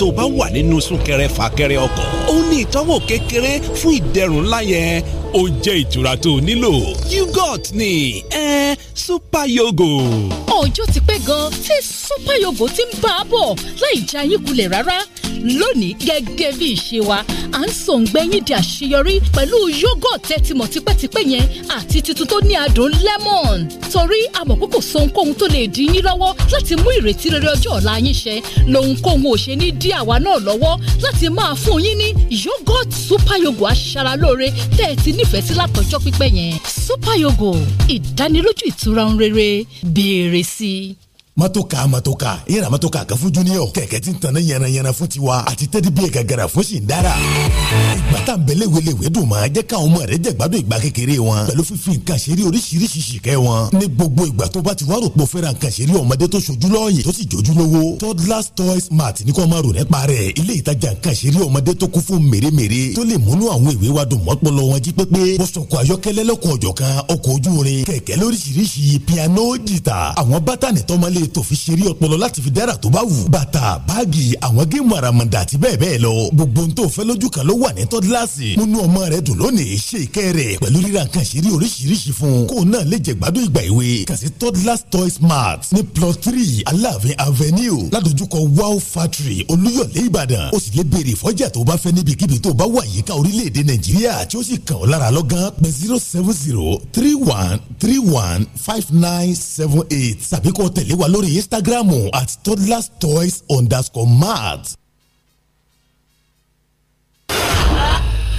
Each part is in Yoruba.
tó o bá wà nínú súnkẹrẹ fàkẹrẹ ọkọ̀ ó ní ìtọ́wò kékeré fún ìdẹ̀rùn ńlá ó jẹ́ ìtura tó nílò YouGot ni ẹ eh, Super Yogo. ọjọ́ ti pẹ́ gan-an tí Super Yogo ti ń bá a bọ̀ láì jẹ́ ayíkulẹ̀ rárá lónìí gẹ́gẹ́ bí ìṣe wa à ń sòǹgbẹ́yìn di àṣeyọrí pẹ̀lú yogurt tẹ́tìmọ̀ tipẹ́tipẹ́ yẹn àti tuntun tó ní adùn lemon torí àmọ̀ pé kò sohunkóhun tó lè dín yín lọ́wọ́ láti mú ìrètí rere ọjọ́ ọ̀la yín ṣẹ lohunkóhun ò ṣe ní dí àwa náà lọ́wọ́ láti máa fún yín ní yogurt super yogo aṣaralóore tẹ́ ẹ ti nífẹ̀ẹ́ sí látọjọ́ pípẹ́ yẹn super yogo ìdánilójú ìtura ń rere béèrè sí i mọ́tòkà mọ́tòkà ìyára mọ́tòkà kan fún junior kẹ̀kẹ́ tí ń tanná yànnayànna fún tiwa àti tẹ́tí bíi gàgàrà fún Sindara. ìgbà tá n bẹ̀lẹ̀ wele ìwé dùn máa jẹ́ káwọn ọmọ rẹ̀ jẹ́ gbádùn ìgbà kékeré wọn pẹ̀lú fífi nǹkan ṣeré oríṣiríṣi ṣìkẹ́ wọn. ní gbogbo ìgbà tó bá ti wá rò pé nǹkan ṣeré ọmọdé tó ṣojú lọ́ọ̀yìn tó sì jójú lówó toddlers toys mart ní kò máa rò nípa rẹ̀ ilé ìtajà nǹkan ṣeré ọmọdé tó kún fún mèremère tó lè múnú àwọn ìwé wa piano jìtà àwọn bátànì tọ́mọlé lè tó fi ṣeré ọpọlọ láti fi dára tó bá wù. bàtà báàgì àwọn géèmù àràmàǹdà àti bẹ́ẹ̀ bẹ́ẹ̀ lọ. gbogbo ohun tó fẹ́ lójú kan ló wà ní tọ́dílàsì. múnú ọmọ rẹ dùn lónìí ṣe ìkẹ́ rẹ̀ pẹ̀lú ríra nǹkan ṣeré oríṣiríṣi fún. kó náà lè jẹ gbádùn ìgbà ìwé. kàn sí tọ́dílàsì toy smart ní plot three aláàfin avenue ládojúkọ wow factory olúyọ̀lé ìbàdàn. ó sì lè béèrè fọ́jà tó bá fẹ́ níbikíbi tó bá wà yíká orílẹ̀-èdè nàìjíríà tí ó sì kàn ọ́ lára lọ́gán pé zero seven zero three one three one five nine seven eight tàbí kó tẹ̀lé wa lórí Instagram at toddlers toys underscore mart.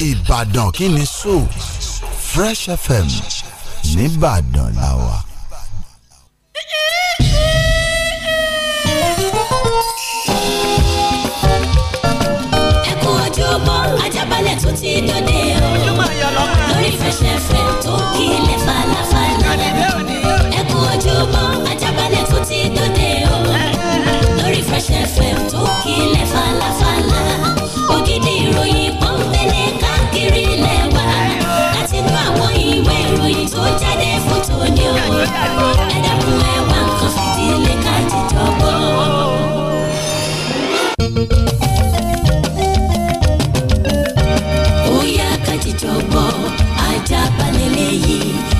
Ìbàdàn kí ni so Fresh FM nìbàdàn la wà. tó ti dòde o lórí Fresh FM tó kílẹ̀ falafala. Fresh FM tó kílẹ̀ falafala ògidì ìròyìn kan káàkiri lẹ́wà láti inú àwọn ìwé ìròyìn tó jáde fún tòní o ẹ dẹ́kun ẹ wá nǹkan fìdílé ká jíjọ gbọ́. ó yá ká jíjọ gbọ́ ajá balẹ̀ lẹ́yìn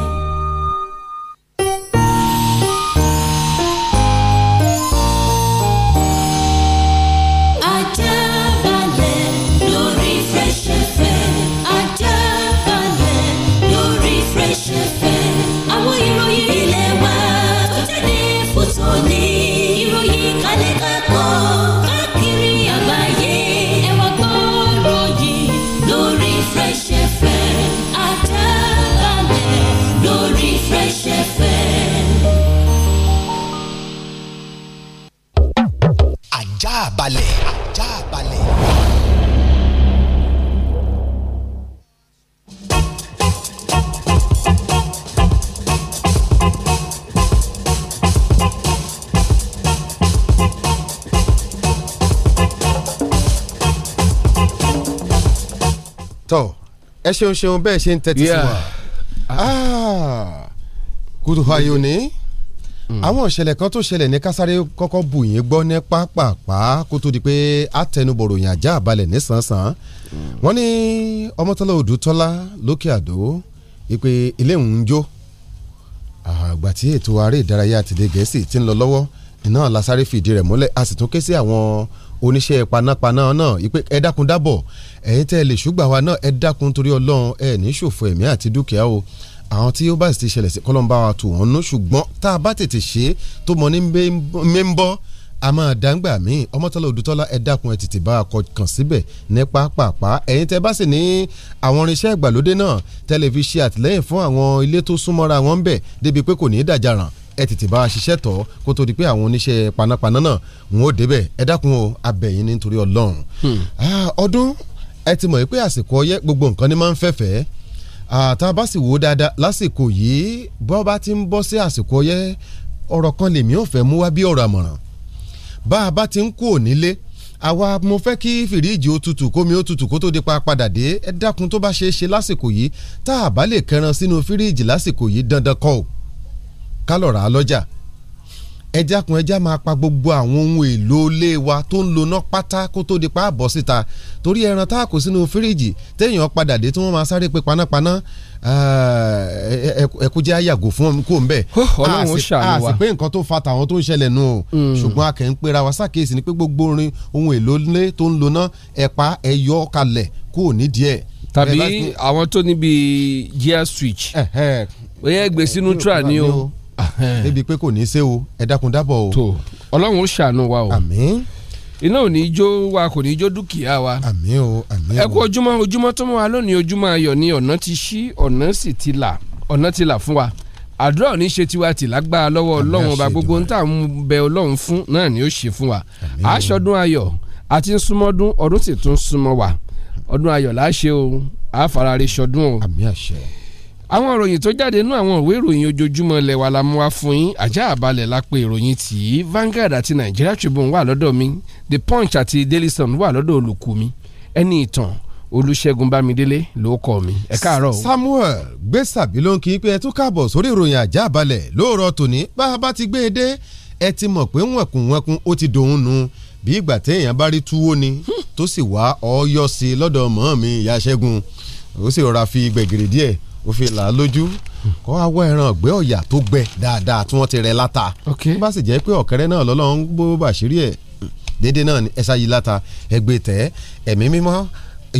ẹ ṣeun ṣeun bẹ́ẹ̀ ṣe ń tẹ́tí sí wa kùtù ayò ní àwọn ìṣẹ̀lẹ̀ kan tó ṣẹlẹ̀ ní kásáré kọ́kọ́ bù yín gbọ́ ní pápápá kó tó di pé àtẹnubọ̀rọ̀ yàn já balẹ̀ nísànsàn wọ́n ní ọmọtọ́lá odùtọ́lá lókè àdó ìpè ilé ń jó àgbà ah, tí ètò aré ìdárayá àtìlẹ́ gẹ̀ẹ́sì ti ń lọ lọ́wọ́ iná lásáré fìdí rẹ̀ múlẹ̀ a sì tún ké sí àwọn oníṣẹ́ panápaná náà ìpè ẹ dákun dábọ̀ ẹ̀yin tẹ́ ẹ lè ṣùgbà wa náà ẹ dákun torí ọlọ́run ẹ ní ṣòfò ẹ̀mí àti dúkìá o àwọn tí ó bá sì ti ṣẹlẹ̀ sí kọ́lọ́mbà wa tù wọ́n nú ṣùgbọ́n tá a bá tètè ṣe é tó mọ ní mẹ́ńbọ́ àmọ́ dàgbà mí ọmọtọ́lá òdútọ́lá ẹ dákun ẹ tètè bá a kọ kàn síbẹ̀ ní pápápá ẹ̀yin tẹ́ bá sì ní àwọn irinṣẹ́ ìgbàlódé náà tẹlifíṣẹ́ àtìlẹ́yìn fún àwọn ilé tó súnmọ́ra wọn bẹ̀ débi pé kò ní í dàjà ràn ẹ tètè bá a ṣiṣẹ́ tọ̀ kó tó di pé àwọn oníṣẹ́ panápaná náà wọn ò débẹ̀ ẹ dákun o abẹ́yìn nítorí ọlọ́run. Hmm. ọdún ẹ ti mọ̀ pé àsìkò ọyẹ́ gbogbo nǹkan ni máa ń fẹ́fẹ́ tá a bá sì wò ó dáadáa lásìkò yìí bọ́ bá ti ń bọ́ sí àsìkò ọyẹ́ ọ̀rọ̀ kan lèmi ò fẹ́ mú wá bí ọ̀rọ̀ àmọ̀ràn bá a bá ti ń kú ònílé àwa mo fẹ́ kí fìríìjì ó tutù kómi ó tutù kó tó di pa padà dé ẹ dákun tó bá ṣeé ṣe lásìkò yìí tá a bá lè kẹran sínú fìríìjì lásìkò yìí dandan kọ́ ò kálọ̀ rà á lọ́jà ẹja kun ẹja máa pa gbogbo àwọn ohun èlò ilé wa tó ń loná pátá kó tó di pa àbọ̀ síta torí ẹran tá a kó sínú fíríjì téèyàn padà dé tí wọ́n máa sáré pé panápaná ẹkú jẹ́ àyàgò fún kó ń bẹ̀. ọlọ́run ṣàlùwà a pé nǹkan tó fa tàwọn tó ń ṣẹlẹ̀ nù o ṣùgbọ́n a ń pera wa ṣàkíyèsí ni pé gbogbo orin ohun èlò ilé tó ń loná ẹ̀pá ẹ̀yọ́ kalẹ̀ kò ní díẹ̀. tàbí àwọn tó níbi gear switch ó yẹ gbèsè débi pé kò ní í ṣe o ẹ dákun dábọ̀ o. tó ọlọ́run ó ṣàánú wa o. iná ò ní í jó wa kò ní í jó dúkìá wa. àmín o àmín o. ẹ kú ojúmọ́ ojúmọ́ tó mọ́ wa lónìí ojúmọ́ ayọ̀ ni ọ̀nà ti ṣí ọ̀nà sì ti là ọ̀nà ti là fún wa àdúrà ò ní ṣe tiwa tì lọ́wọ́ ọlọ́run ọba gbogbo ń tà ń bẹ ọlọ́run fún náà ni ó ṣe fún wa àṣọdún ayọ̀ àti súnmọ́dún ọdún sì tún súnmọ́ wa ọdún ayọ̀ láṣẹ o àfarare ṣọdún o. àmín àṣẹ àwọn ìròyìn tó jáde nú àwọn ìwé ìròyìn ojoojúmọ́ ilẹ̀ wa la mú wa fún yín ajá àbálẹ̀ la ìròyìn tì í àti Nigeria Tribune wà lọ́dọ̀ mi The Punch àti Daily Sun wà lọ́dọ̀ olùkù mi ẹni ìtàn Olúṣẹ́gun Bámidélé ló kọ mi ẹ káàárọ̀ o. Samuel gbèsàbí ló ń kí pé ẹ tún káàbọ̀ sórí ìròyìn ajá àbálẹ̀ lóòrọ̀ tòní bá a bá ti gbé e dé ẹ ti mọ̀ pé wọ̀nkúnwọ̀nkún ó ti dòun nu bí ìgbà téèyàn bá rí túwó ni tó sì wá ọyọ sí lọ́dọ̀ mọ́ mi ìyá Ṣẹ́gun ó sì rọra fi gbẹ̀gìrì díẹ̀ ó fi là á lójú kó wá ẹran ọ̀gbẹ́ ọ̀yà tó gbẹ dáadáa tí wọ́n ti rẹ láta okay. bá sì jẹ́ pé ọ̀kẹ́rẹ́ náà lọ́lọ́run bó bàṣírí ẹ̀ déédéé náà ẹ̀ṣá yìí láta ẹgbẹ́ tẹ̀ ẹ̀mí mímọ́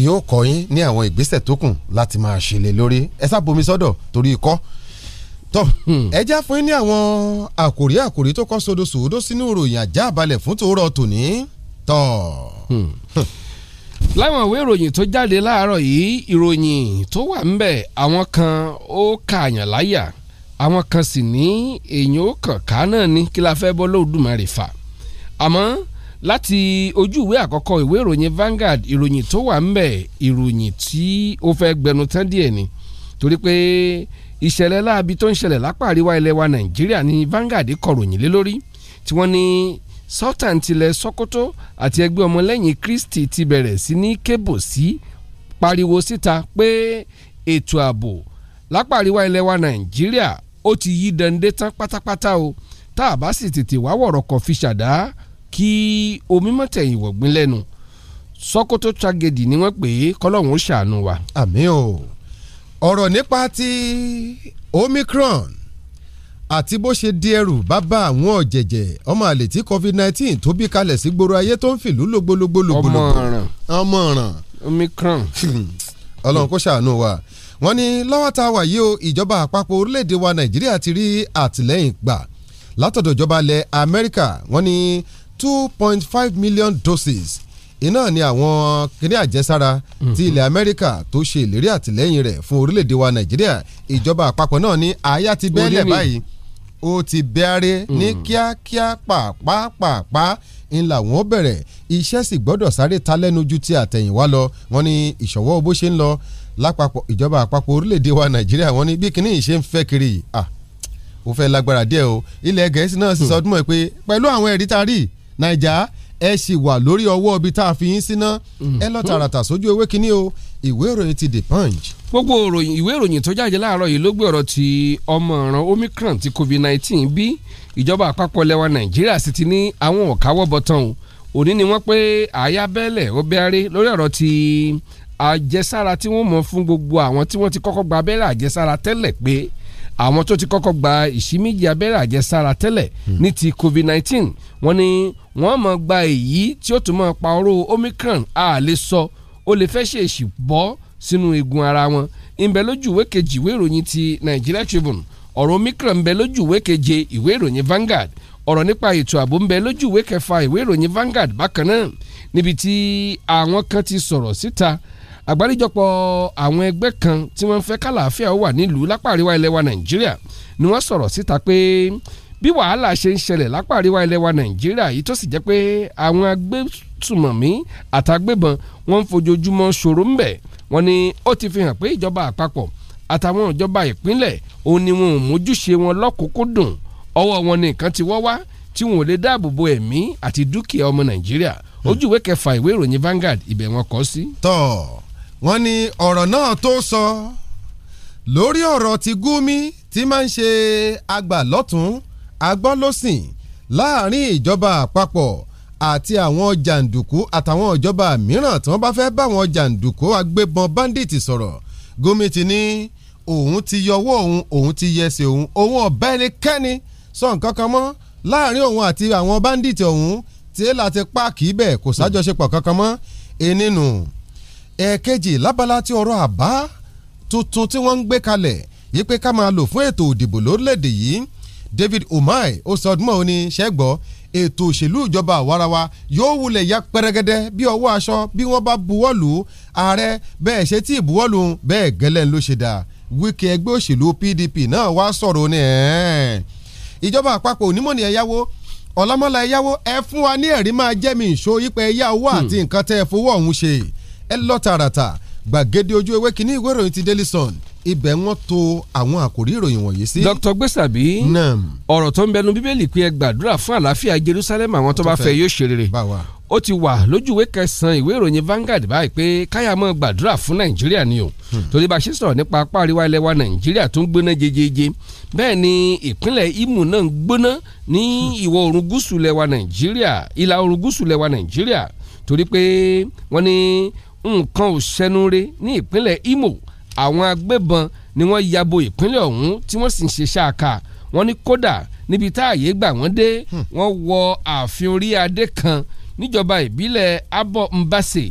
yóò kọ́ yín ní àwọn ìgbésẹ̀ tó kù láti máa ṣe lé lórí ẹ̀ṣá bomi sọ́dọ̀ torí ikọ́ tọ́ hmm. ẹja fún yín ní àwọn àkòrí àkòrí tó kọ́ sodo sòódó sínú ìròyìn àjá àbalẹ̀ fún tòórọ́ tòní tọ́ hmm láwọn ìwé ìròyìn tó jáde láàárọ̀ yìí ìròyìn tó wà ńbẹ̀ àwọn kan ó kààyàn láyà àwọn kan sì ní èèyàn ó kàn ká náà ní kí la fẹ́ bọ́ lóòdùmarè fà àmọ́ láti ojú ìwé àkọ́kọ́ ìwé ìròyìn Vanguard ìròyìn tó wà ńbẹ̀ ìròyìn tí ó fẹ́ gbẹnu tán díẹ̀ ni torí pé ìṣẹ̀lẹ̀ láabi tó ń ṣẹlẹ̀ lápá àríwá ilẹ̀ wa Nàìjíríà ni Vanguard kọ̀ròyìn lé lórí tí wọ́n ní Sultan tilẹ̀ Sokoto àti ẹgbẹ́ ọmọlẹ́yìn Kristi ti bẹ̀rẹ̀ sí ní kébò sí pariwo síta pé ètò ààbò lápá àríwá ilẹ̀ wa Nàìjíríà ó ti yí dande tán pátápátá o tá a bá sì tètè wá wọ̀rọ̀ fi ṣàdá kí omi mọ̀tẹ̀yìn wọ̀gbìn lẹ́nu Sokoto tragedy ni wọ́n pè é kọ́lọ́hún ó ṣàánú wa. àmì o ọ̀rọ̀ nípa ti Omicron àti bó ṣe di ẹrù bá bá àwọn ọ̀jẹ̀jẹ̀ ọmọ àlè tí covid nineteen tó bí kalẹ̀ sí gbòòrò ayé tó ń fìlú lógbólógbó lógbólógbó ọmọ ọ̀ràn ọmọ ọ̀ràn omicron ọlọ́run kó ṣàánú wa wọ́n ní lọ́wọ́ tá a wà yìí o ìjọba àpapọ̀ orílẹ̀‐èdè wa nàìjíríà ti rí àtìlẹ́yìn gbà látọ̀dọ̀ ìjọba ilẹ̀ amẹ́ríkà wọ́n ní two point five million doses iná ni àwọn kíní àjẹsára ti ilẹ̀ amẹ́ríkà tó ṣe ìlérí àtìlẹ́yìn rẹ̀ fún orílẹ̀‐èdè wa nàìjíríà ìjọba àpapọ̀ náà ní àyà ti bẹ́ẹ̀lẹ̀ báyìí ó ti bẹ̀rẹ̀ hmm. ní kíákíá pàápàá ń làwọn ó bẹ̀rẹ̀ iṣẹ́ sì gbọ́dọ̀ sáré ta lẹ́nu ju ti àtẹ̀yìnwá lọ wọ́n ní ìṣọ̀wọ́ bó ṣe ń lọ lápapọ̀ ìjọba àpapọ̀ orílẹ̀‐èdè wa nàìjíríà wọ́n ní bí kinní ṣe ń fẹ́ kiri ah ó fẹ́ lágbára díẹ̀ o ilẹ̀ gẹ̀ẹ́sì náà sì sọ hmm. ọdún mọ́ ẹ pé pẹ̀lú àwọn ẹ̀rí tá rí nàìjà ẹ sì wà lórí ọwọ́ ibi tá a fi yín síná ẹ lọ mhm. tààràtà sójú ewé kínní o ìwé ìròyìn ti the punch. gbogbo ìròyìn ìwé ìròyìn tó jáde láàárọ̀ yìí ló gbé ọ̀rọ̀ ti ọmọ ọ̀ràn omicron ti covid-19 bí ìjọba àpapọ̀ lẹwa nàìjíríà sì ti ní àwọn òkáwọ́ bọ̀tán o òní ni wọ́n pé àyà bẹ́ẹ̀lẹ̀ ó bẹ́ẹ̀rẹ́ lórí ọ̀rọ̀ ti àjẹsára tí wọ́n mọ̀ fún gbogbo àwọn tí wọ́n ti kọ́kọ́ gba abẹ́rẹ́ àjẹsára tẹ́lẹ̀ pé àwọn tó ti kọ́kọ́ gba ìṣí méjì abẹ́rẹ́ àjẹsára tẹ́lẹ̀ ní ti covid nineteen wọ́n ní wọ́n máa gba èyí tí ó tún máa pa oró omicron a lè sọ ó lè fẹ́ ṣèèṣì bọ́ sínú eegun ara wọn ìbẹ̀ lójú ìwé kejì ìwé ìròyìn ti Nigeria Tribune ọ̀rọ̀ omicron ń lójú ìwé keje ìwé ìròyìn Vanguard ọ̀rọ̀ nípa ètò ààbò ń bẹ lójú ìwé kẹfà ìwé ìròyìn Vanguard bákan náà níbi tí àwọn kan ti sọ̀rọ̀ síta àgbáríjọpọ̀ àwọn ẹgbẹ́ kan tí wọ́n ń fẹ́ kálàáfíà ó wà nílùú lápá àríwá ilẹ̀ wa nàìjíríà ni wọ́n sọ̀rọ̀ síta pé bí wàhálà ṣe ń ṣẹlẹ̀ lápá àríwá ilẹ̀ wa nàìjíríà yìí tó sì jẹ́ pé àwọn agbésùmọ̀mí àtàgbébọn wọ́n ń fojoojúmọ́ ṣòro ń bẹ̀ wọ́n ní ó ti fi hàn pé ìjọba àpapọ̀ àtàwọn ìjọba ìpínlẹ̀ òun ni wọn ò mójúṣe wọn lọ́kùnkúndùn ọwọ́ wọn ni nǹkan ti wọ́ wá tí wọn ò lè dáàbò bo ẹ̀mí àti dúkìá ọmọ nàìjíríà ojú kẹfà ìwé ìròyìn Vanguard ibẹ̀ wọn kọ sí. tọ́ọ̀ wọ́n ní ọ̀rọ̀ náà tó sọ lórí ọ̀rọ̀ ti Gumi tí máa ń ṣe àgbà lọ́tún agbọ́lọ́sìn láàrin ìjọba àpapọ̀ àti àwọn jàǹdùkú àtàwọn ìjọba mìíràn tí wọ́n bá fẹ́ bá àwọn jàǹdùkú agbébọn bandit sọ̀rọ̀ Gumi ti ní òun ti yọwọ́ òun òun ti yẹsẹ̀ òun òun ọ̀bẹ ẹnikẹ́ni sọ nǹkan kan mọ́ láàrin òun àti àwọn bandit ọ̀hún tí èèlà ti pa kì í bẹ̀ kò sájọṣepọ̀ kankan mọ́ ẹnìnú. E ẹ̀ẹ̀kejì lábala ti ọ̀rọ̀ àbá tuntun tí wọ́n ń gbé kalẹ̀ yí pé ká máa lò fún ètò òdìbò lórílẹ̀‐èdè yìí David Umahi ó sọ ọdún mọ́ọ́ ni ṣẹ́gbọ́ ètò òṣèlú ìjọba àwarawa yóò wulẹ̀ ya pẹrẹgẹdẹ bí ọwọ́ aṣọ bí wọ́n bá buwọ́lù ààrẹ bẹ́ẹ̀ ṣe tí ìbuwọ́lù bẹ́ẹ̀ gẹ́lẹ́ ló ṣe dà wíkẹ́ ẹgbẹ́ òṣèlú PDP náà wá sọ̀rọ̀ ni ìjọba àpapọ̀ onímọ̀ ni ẹ̀yáwó ọ̀làmọ́lá ẹ̀yáwó ẹ fún wa ní ẹ̀rí máa jẹ́mi ìṣó yípa ẹ̀yà owó àti hmm. nǹkan tẹ́ ẹ fowó ọ̀hún ṣe ẹ lọ tààràtà gbàgede ojú ewé kínní ìwé ìròyìn ti Daily Sun ibẹ̀ wọ́n to àwọn àkòrí ìròyìn wọ̀nyí sí. Dr Gbèsàbí ọ̀rọ̀ tó ń bẹnu bíbélì pé ẹ gbàdúrà fún àlàáfíà Jerusalem àwọn tó bá fẹ́ yóò ṣe rere ó ti wà lójú ìwé kẹsàn-án ìwé ìròyìn Vanguard báyìí pé káyà mọ́ gbàdúrà fún Nàìjíríà ni o hmm. torí bá ṣe sọ̀rọ̀ nípa apá àríwá ilẹ̀ wa Nàìjíríà tó ń gbóná jejeje bẹ́ẹ̀ ni ìpínlẹ̀ Imo náà ń gbóná ní hmm. ìwọ̀ oòrùn gúúsù ilẹ̀ wa Nàìjíríà ìlà oòrùn gúúsù ilẹ̀ wa Nàìjíríà torí pé wọ́n ní nǹkan ò ṣẹnure ní ìpínlẹ̀ Imo àwọn agbébọn ni wọ́n yabo ìpínlẹ̀ ọ̀hún tí wọ́n sì ń ṣe ṣáàkà wọ́n ní kódà níbi tá àyè gbà wọ́n dé hmm. wọ́n wọ ààfin orí adé kan níjọba ìbílẹ̀ Abo Mbase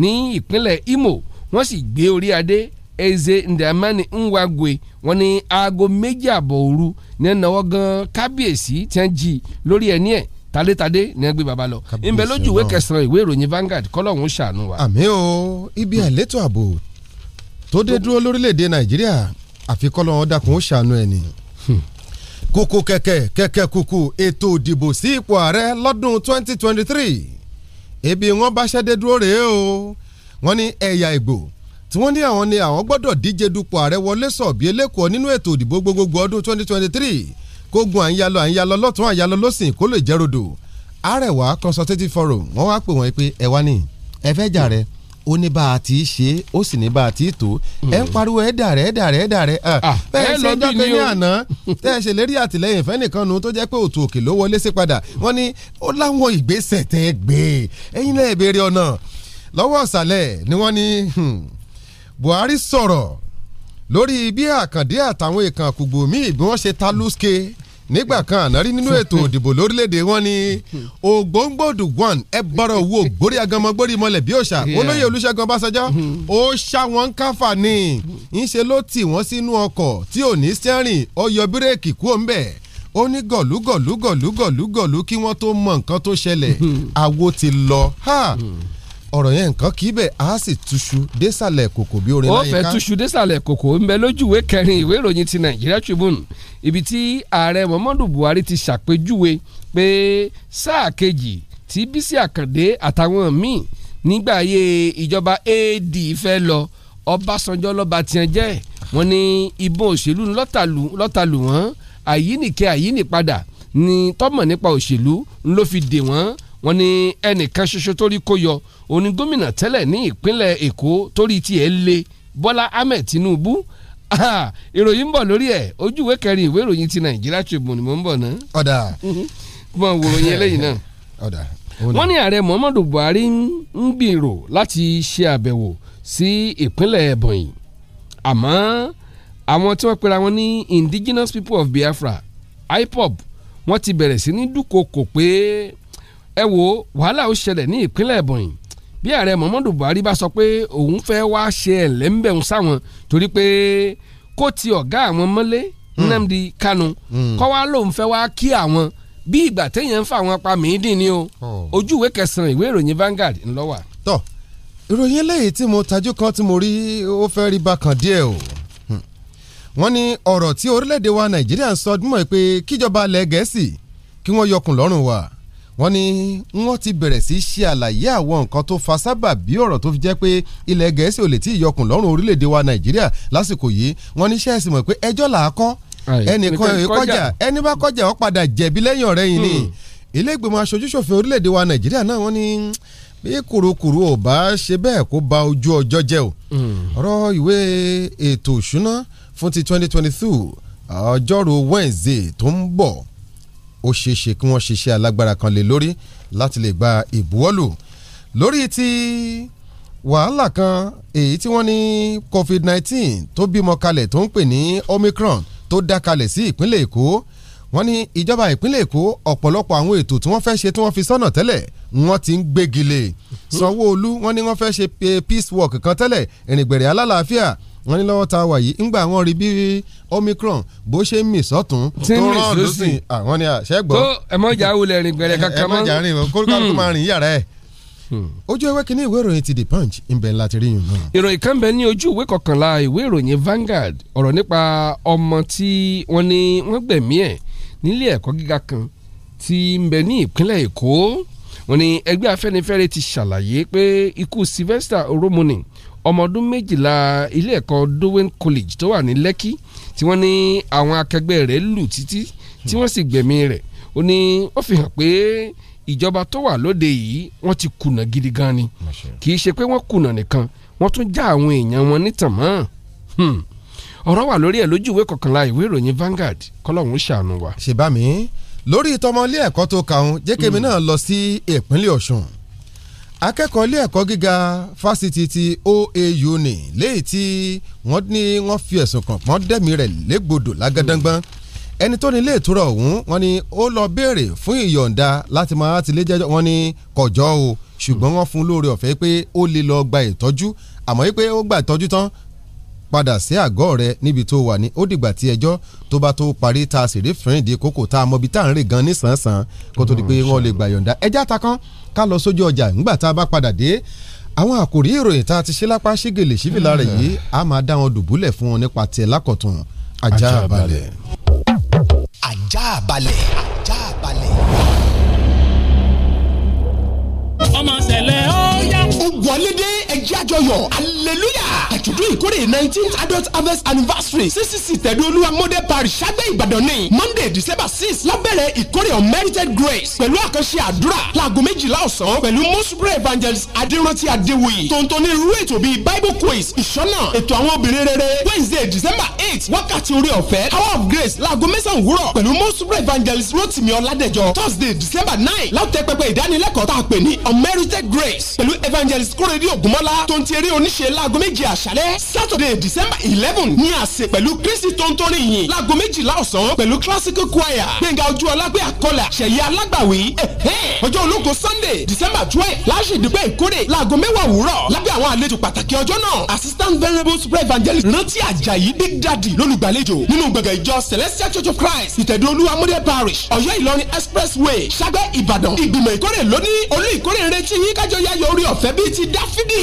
ní ìpínlẹ̀ Imo wọ́n sì gbé orí adé Eze Ndamani Nwagwe wọ́n ní aago méjì àbọ̀ òru ní ẹnáwó gan kábíyèsí tí wọ́n jí lórí ẹni ẹ̀ tadétadé ni ẹ gbé baba lọ ìbẹ lójú ìwé kẹsàn-án ìwé ìròyìn Vanguard kọlọ́hún ṣàánú wa. àmì o ibi àìletò ààbò tó dé dúró lórílẹ̀‐èdè Nàìjíríà àfikọ́lọ́ wọn dákun ó ṣàánú ẹ̀ ni. Hmm. kúkú kẹ̀kẹ́ kẹ̀kẹ́ kúkú ètò ìdìbò sí ipò ààrẹ lọ́dún 2023 ebi wọn bá ṣẹ́ dé dúró rèé o wọn ní ẹ̀yà Ìgbò tí wọ́n ní àwọn ni àwọn gbọ́dọ̀ díje dupò ààrẹ wọlé sọ̀bí elékòó nínú ètò ìdìbò gbogbogbò ọdún 2023 kó gun àyàlọ àyàlọ lọ́tún àyàlọ lọ́sìn kó lè jẹ́ rodò Arewa consultative forum wọ́n wá pè wọ́n pé ẹ wá ní ẹ fẹ́ jà rẹ ó ní bá a ti ṣe ó sì ní bá a ti tò ẹ ń pariwo ẹ dà rẹ ẹ dà rẹ ẹ dà rẹ ah, ah, bẹ́ẹ̀ ṣe dọ́kẹ́ ní àná tẹ́ ẹ ṣe lérí àtìlẹ́yìn fẹ́nìkan nu tó jẹ́ pé òtù òkè ló wọlé sí padà wọ́n ní ó láwọn ìgbésẹ̀ tẹ́ ẹ gbé ẹ̀yin náà ọ̀nà lọ́wọ́ ọ̀sàlẹ̀ ni wọ́n ní hmm, Buhari sọ̀rọ̀ lórí bí àkàndé àtàwọn èèkàn kùgbò míì bí wọ́n ṣe ta lùsùkè nígbà kan ànárí nínú ètò òdìbò lórílẹ̀‐èdè wọn ni ògbóǹgbòdù one ẹ bọ̀rọ̀ wo gbórí agamọ gbórí mọlẹ̀ bí òòṣà olóyè olúṣẹ́gun ọbásanjọ́ mm-hmm. ó ṣá wọn káfà ní ńṣe ló tì wọ́n sínú ọkọ̀ tí ò ní sẹ́rìn ó yọ bírèkì kú òun bẹ́ẹ̀ ó ní gọ̀lúgọ̀lúgọ̀lúgọ̀lú kí wọ́n tó mọ nǹkan tó ṣẹlẹ̀ àwo mm-hmm. ti lọ ọ̀rọ̀ yẹn nǹkan kì í bẹ̀ á sì túṣu désàlẹ̀ kòkò bí orin láyé ká. ó fẹ́ túṣu désàlẹ̀ kòkò ń bẹ lójú ìwé kẹrin ìwé ìròyìn ti Nigeria Tribune ibi tí ààrẹ Muhammadu Buhari ti ṣàpèjúwe pé sáà kejì tí Bísí Àkàndé àtàwọn míì nígbà ayé ìjọba AD fẹ́ lọ Ọbásanjọ́ lọ́ba tiẹ̀ jẹ́ wọ́n ní ìbọn òṣèlú lọ́tàlù àyínìkẹ́ àyínìpadà ni tọ́mọ̀ nípa òṣèlú ló fi dè wọ́n wọ́n ní ẹnìkan ṣoṣo tó rí kó yọ òun ni gómìnà tẹ́lẹ̀ ní ìpínlẹ̀ èkó torí tiẹ̀ lé bọ́lá ahmed tinubu ìròyìn ń bọ̀ lórí ẹ̀ ojú ìwé kẹrin ìwé ìròyìn ti nàìjíríà tribune mò ń bọ̀ ná. ọ̀dà mọ̀ mhm. wò ròyìn eléyìí náà. ọ̀dà wọ́n ní ààrẹ muhammadu buhari ń gbèrò láti ṣe àbẹ̀wò sí ìpínlẹ̀ ebonyi àmọ́ àwọn tí wọ́n pera wọn ní indigenous people of biafra ipob wọ́n ti bẹ̀rẹ̀ sí ní dúkokò pé ẹ wo wàhálà ó ṣẹlẹ̀ ní ìpínlẹ̀ Ebonyi bí ààrẹ Muhammadu Buhari bá sọ pé òun fẹ́ wá ṣe ẹ̀lẹ́m̀bẹ̀hún sáwọn torí pé kó ti ọ̀gá àwọn mọ́lé hmm. Nnamdi Kanu hmm. kọ́ wá lòun fẹ́ wá kí àwọn bí ìgbà téèyàn ń fa àwọn apá mi dín ni o oh. ojú kẹsàn-án ìwé ìròyìn Vanguard ńlọ wà. tọ́ ìròyìn eléyìí tí mo tajú kan tí mo rí ó fẹ́ rí bákan díẹ̀ o hmm. wọ́n ní ọ̀rọ̀ tí orílẹ̀-èdè wa Nàìjíríà ń sọ dúnmọ̀ pé kíjọba ilẹ̀ Gẹ̀ẹ́sì kí wọ́n yọkùn lọ́rùn wa wọ́n ní wọ́n ti bẹ̀rẹ̀ sí ṣe àlàyé àwọn nǹkan tó fa sábà bí ọ̀rọ̀ tó fi jẹ́ pé ilẹ̀ gẹ̀ẹ́sì ò lè tí ì yọkùn lọ́rùn orílẹ̀-èdè wa nàìjíríà lásìkò yìí wọ́n ní sẹ́ẹ̀sì mọ̀ pé ẹjọ́ là á kọ́ ẹnìkan èyí kọjá ẹni bá kọjá ó padà jẹ̀bi lẹ́yìn ọ̀rẹ́ yìí ni hmm. ilé ìgbìmọ̀ aṣojúṣòfin orílẹ̀-èdè wa nàìjíríà náà wọ́n ní bí kùrukùru ò bá ṣe bẹ́ẹ̀ kó ba ojú ọjọ́ jẹ́ o hmm. ọ̀rọ̀ ìwé ètò òṣùná fún ti twenty twenty two ọjọ́rú Wednesday tó ń bọ̀ ó ṣeé ṣe kí wọ́n ṣiṣẹ́ alágbára kan lé lórí láti lè gba ìbuwọ́lù lórí ti wàhálà kan èyí tí wọ́n ní covid-19 tó bímọ kalẹ̀ tó ń pè ní omicron tó dá kalẹ̀ sí ìpínlẹ̀ èkó wọ́n ní ìjọba ìpínlẹ̀ èkó ọ̀pọ̀lọpọ̀ àwọn ètò tí wọ́n fẹ́ ṣe tí wọ́n fi sọ́nà tẹ́lẹ̀ wọ́n ti ń gbégi lé sanwó-olú wọ́n ní wọ́n fẹ́ ṣe peace work kan tẹ́lẹ̀ ìrìngbẹ̀rẹ̀ alálàáfíà wọ́n ní lọ́wọ́ tá a ńgbà wọ́n rí bí omicron bó ṣe ń mì sọ́tún tó rán lọ́sìn ah, àwọn ni àṣẹ́gbọ́. Ah, tó ẹ̀mọ́jà wulẹ̀ rìn gbẹ̀rẹ̀ eh, eh, kankan mọ́ ẹ̀mọ́jà rìn kólúkálùkù máa rìn yàrá ẹ̀ hmm. ojú ewé kínní ìwé ìròyìn ti the punch ńbẹ láti rí yùn náà. ìròyìn kan bẹ ní ojú ìwé kọkànlá ìwé ìròyìn Vanguard ọ̀rọ̀ nípa ọmọ tí wọ́n ní wọ́n gbẹ̀mí ẹ̀ nílé ẹ̀kọ́ gíga kan tí ń bẹ ní ìpínlẹ̀ Èkó wọ́n ní ẹgbẹ́ Afẹ́nifẹ́re ti ṣàlàyé pé ikú Sylvester Oromoni ọmọ ọdún méjìlá ilé ẹ̀kọ́ Dowen College tó wà ní Lekki tí wọ́n ní àwọn akẹgbẹ́ rẹ̀ lù títí tí wọ́n sì gbẹ̀mí rẹ̀ ó ní ó fi hàn pé ìjọba tó wà lóde yìí wọ́n ti kùnà gidi gan ni kì í ṣe pé wọ́n kùnà nìkan wọ́n tún já àwọn èèyàn wọn nítàn mọ́ hmm. ọ̀rọ̀ wà lórí ẹ̀ lójú ìwé kọkànlá ìwé ìròyìn Vanguard kọ́lọ́hún ṣàánú wa. ṣèbámi lórí ìtọ́mọ ilé tó kàún jẹ́kẹ́mi hmm. náà lọ sí ìpínlẹ̀ Ọ̀ṣun akẹ́kọ̀ọ́ ilé ẹ̀kọ́ gíga fásitì ti OAU ni léyìí tí wọ́n ní wọ́n fi ẹ̀sùn kàn pọ́n dẹ́mi rẹ̀ légbodò lágádángbọ́n ẹni tó ní ilé ìtura ọ̀hún wọ́n ní ó lọ béèrè fún ìyọ̀ǹda láti máa ti lé jẹ́jọ́ wọ́n ní kọjọ́ o ṣùgbọ́n wọ́n fún lóore ọ̀fẹ́ pé ó lè lọ gba ìtọ́jú àmọ́ pé ó gba ìtọ́jú tán padà sí àgọ́ rẹ níbi tó wà ní ó dìgbà tí ẹjọ́ tó bá tó parí tá a sì rí fìrìn di kókò tá a mọbi tá à ń rè gan nísànsàn kó tó di pé wọ́n lè gbà yọ̀ǹda ẹjá ta kan ká lọ sójú ọjà ńgbà tá a bá padà dé àwọn àkòrí ìròyìn tá a ti ṣe lápá ṣígèlè síbìlà rẹ̀ yìí a máa dá wọn dùbúlẹ̀ fún wọn nípa tiẹ̀ lákọ̀tún ajá balẹ̀. ajá balẹ̀ ajá balẹ̀ ọmọ ṣẹlẹ̀ ó yá. ó wọlé dé ẹjẹ́ àjọyọ̀ aleluya àjọ̀dún ìkórè nineteenth adult harvest anniversary ccc tẹ̀dúolúwa model parish ṣágbẹ́ ìbàdàn ní monday december six lábẹ̀rẹ̀ ìkórè unmerited grace pẹ̀lú àkànṣe àdúrà láago méjìlá ọ̀sán pẹ̀lú mosbre evangelist adéròtí adéwòye tontoni irú ètò bíi bible quiz ìṣọ́nà ètò àwọn obìnrin rere wednesday december eight wákàtí orí ọ̀fẹ́ hour of grace láago mẹ́sàn-án òwúrọ̀ pẹ̀lú mosbre evangelist rotimi ọládẹjọ thursday december nine láwùjẹ́ pẹpẹ ìdánilẹ́kọ̀ọ́ tá a pè ní unmerited grace pẹ̀lú evangelist kórèdí ògúnmọ́lá tó ń ti eré oníṣe láago méje àṣálẹ́ saturday december eleven ní àsè pẹ̀lú kristi tó ń torin yìn láago méjìlá ọ̀sán pẹ̀lú classical choir gbẹ̀ngà ojú ọlágbé àkọlà ṣẹ̀yẹ alágbàwí ọjọ́ olóko sunday december twelve láṣìdìpẹ́ ìkórè láago mẹ́wàá òwúrọ̀ lábẹ́ àwọn àlejò pàtàkì ọjọ́ náà assistant venerable super evangelist rántí àjàyí big daddy lólùgbàlejò nínú gbọ̀ngàn ìjọ celestial church of christ ìtẹ̀dó olúwa mọ́dẹ́ parish ọ̀yọ́ ìlọrin expressway ṣàgbẹ́ ìbàdàn ìgbìmọ̀ ìkórè lónìí olú ìkórè retí yín kájọ yá yọ ọ̀fẹ́ bíi ti Dáfídì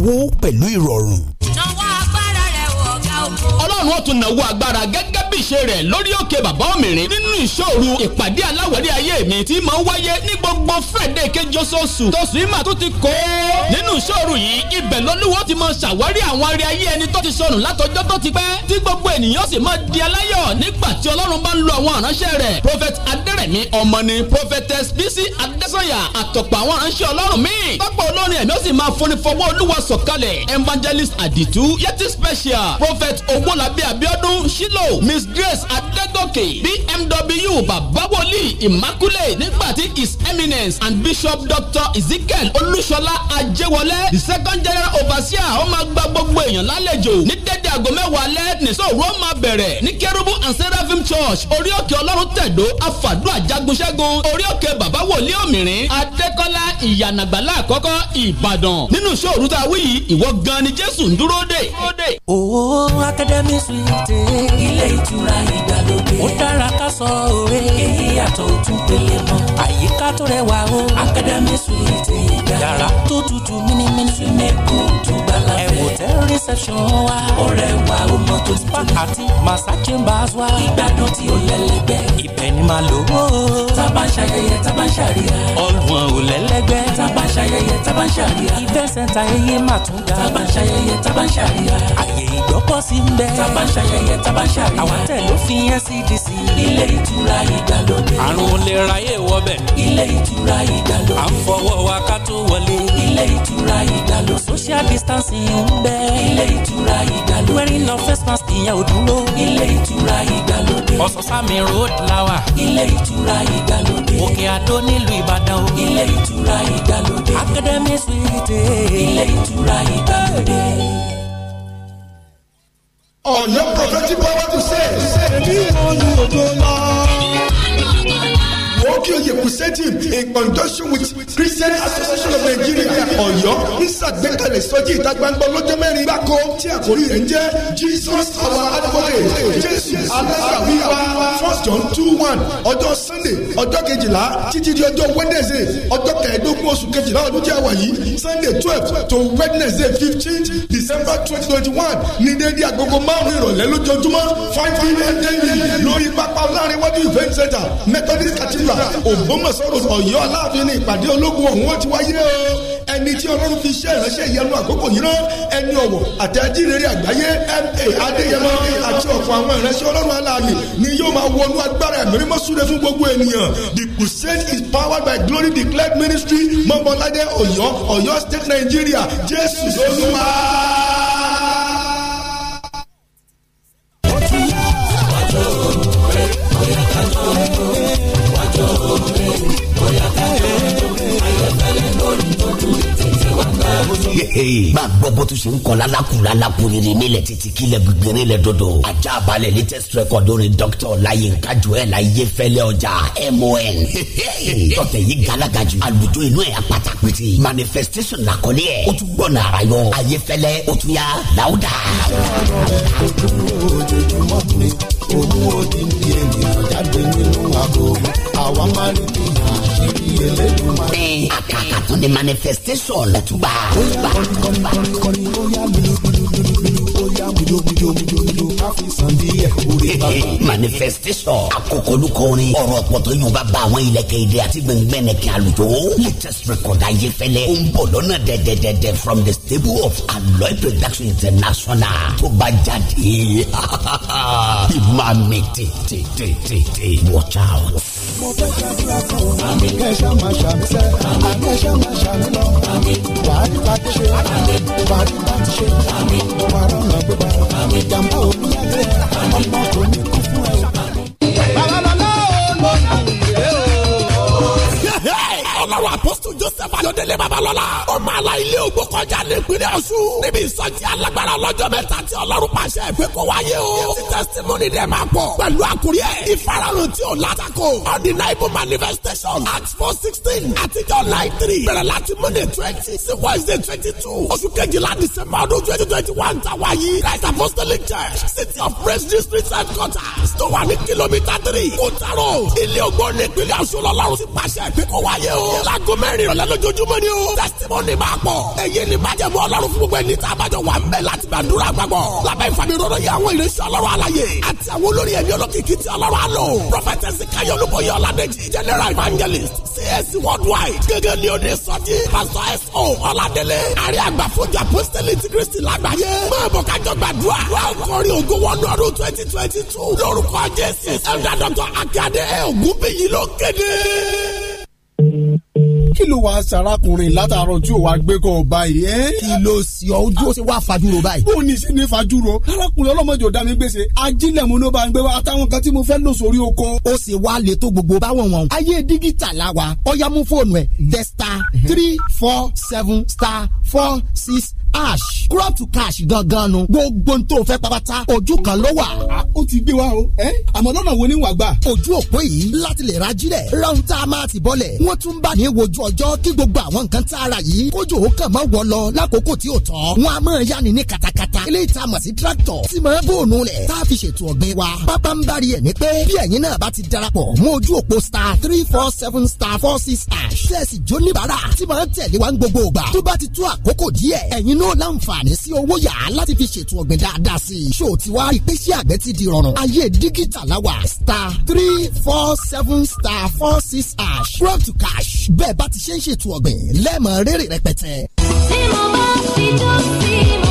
owó pẹ̀lú ìrọ̀rùn. náwó àgbà ọlọ́run ó tún náwó agbára gẹ́gẹ́ bí ìṣe rẹ̀ lórí òkè bàbá òmìnirin nínú ìṣòro ìpàdé aláwárí ayé mi tí mò ń wáyé ní gbogbo friday kejì oṣooṣù tóṣù ìmà tó ti kó nínú ìṣòro yìí ibẹ̀ lọ́lúwọ́ ti máa ṣàwárí àwọn ará ayé ẹni tó ti sọnù látọjọ́ tó ti pẹ́ tí gbogbo ènìyàn sì máa di aláyọ̀ nígbà tí ọlọ́run bá ń lo àwọn aránṣẹ́ rẹ̀ prophet adẹ́rẹ̀mí ọmọ ni prophetess bísí adésanya àtọ̀pọ̀ àwọn aránṣẹ́ ọlọ́run míì pápá olórin ẹ̀mí ó sì máa fúnni fọwọ́ olúwa sọ̀kalẹ̀ evangelist àdìtú yẹtí special prophet elizabeth owólabí abiodun shilo miss grace adé adégòkè bmw babawoli immaculate nígbàtí his eminence and bishop dr ezekiel olúṣọlá ajẹ́wọlé the second general overseer ó máa gba gbogbo èèyàn lálejò ní dédé aago mẹ́wàá alẹ́ nìṣó òru ó máa bẹ̀rẹ̀ ní kérúbù and seraphim church orí òkè ọlọ́run tẹ̀dó àfàdúrà jagunṣẹ́gun orí òkè babawoli òmìnirin adékọ́lá ìyànàgbàlá àkọ́kọ́ ìbàdàn nínú iṣẹ́ òru tá a wí yìí ìwọ gan ni jésù ń dúró dè. owó oh, akademi suwite ilé ìtura ìgbà ìgbàlódé. ó dára ká sọ òwe. èyí yàtọ̀ òtún pélé mọ́. àyíká tó rẹwà o. akademi suwite ìgbà. yàrá tó tutù mímímí. sùnmẹ́kù tó gbàlá hotel reception wa. ọ̀rẹ́ wa ó mọ tó ti tó. àti massage chambers wa. ìgbádùn tí o lẹ́lẹ́gbẹ́. ibẹ̀ ni màá lò ó. tábà ń ṣayẹyẹ tábà ń ṣàríyá. ọ̀gbun ò lẹ́lẹ́gbẹ́. tábà ń ṣayẹyẹ tábà ń ṣàríyá. ìfẹ́ sẹ́ńtà ẹyẹ mà tún ga. tábà ń ṣayẹyẹ tábà ń ṣàríyá. àyè ìgbọ́pọ̀ sí ń bẹ. tábà ń ṣayẹyẹ tábà ń ṣàríyá. àwọn tẹ̀ ló fi NCDC. ilé ìtura ìgbàlódé. àrùn olè ra yé wọbẹ̀. ilé ìtura ìgbàlódé. à ń fọwọ́ wa ká tó wọlé. ilé ìtura ìgbàlódé. social distancing ń bẹ bẹ̀. ilé ìtura ìgbàlódé. wearing no face mask ìyẹn ò dúró. ilé ìtura ìgbàlódé. ọ̀sán-sámi road lawa. ilé ìtura ìgbàlódé. òkè àdó nílùú ìbàdàn o. ilé ìtura ìgbàlódé. academy suite. ilé ìtura ìgbàlódé. ọ̀yọ́ prophetic power to save. èmi ò ní òjò lọ. Akínyẹ̀yẹ Crusading in conjunction with Christian Association of Nigeria Ọ̀yọ́ ń ṣàgbékalẹ̀ sọ́jí ìta gbangba lọ́jọ́ mẹ́rin gbáko tí àkórí rẹ̀ ń jẹ́ Jesus our advocate Jésù alásàwíwá first John two one ọjọ́ Sunday ọjọ́ kejìlá títí di ọjọ́ Wednesday ọjọ́ kẹẹ̀ẹ́dógún oṣù kejìlá ọdún tí a wà yìí Sunday twelve to Wednesday fifteen December twenty twenty one ní déédéé àgogo márùn-ún ìrọ̀lẹ́ lójoojúmọ́ five hundred and ten lórí pápá láàrin wájú ìfẹ́ center Methodist Cathedral Ògbómọ̀ṣọ́ Ọ̀yọ́ aláàfin ní ìpàdé ológun ọ̀hún ti wáyé o ẹni tí ọlọ́run fi ṣe ìránṣẹ́ ìyẹnu àkókò yìí rán ẹni ọ̀wọ̀ àti ajínrere àgbáyé ma adéyẹmọ àti ọ̀pọ̀ àwọn ìránṣẹ́ ọlọ́run aláàbì ni yóò máa wọnú agbára ẹ̀mírímọ́ súre fún gbogbo ènìyàn the crusade is powered by glory declared ministry mọ́bọ́ládé ọ̀yọ́ ọ̀yọ́ state nigeria jésù lólúwa. bá a gbọ́ bó tún ṣe ń kọ́ lálákùn lálákùn rere nílẹ̀ títí kílẹ̀ gbígbé nílẹ̀ dodo ajá balẹ̀ latest record orin dr ọláyínká joel ayéfẹ́lẹ́ ọjà mon tọ́tẹ̀ yìí galagaju àlùjọ inú ẹ̀ apata pété manifestation làkọ́lé ẹ̀ ó tún gbọ́nà ara yọ ayéfẹ́lẹ́ ó tún yá láwùdà. ojoojúmọ́ ni òun ò dín ní ènìyàn jáde nínú àgọ́ àwa máa ń bí Elédùmarè. ẹ àkàtún ni manifestation gbà gbà gbà. manifestation akokoluko orin ọ̀rọ̀ pọ̀tọ́ yóò bá bá àwọn ilẹ̀kẹ̀ èdè àti gbẹ̀ngbẹ̀nẹ̀kẹ̀ àlùjọ. latest record ayé fẹ́lẹ́ ó ń bọ̀ lọ́nà dẹ̀dẹ̀dẹ̀dẹ̀ from the stable of Aloy production international tó bá jáde. ìmọ̀ àmì tètè tètè watch out mo fẹ́ ṣàdúrà kan àmì kẹṣà máa ṣàmìṣẹ́ àmì kẹṣà máa ṣàmìlọ wàhálì bá ti ṣe wàhálì bá ti ṣe wàhálì ọ̀nà gbígbà ìjàmbá òbí yàgbé ọmọ kò ní kú fún ẹ. ọlọ́run apọ́sítù joseph ayọ̀délé babalọ́lá ọmọ àlà ilé ògbó kọjá nípínlẹ̀ ọ̀ṣun níbi ìsọjí alágbára lọ́jọ́ mẹ́ta tí ọlọ́run pàṣẹ ìpè kó wáyé o ti testimony dẹ̀ máa pọ̀ pẹ̀lú àkúrí ẹ̀ ìfarahàn tí ò látàkó undeniable manifestation at four sixteen àtijọ́ nine three bẹ̀rẹ̀ láti monday twenty sí wednesday twenty two oṣù kejìlá december ọdún twenty twenty one tàwa yìí christ apostolic church city of praise district headquarters tó wà ní kìlómítà three kò tààrọ̀ ilé ògbó nípínlẹ̀ ọ̀ṣun lọ́lọ́run ti pàṣẹ ìpè kó wáyé o láago mẹ́rin ìrọ̀lẹ́ lójoojúmọ́ ni o. testimony máa pọ̀. èyí ni májẹ̀mú ọlọ́run fún gbogbo ẹni tá a bá jọ wà ń bẹ̀ láti gbàdúrà gbàgbọ́. lábẹ́ ìfàmì rọrọ yẹ àwọn ìrẹsì ọlọ́run alaye àti àwọn olórí ẹ̀mí olókìkí ti ọlọ́run alò. prophetess kayo olúbọyọ ọládẹjì general evangelist cs worldwide gẹ́gẹ́ ni òde sọjí pastor so ọládélé àrí àgbà fojú apostoli ti kristi lágbàáyé. máa bọ̀ kájọ gbàdúrà wà á kọrin ògo wọnú ọdún twenty twenty two lórúkọ jésù elder doctor akíade kí ló wàá sàrákùnrin látàárọ̀ tí ò wá gbé kọ́ ọ báyìí. kí ló sì ọ ojú ó sì wá fajúro báyìí. bó o ní sí ní fajúro arákùnrin ọlọ́mọdé ò dá mi gbèsè ajílẹ̀ mo ló bá ń gbé wa àtàwọn kan tí mo fẹ́ lò sórí oko. ó sì wá lè tó gbogbo báwọn wọn. ayé dígítà la wa ọ̀yàmú fóònù ẹ̀ tẹ star three four seven star four six Ash, crop to cash gangan nu gbogbo n tó fẹ́ pàpàtà ojú kan ló wà. ó ti gbé wa o àmọ́ lọ́nà wo ni wàá gbà. ojú òpó yìí láti lè ra jílẹ̀ ráhùn tá a máa ti bọ́lẹ̀ wọ́n tún bá ní wojú ọjọ́ kí gbogbo àwọn nǹkan tá a rà yìí kójú ó kàn máa wọ̀ lọ lákòókò tí ò tọ́ wọn a máa yá ni ní katakata ilé ìta mọ̀ sí tractor tí máa bóònù rẹ̀ tá a fi ṣètò ọ̀gbìn wa bábá ń bari ẹ̀ ní pé bí ẹ̀yin náà bá ti darapọ̀ mọ́ ojú òpó star three four seven star four six ash. tẹ̀sí jóníbàárà tí máa ń tẹ̀lé wa ń gbogbo ògbà tó bá ti tó àkókò díẹ̀ ẹ̀yin yóò láǹfààní sí owó yàá láti fi ṣètò ọ̀gbìn dáadáa sí i. ṣó o ti wá ìpèsè àgbẹ̀ ti di rọrùn. ayé dígítà láwà star three four seven star four six ash crop to cash bẹ́ẹ̀ bá ti ṣe ń ṣètò ọ̀gbìn lẹ́ẹ̀mọ rere rẹpẹtẹ. tí mo bá fi dùn sí mo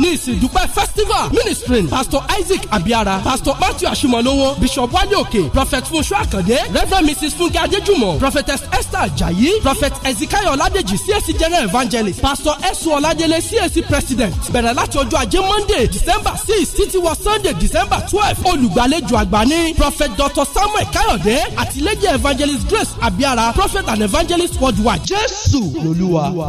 ní ìsìndúpẹ́ festival ministry pastor isaac abiara pastor matthew ashimolowo bishop wale prophet funṣu akande reverend mrs funke adéjúmọ̀ prophetess esther ajayi prophet ezekiel oladeji csc general evangelist pastor esu oladele csc president bẹ̀rẹ̀ láti ọjọ́ ajé monday december six títí wọ sunday december twelve olùgbàlejò àgbà ní prophet dr samuel kayode àtìlẹ́yìn evangelist grace abiara prophet and evangelist worldwide jésù lolúwa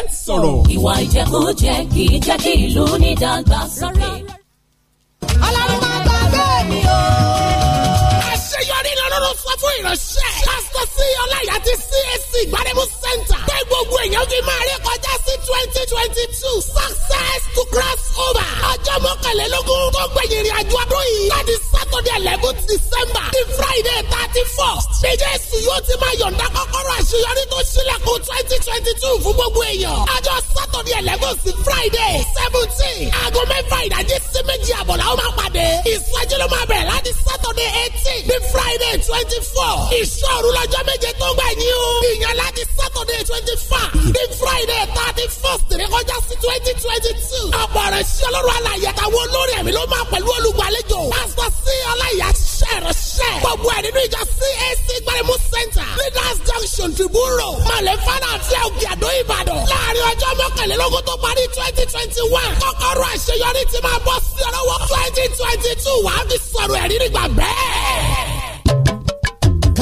fẹ́ sọ̀rọ̀. ìwà ìjẹkújẹ kì í jẹ́ kí ìlú ní dàgbàsókè. ọlọ́run máa gbàgbé mi o. àṣeyọrí lọ́lọ́run sọ fún ìránṣẹ́. pásítọ̀ sí ọláyà ti CAC gbárẹ́mú center. pé gbogbo èèyàn fi máa rí kọ́ twenty twenty twenty two success to cross over ọjọ́ mọ́kànlélógún tó gbẹ̀yìn ìrìn àjò ọdún yìí láti saturday eleven december to friday thirty first ní jésù yóò ti máa yọ̀ǹda kọ́kọ́rọ́ àṣeyọrí tó ṣílẹ̀kùn twenty twenty two fún gbogbo èèyàn ọjọ́ saturday eleven sí friday seventeen aago mẹ́fà ìdájí sí méjì àbọ̀ làwọn máa pàdé ìsọjí ló máa bẹ̀rẹ̀ láti Saturday eighteen bí Friday twenty four ìṣòro lọ́jọ́ méje tó ń gbà yín o. Ìyẹn láti Saturday twenty five bí Friday thirty first rékọjá sí twenty twenty two. Ọ̀pọ̀ rẹ̀ ṣí ọlọ́run àlàyé àtàwọn olórí ẹ̀mí ló máa pẹ̀lú olùgbàlejò. Pásítọ̀ sí ọláyà ṣ ránṣẹ́ ránṣẹ́. gbogbo ẹ̀ nínú ìjọ CAC gbaremu center leaders junction tribune road malẹ̀ fana àti òkè àdó ìbàdàn. láàrin ọjọ́ mọ́kànlélógún tó parí twenty twenty one kọ́kọ́rọ́ àṣeyọrí ti máa bọ́ sí ọlọ́wọ́ twenty twenty two wàá fi sọ̀rọ̀ ẹ̀rí nígbà bẹ́ẹ̀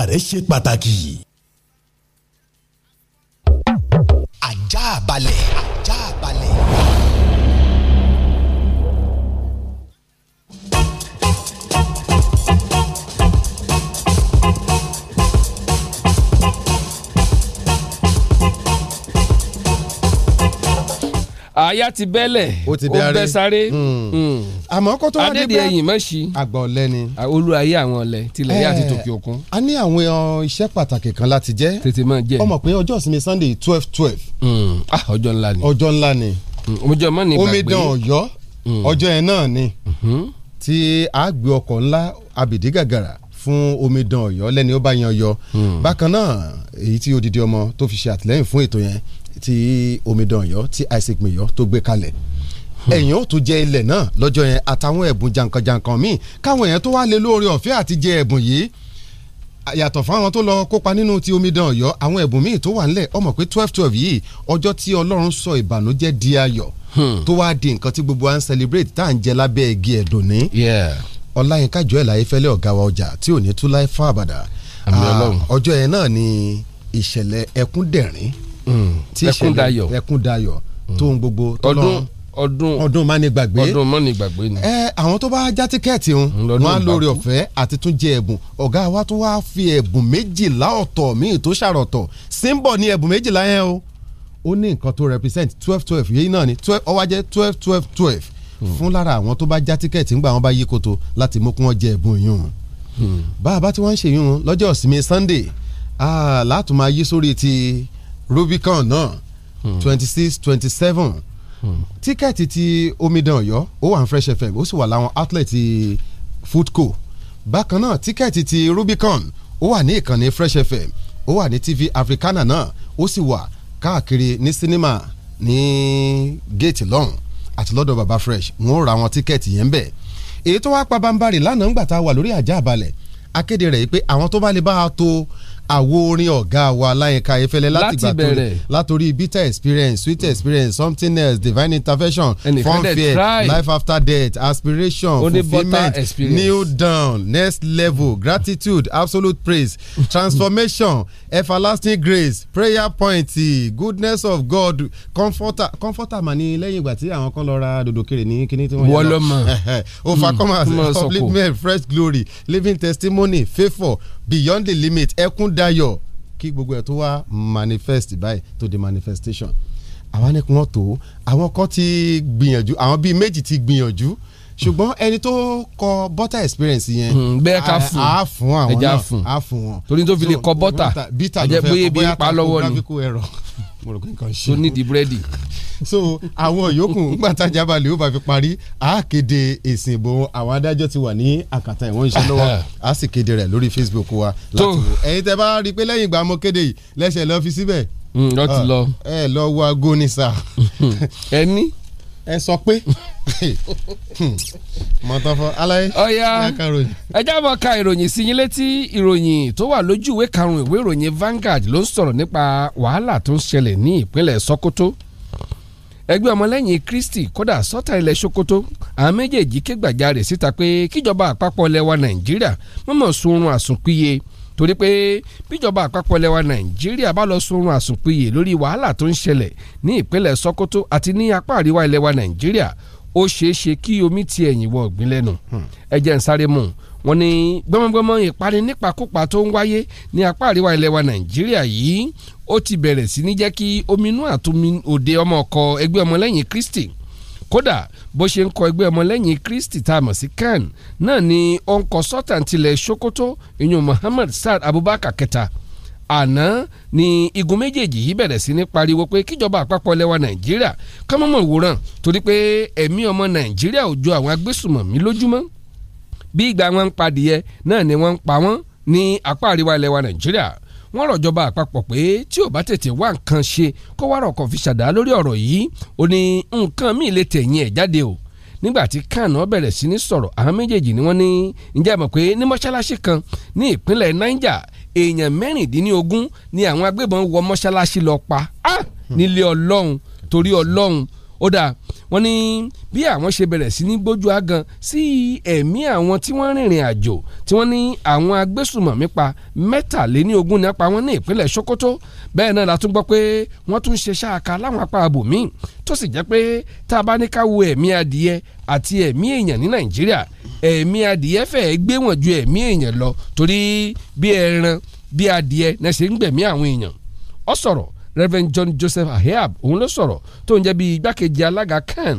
àlàáfíà rẹ ṣe pàtàkì. ajá balẹ̀ ajá balẹ̀. aya ti bẹ́lẹ̀ ó bẹ́ sáré. Hmm. Hmm. àmọ́ kó tó wá débẹ̀ adédè ẹ̀yìn mọ́ṣí. àgbà ọ̀lẹ ni. olú ayé àwọn ọ̀lẹ tilẹ̀ yá àti eh, tòkè òkun. a ní àwọn uh, iṣẹ́ pàtàkì kan láti jẹ́. tètè máa jẹ. ọmọ pé ọjọ́ ìsinmi sunday twelve twelve. Hmm. Ah, ọjọ́ ńlá ni. ọjọ́ ńlá ni. ọjọ́ mọ́ ni gbàgbé. omidan ọ̀yọ́ ọjọ́ yẹn náà ni. Ti a gbé ọkọ̀ ńlá abìdí gàgàrà fún omidan ọ̀yọ́ lẹ́ni ó bá yan ọ̀yọ́. bákan náà èyí tí odidi ọmọ tó fi ṣe àtìlẹ́yìn fún ètò yẹn tí omidan Ọ̀yọ́ tí Isaac Mayo tó gbé kalẹ̀ ẹ̀yìn ó tún jẹ ilẹ̀ náà lọ́jọ́ yẹn àtàwọn ẹ̀bùn jàǹkànjàǹkàn míì káwọn èèyàn tó wá lé lóore ọ̀fẹ́ àti jẹ ẹ̀bùn yìí yàtọ̀ fáwọn tó lọ kópa nínú ti omidan Ọ̀yọ́ àwọn ẹ̀bùn míì tó wà ńlẹ̀ ọmọ pé twelve twelve yìí ọjọ́ tí Ọlọ́run sọ ìbànújẹ́ di ayọ̀ hmm. tó wá di nǹkan tí gbogbo wa ń celebrate tá à ń jẹ lábẹ́ igi ẹ̀dùn ní. Ọláyínká Joel Ayéfẹ́lẹ́ ọ̀gá wa ọjà tí ò ní tú láì fún àbàdà ah, ọjọ́ yẹn náà ni ìṣẹ̀lẹ̀ ẹkúndẹ̀rín tí ìṣẹ̀lẹ̀ Ẹkúndayọ̀ mm. tó ń gbogbo tọ́lọ́run ọdún ọdún mánigbàgbé ọdún mánigbàgbé ni. ẹ àwọn tó bá já tíkẹ́ẹ̀tì ń mm, wọn á lórí ọ̀fẹ́ àti tún jẹ ẹ̀bùn ọ̀gá wa tó wáá fi ẹ̀bùn méjìlá ọ̀tọ̀ míì tó ṣàròtọ̀ símbọ̀ ni ẹ̀bùn méjìlá yẹn o ó ní nǹkan tó represent twelve twelve yìí náà ni ó wá twelve twelve twelve mm. fún lára àwọn tó bá já tíkẹ́ẹ̀tì ńgbà wọn bá yí koto láti mú kí wọ́n jẹ ẹ̀bùn yìí bá a bá tí wọ́n ṣe yún lọ́jọ́ ìsinmi Sunday ah, látùmá sórí ti Rubicon náà hmm. twenty six twenty seven hmm. tíkẹ́ẹ̀tì ti omidan ọ̀yọ́ ó wà ní Fresh FM ó sì wà láwọn outlet ti Foodco bákan náà tíkẹ́ẹ̀tì ti Rubicon ó wà ní ìkànnì Fresh FM ó wà ní TV Africana náà ó sì wà káàkiri ní sinima ní gate lọ́hùn àti lọ́dọ̀ baba Fresh wọ́n ra wọn tíkẹ́ẹ̀tì yẹn bẹ́ẹ̀ èyí tó wá pa bámbárì lánàá ńgbà tá a wà lórí àjà àbálẹ̀ akéde rẹ̀ yìí pé àwọn tó bá lè bá a tó àwo orin ọ̀gá wa aláyínká ayéfẹ́lẹ́ láti gbà tó látòrí bitter experience sweet experience something else divine intervention fun fear life after death aspiration fulfilment new dawn next level gratitude absolute praise transformation everlasting grace prayer point goodness of god comforter comforter mà ní lẹ́yìn ìgbà tí àwọn kan lọ ra dòdòkèrè ní kíní tí wọ́n yẹ lọ. wọ́n lọ mọ̀. overcomers hmm. compliment fresh glory living testimony favour beyond the limit ẹkún dayọ̀ kí gbogbo ẹ̀ tó wá manifest báyìí to the manifestation àwọn ẹni kí wọ́n tó àwọn kan ti gbìyànjú àwọn bíi méjì ti gbìyànjú ṣùgbọ́n ẹni tó kọ butter experience yẹn hmm, bẹ́ẹ̀ ká fún a fún àwọn náà a fún wọn. torí tó fi lè kọ butter ẹ̀jẹ̀ bóyá ebi ń pa lọ́wọ́ ni tó nídìí búrẹ́dì. so àwọn yòókù gbàtàjà balẹ̀ ó bá fi parí a kéde èsì ìbò àwọn adájọ́ ti wà ní àkàtà ẹ̀wọ̀n iṣẹ́ lọ́wọ́ a sì kéde rẹ̀ lórí Facebook wa láti wò ẹ̀yin tẹ́ bá rí i pé lẹ́yìn ìgbà mo kéde yìí lẹ́sẹ̀ lọ́ fi síbẹ̀. Hmm, lọ́ ti ah, lọ. ẹ lọ wo aago ní hmm, ẹni ẹ sọ pé mọ̀tọ́fọ́ aláyé ọ̀yá ẹ jábọ̀ ka ìròyìn sí yín létí ìròyìn tó wà lójú ìwé karùn-ún ìwé ìròyìn Vangard ló ń sọ̀rọ̀ nípa wàhálà tó ń ṣẹlẹ̀ ní ìpínlẹ̀ Sokoto ẹgbẹ́ ọmọlẹ́yìn Kristi kódà sọ́tà ilẹ̀ Sokoto àwọn méjèèjì ké gbàjarè síta pé kíjọba àpapọ̀ lẹwa Nàìjíríà mọ̀mọ́ sunrun àsùnpìyẹ torí pé bíjọba àpapọ̀ lẹwa nàìjíríà bá lọ sọrun àsùnpìyè lórí wàhálà tó ń ṣẹlẹ̀ ní ìpínlẹ̀ sokoto àti ní apá àríwá ilẹ̀ wa nàìjíríà ó ṣeé ṣe kí omi ti ẹ̀yìn wọ ọ̀gbìn lẹ́nu hmm. ẹ̀jẹ̀ ń sáré mu wọ́n ní gbọ́mọgbọ́mọ ìparí nípakúpa tó ń wáyé ní apá àríwá ilẹ̀ wa nàìjíríà yìí ó ti bẹ̀rẹ̀ sí ní jẹ́ kí ominú àtomi òde ọmọ ọkọ ẹgbẹ́ ọmọlẹ́yìn kristi kódà bó ṣe ń kọ ẹgbẹ́ ọmọlẹ́yìn Kristi tá a mọ̀ sí CAN náà ni ó ń kọ sọ́tàn tilẹ̀ Sokoto ìyún Muhammad Saad Abubakar kẹta àná ni igun méjèèjì yìí bẹ̀rẹ̀ sí ní pariwo pé kíjọba àpapọ̀ lẹwa Nàìjíríà kọ́mọ́mọ́ wòran torí pé ẹ̀mí ọmọ Nàìjíríà ò jọ àwọn agbésùmọ̀mí lójúmọ́ bí ìgbà wọn ń padìyẹ náà ni wọ́n ń pa wọ́n ní apá àríwá ilẹ̀ Nàìjíríà wọ́n rọ̀jọba àpapọ̀ pé tí ò bá tètè wá nǹkan ṣe kó wá rọ̀kàn fi ṣàdá lórí ọ̀rọ̀ yìí ó ní nǹkan míì lè tẹ̀yìn ẹ̀ jáde o nígbà tí kánà bẹ̀rẹ̀ sí ní sọ̀rọ̀ àwọn méjèèjì ni wọ́n ní ǹjẹ́ mọ̀ pé ní mọ́ṣáláṣí kan ní ìpínlẹ̀ Niger èèyàn mẹ́rìndínlógún ni àwọn agbébọn wọ mọ́ṣáláṣí lọ pa nílé Ọlọ́run torí Ọlọ́run ó dáa wọ́n ní bí àwọn ṣe bẹ̀rẹ̀ sí ní gbójú agan sí ẹ̀mí àwọn tí wọ́n rìnrìn àjò tí wọ́n ní àwọn agbésùmọ̀mí pa mẹ́tàléníogún ní apá wọn ní ìpínlẹ̀ Sokoto bẹ́ẹ̀ náà la tún gbọ́ pé wọ́n tún ṣe ṣáàka láwọn apá àbòmí tó sì jẹ́ pé tá a bá ní ká wo ẹ̀mí adìyẹ àti ẹ̀mí èèyàn ní Nàìjíríà ẹ̀mí adìyẹ fẹ́ẹ́ gbé wọn ju ẹ̀mí èèyàn lọ torí bí ẹran bí adìyẹ náà ṣe ń Reverend john joseph ahiab òun ló sọ̀rọ̀ tó ń jẹ́ bíi igbákejì alága kan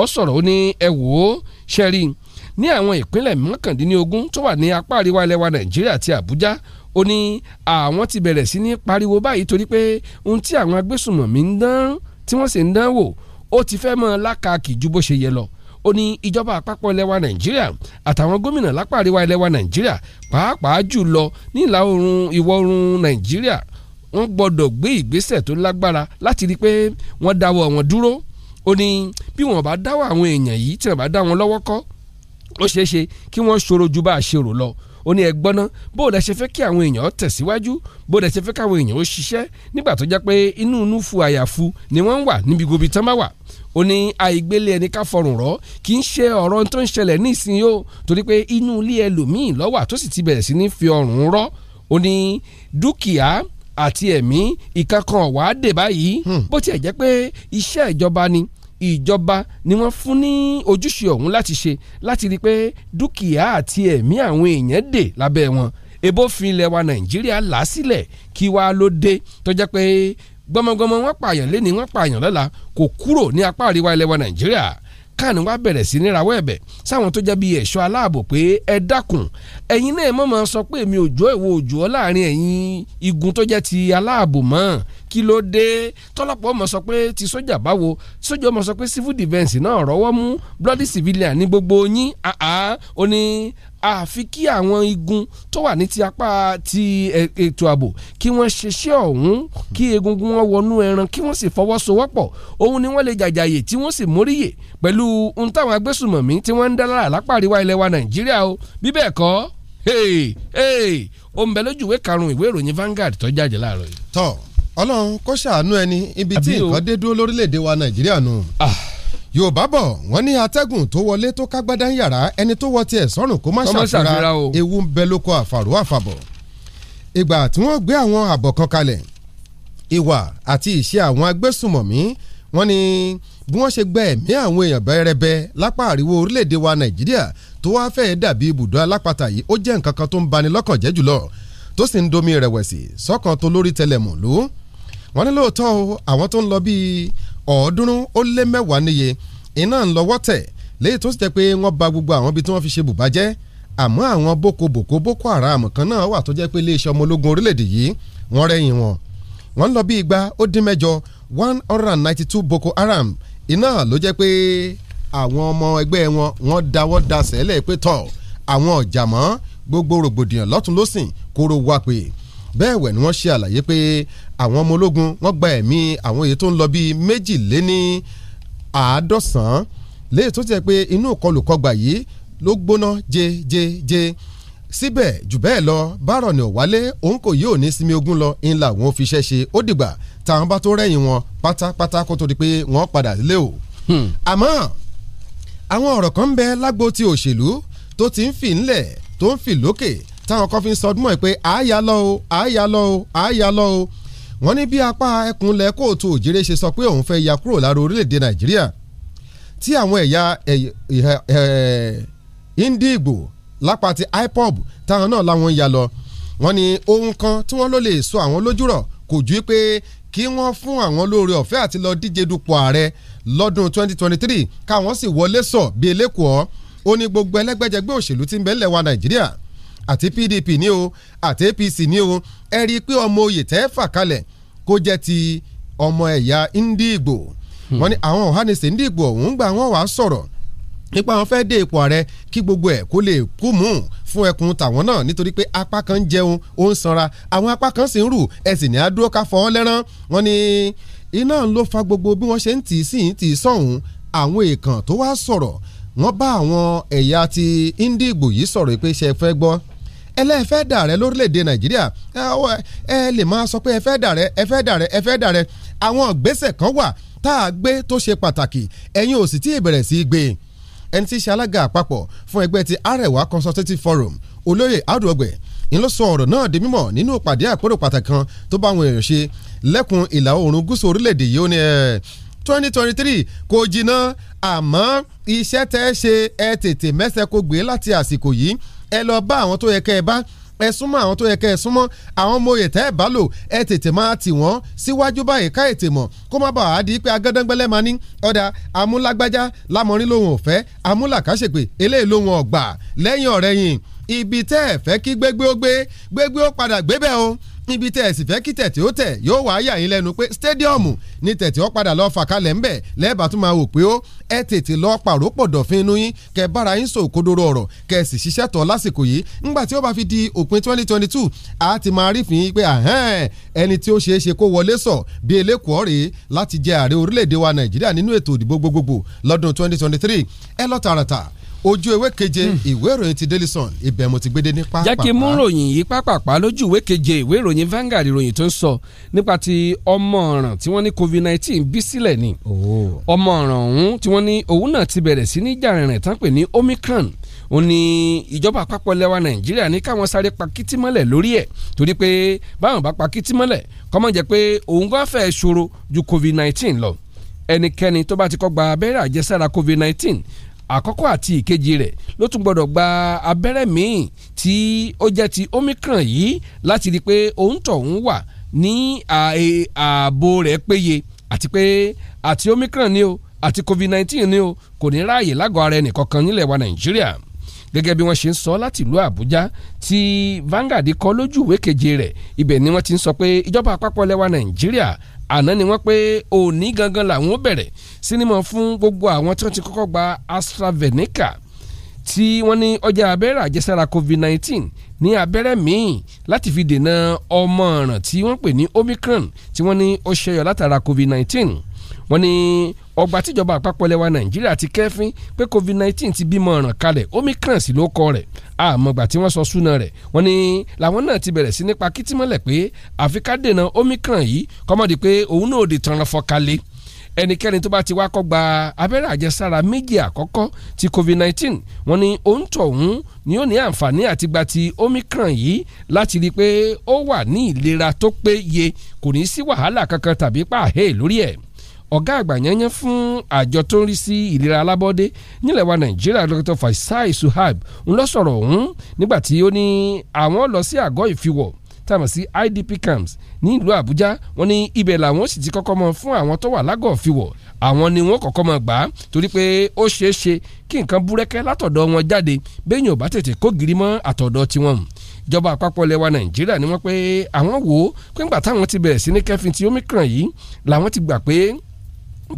ó sọ̀rọ̀ ó ní ẹ wò ó ṣẹ́rí ní àwọn ìpínlẹ̀ mọ́kàndínlógún tó wà ní apá àríwá ilẹ̀ wa nàìjíríà àti àbújá ó ní àwọn ti bẹ̀rẹ̀ sí ní pariwo báyìí torí pé ohun tí àwọn agbésùnmọ̀mí ń dán tí wọ́n sì ń dán wò ó ti fẹ́ mọ́ lákàkì ju bó ṣe yẹ lọ ó ní ìjọba àpapọ̀ ilẹ̀ wa nàìjíríà àtàwọn gómìnà lápá àríwá ilẹ̀ wa nàìjíríà pàápàá jù lọ ní ìlà oòrùn ìwọ̀ oòrùn nàìjíríà wọ́n gbọ́dọ̀ gbé ìgbésẹ̀ tó lágbára láti rí i pé wọ́n dáwọ́ wọn dúró ó ní bí wọ́n bá dáwọ́ àwọn èèyàn yìí tí wọ́n bá dá wọn lọ́wọ́ kọ́ ó ṣeé ṣe kí wọ́n ṣòro ju bá a ṣe rò lọ ó ní ẹgbọ́n náà bó lẹ ṣe fẹ́ kí àwọn èèyàn tẹ̀síwájú bó lẹ ṣe fẹ́ káwọn èèyàn ó ṣiṣẹ́ nígbà tó jẹ́ pé inú inú fu àyàfu ni wọ́n wà níbi gobi tán bá wà ó ní àìgbélé ẹni ká fọrùn rọ kì í ṣe ọ̀rọ̀ tó ń ṣẹlẹ̀ ní ìsìn torí pé inú ilé ẹlòmíì lọ́wà tó sì ti bẹ̀rẹ̀ sí ní fi ọrùn rọ́ ó ní dúkìá àti ẹ̀mí ìkankan wàá dè báyìí hmm. bó tiẹ̀ jẹ́ pé iṣẹ́ ìjọba ni ìjọba ni wọ́n fún ní ojúṣe ọ̀hún láti ṣe láti rí i pé dúkìá àti ẹ̀mí àwọn èèyàn dè lábẹ́ wọn ebo fi ilẹ̀ wa nàìjíríà là á sílẹ̀ kí wàá ló dé tó jẹ́ pé gbọmọgbọmọ wọ́n pààyàn lé ní wọ́n pààyàn lọ́la kò kúrò ní apá àríwá ilẹ̀ wa nàìjíríà kan wá bẹ̀rẹ̀ sí ní rawọ́ ẹ̀bẹ̀ sáwọn tó jẹ́ bíi ẹ̀ṣọ́ aláàbò pé ẹ dákun ẹ̀yin náà mọ̀ máa sọ pé èmi òjò ìwò òjò láàrin ẹ̀yin igun tó jẹ́ ti aláàbò mọ́ kí ló dé tọ́lọ́pọ̀ ọmọ sọ pé ti sójà báwo sójà ọmọ sọ pé civil defence náà rọ́wọ́ mú bloody civilian ní gbogbo yín àá ó ní àfi kí àwọn igun tó wà ní ti apá ti ètò ààbò kí wọ́n ṣeṣẹ́ ọ̀hún kí egungun wọn wọnú ẹran kí wọ́n sì fọwọ́sowọ́pọ̀ òun ni wọ́n lè jàjàyè tí wọ́n sì móríyè pẹ̀lú ohun táwọn agbésùmọ̀mí tí wọ́n ń dá lára lápá ilẹ̀ wa nàìjíríà o bí bẹ́ẹ̀ kọ́ ó ń bẹ lójú ìwé karùn-ún ìwé ìròyìn Vanguard tó jáde láàárọ̀ yìí ọlọ́run kó ṣàánú ẹni ibi tí nǹkan dé dúró lórílẹ̀‐èdè wa nàìjíríà nù. Ah. yorùbá bọ̀ wọ́n ní atẹ́gùn tó wọlé tó kágbádá ń yàrá ẹni tó wọ tiẹ̀ sọ́rùn kó má ṣàfihàn ewu ń bẹ lóko àfàrò àfàbọ̀. ìgbà tí wọ́n gbé àwọn àbọ̀ kan kalẹ̀ ìwà àti ìṣe àwọn agbésùmọ̀mí wọ́n ní bí wọ́n ṣe gbẹ ẹ̀mí àwọn èèyàn bẹ́rẹ́bẹ lápá àríwó orílẹ̀‐èdè wa nàìjíríà tó wáá fẹ́ẹ́ dàbí ibùdó alápatà yìí ó jẹ́ nǹkan kan tó ń bani lọ́kàn jẹ́ jùlọ tó sì ń domi rẹ̀wẹ̀sì sọ́kàn tó lórí tẹlẹ̀mù lóò wọ́n ní lóòótọ́ o àwọn tó ń lọ bíi ọ̀ọ́dúnrún ó lé mẹ́wàá níye iná ń lọ wọ́tẹ̀ léyìí tó sì jẹ́ pé wọ́n ba gbogbo àwọn ibi tí wọ́n fi ṣe bùbá àmọ́ àwọn boko boko boko haram kan náà wà tó jẹ́ pé iléeṣẹ́ ọmọ ológun orílẹ̀-èdè yìí wọ́n rẹ́yìn wọn wọ́n lọ bí igba ó dín mẹ́jọ one hundred and ninety two boko haram iná ló jẹ́ pé àwọn ọmọ ẹgbẹ́ wọn wọ́n dáwọ́ daṣẹ́ lẹ́ẹ̀ pé tọ̀ àwọn ọ̀jà mọ́ gbogbo rògbòdìyàn lọ́tún lọ́sìn kóró wá pé bẹ́ẹ̀ wẹ̀ ni wọ́n ṣe àlàyé pé àwọn ọmọ ológun wọ́n gba ẹ̀mí àwọn èyí tó ń lọ bíi méjìléní àádọ́sàn-án léyìí tó ti jẹ́ pé inú ìkọlùkọgbà yìí ló gbóná jejeje síbẹ̀ jù bẹ́ẹ̀ lọ bárọ̀ ni ò wálé òun kò yí òní sinmi ogun lọ ńlá wọn fi ṣẹ́ ṣe ó dìgbà táwọn bá tó rẹ́yìn wọn pátápátá kó tó di pé wọ́n padà sílé o. Hmm. àmọ́ àwọn ọ̀rọ̀ kan ń bẹ lágbo ti òṣèlú tó ti ń fì ńlẹ̀ tó ń fì lókè táwọn kan fi ń sọdúnmọ́ ẹ pé àáyá lọ o àáyá lọ o àáyá lọ o wọ́n ní bí apá ẹkùnlẹ̀ kóòtù òjìrè ṣe sọ pé òun fẹ́ ya kúrò lára orílẹ̀-èdè nàìjíríà tí àwọn ẹ̀yà indigbo lápá ti ipob táwọn náà làwọn ń ya lọ wọ́n ní ohun kan tí wọ́n ló lè sọ àwọn lójúrọ̀ kò ju pé kí wọ́n fún àwọn lóore ọ̀fẹ́ àti lọ díje dupò ààrẹ lọ́dún 2023 káwọn sì wọlé sọ bíi elékòó ó ní gbogbo ẹlẹ́gbẹ́jẹgbẹ́ òṣèlú tí ń bẹ lẹ́wà nàìjíríà àti PDP ní o àti APC ní o ẹ rí i pé ọmọ oyè tẹ́ fà kalẹ̀ kó jẹ́ ti ọmọ ẹ̀yà Ndigbo hmm. wọ́n ní àwọn Ohanaeze Ndigbo ọ̀hún gbà wọ́n wàá sọ̀rọ̀ nípa àwọn fẹ́ẹ́ dé ipò ààrẹ kí gbogbo ẹ̀ kó lè kú mú fún ẹkùn tàwọn náà nítorí pé apá kan ń jẹun ó ń sanra àwọn apá kan sì ń rù ẹ sì ní adúró ká fọ́ lẹ́rán wọ́n ní iná ló fa gbogbo bí wọ́n ṣe ń tì í sí ń sọ̀hún àwọn èèkàn tó wá sọ̀rọ̀ wọ́n bá àwọn ẹ̀yà ti Ndigbo yìí sọ̀rọ̀ pé ṣe fẹ́ gbọ́ ẹlẹ́fẹ́ dà rẹ lórílẹ̀‐èdè nàìjíríà ẹ lè máa sọ pé ẹ fẹ́ dà rẹ ẹ fẹ́ dà rẹ ẹ fẹ́ dà rẹ àwọn ìgbésẹ̀ kan wà tá a gbé tó ṣe pàtàkì ẹ̀yin ò sì tí ì bẹ̀rẹ̀ sí í gbé ẹni tí í ṣe alága àpapọ̀ fún ẹgbẹ́ ti Arewa Consultative Forum olóyè adùọgbẹ ń ló sọ ọ̀rọ̀ náà di mímọ̀ nínú ìpàdé àpérò pàtàkì kan tó bá àwọn èèyàn ṣe lẹ́kùn ìlà oòrùn gúúsù orílẹ̀-èdè yìí ó ní ẹ̀ 2023 kò jìnnà àmọ́ iṣẹ́ tẹ́ ṣe ẹ tètè mẹ́sẹ̀ gbé láti àsìkò yìí ẹ lọ bá àwọn tó yẹ kẹ́ ẹ bá ẹ súnmọ́ àwọn tó yẹ kẹ́ ẹ súnmọ́ àwọn ọmọ òye tẹ́ ẹ bá lò ẹ tètè máa tì wọ́n síwájú báyìí ká ètè mọ̀ kó má bàa di pé agádángbẹ́lẹ́ máa ní ọ̀dà amúlágbájá lámọrin lòun ò fẹ́ amúlàkàṣègbè eléyìí lòun ọ̀gbà lẹ́yìn ọ̀rẹ́yìn ibi tẹ́ ẹ fẹ́ kí gbégbé ó gbé gbégbé ó padà gbébẹ̀ o. Gbe, níbi tẹ́ ẹ̀ fẹ́ kí tẹ̀tẹ̀ ó tẹ̀ yóò wá yà yín lẹ́nu pé stadium ni tẹ̀tẹ̀ ó padà lọ́ọ́ fà kalẹ̀ ńbẹ̀ lẹ́ẹ̀bà tún máa wò pé ó ẹ tètè lọ́ọ́ pàrópọ̀ dọ̀fin inú yín kẹ bára yín sọ òkodoro ọ̀rọ̀ kẹ sì ṣiṣẹ́ tọ̀ lásìkò yìí ńgbà tí ó bá fi di òpin 2022 a ti máa rí fún yín pé ẹni tí ó ṣeé ṣe kó wọlé sọ bí elékòó rèé láti jẹ ààrẹ orílẹ̀-èdè wa Nàìjíríà nínú ètò ìdìbò gbogbogbò lọ́dún 2023 ẹ lọ tààràtà ojú ewé keje hmm. ìwé ìròyìn ti Daily Sun ibẹ̀ mo ti gbé dé ní pápá. jẹ́ kí n mú ròyìn yìí pápápá lójú ìwé keje ìwé ìròyìn Vanguard ìròyìn tó ń sọ nípa ti ọmọ ọ̀ràn tí wọ́n ní COVID-19 bí sílẹ̀ ni ọmọ ọ̀ràn ọ̀hún tí wọ́n ní òun náà ti bẹ̀rẹ̀ sí ní jàrìnrìn tán pè ní Omicron ó ní ìjọba àpapọ̀ lẹwa nàìjíríà ní káwọn sáré pa kìtì mọ́lẹ̀ lórí ẹ̀ torí pé báwọn bá pa kìtì mọ́lẹ̀ kọ́mọ̀ jẹ́ pé òun gan fẹ́ ṣòro ju covid nineteen lọ ẹnikẹ́ni tó bá ti kọ́ gba abẹ́rẹ́ àjẹsára covid nineteen àkọ́kọ́ àti ìkejì rẹ̀ ló tún gbọ́dọ̀ gba abẹ́rẹ́ míì tí ó jẹ́ ti omicron yìí láti rí i pé òun tọ̀hún wà ní e, ààbò rẹ̀ péye àti pé àti omicron ni o àti covid-19 ni o kò ní ráàyè lágọ̀ọ́ ara ẹnì kankan nílẹ̀ wa nàìjíríà gẹ́gẹ́ bí wọ́n ṣe ń sọ láti ìlú àbújá tí Vanguard kọ lójú ìwé keje rẹ̀ ibẹ̀ ni wọ́n ti ń sọ pé ìjọba àpapọ̀ lẹ́wà nàìjíríà àná ni wọ́n pé òní gangan làwọn bẹ̀rẹ̀ sinimá fún gbogbo àwọn tí wọ́n ti kọ́kọ́ gba AstraVeneca tí wọ́n ní ọjà abẹ́rẹ́ àjẹsára COVID-19 ní abẹ́rẹ́ míì láti fi dènà ọmọ ọ̀ràn tí wọ́n pè ní Omicron tí wọ́n ní ó ṣẹyọ látara COVID-19 wọ́n ní ọgbà tíjọba àpapọ̀ lẹ́wà nàìjíríà ti kẹ́fín pé covid nineteen ti bímọ ọ̀ràn kalẹ̀ omicron sì ló kọ rẹ̀ àmọ́gbà tí wọ́n sọ súná rẹ̀ wọ́n ní làwọn náà ti bẹ̀rẹ̀ sí nípa kítímọ́lẹ̀ pé àfi ká dènà omicron yìí kọ́mọ́dé pé òun náà ò di tanran fọ́kalẹ̀ ẹnikẹ́ni tó bá ti wá kọ́ gba abẹ́rẹ́ àjẹsára méjì àkọ́kọ́ ti covid nineteen wọ́n ní òǹtọ̀ ọ̀hún ni ó ní àǹfààní àti gba ti omicron yìí láti rí i pé ó wà ní ìlera tó péye kò ní sí wàhálà kankan tàbí pàhẹ́ lórí ẹ̀ ọ̀gá àgbà yẹnyẹn fún àjọ tó ń rí sí ìlera alábọ́dé nílẹ̀ wa nàìjíríà dr faisal suhaib ń lọ sọ̀rọ̀ ọ̀hún nígbà tí ó ní àwọn lọ sí àgọ́ ìfiwọ̀ tàmọ̀ sí idp camps ní ìlú àbújá wọn ní ibẹ̀ làwọn sì ti kọ́kọ́ mọ fún àwọn tó wà lágọ̀ọ́ ìfiwọ̀ àwọn ni wọn kọ́kọ́ mọ gbà á torí pé ó ṣeé ṣe kí nǹkan búrẹ́kẹ́ látọ̀dọ̀ wọn jáde bẹ́ẹ̀ yóò bá tètè kó mọ́ àtọ̀dọ̀ tiwọn ìjọba àpapọ̀ lẹwa nàìjíríà ni wọ́n pé àwọn wò ó pé ńgbà táwọn ti bẹ̀rẹ̀ sí ní kẹ́fìn omicron yìí làwọn ti gbà pé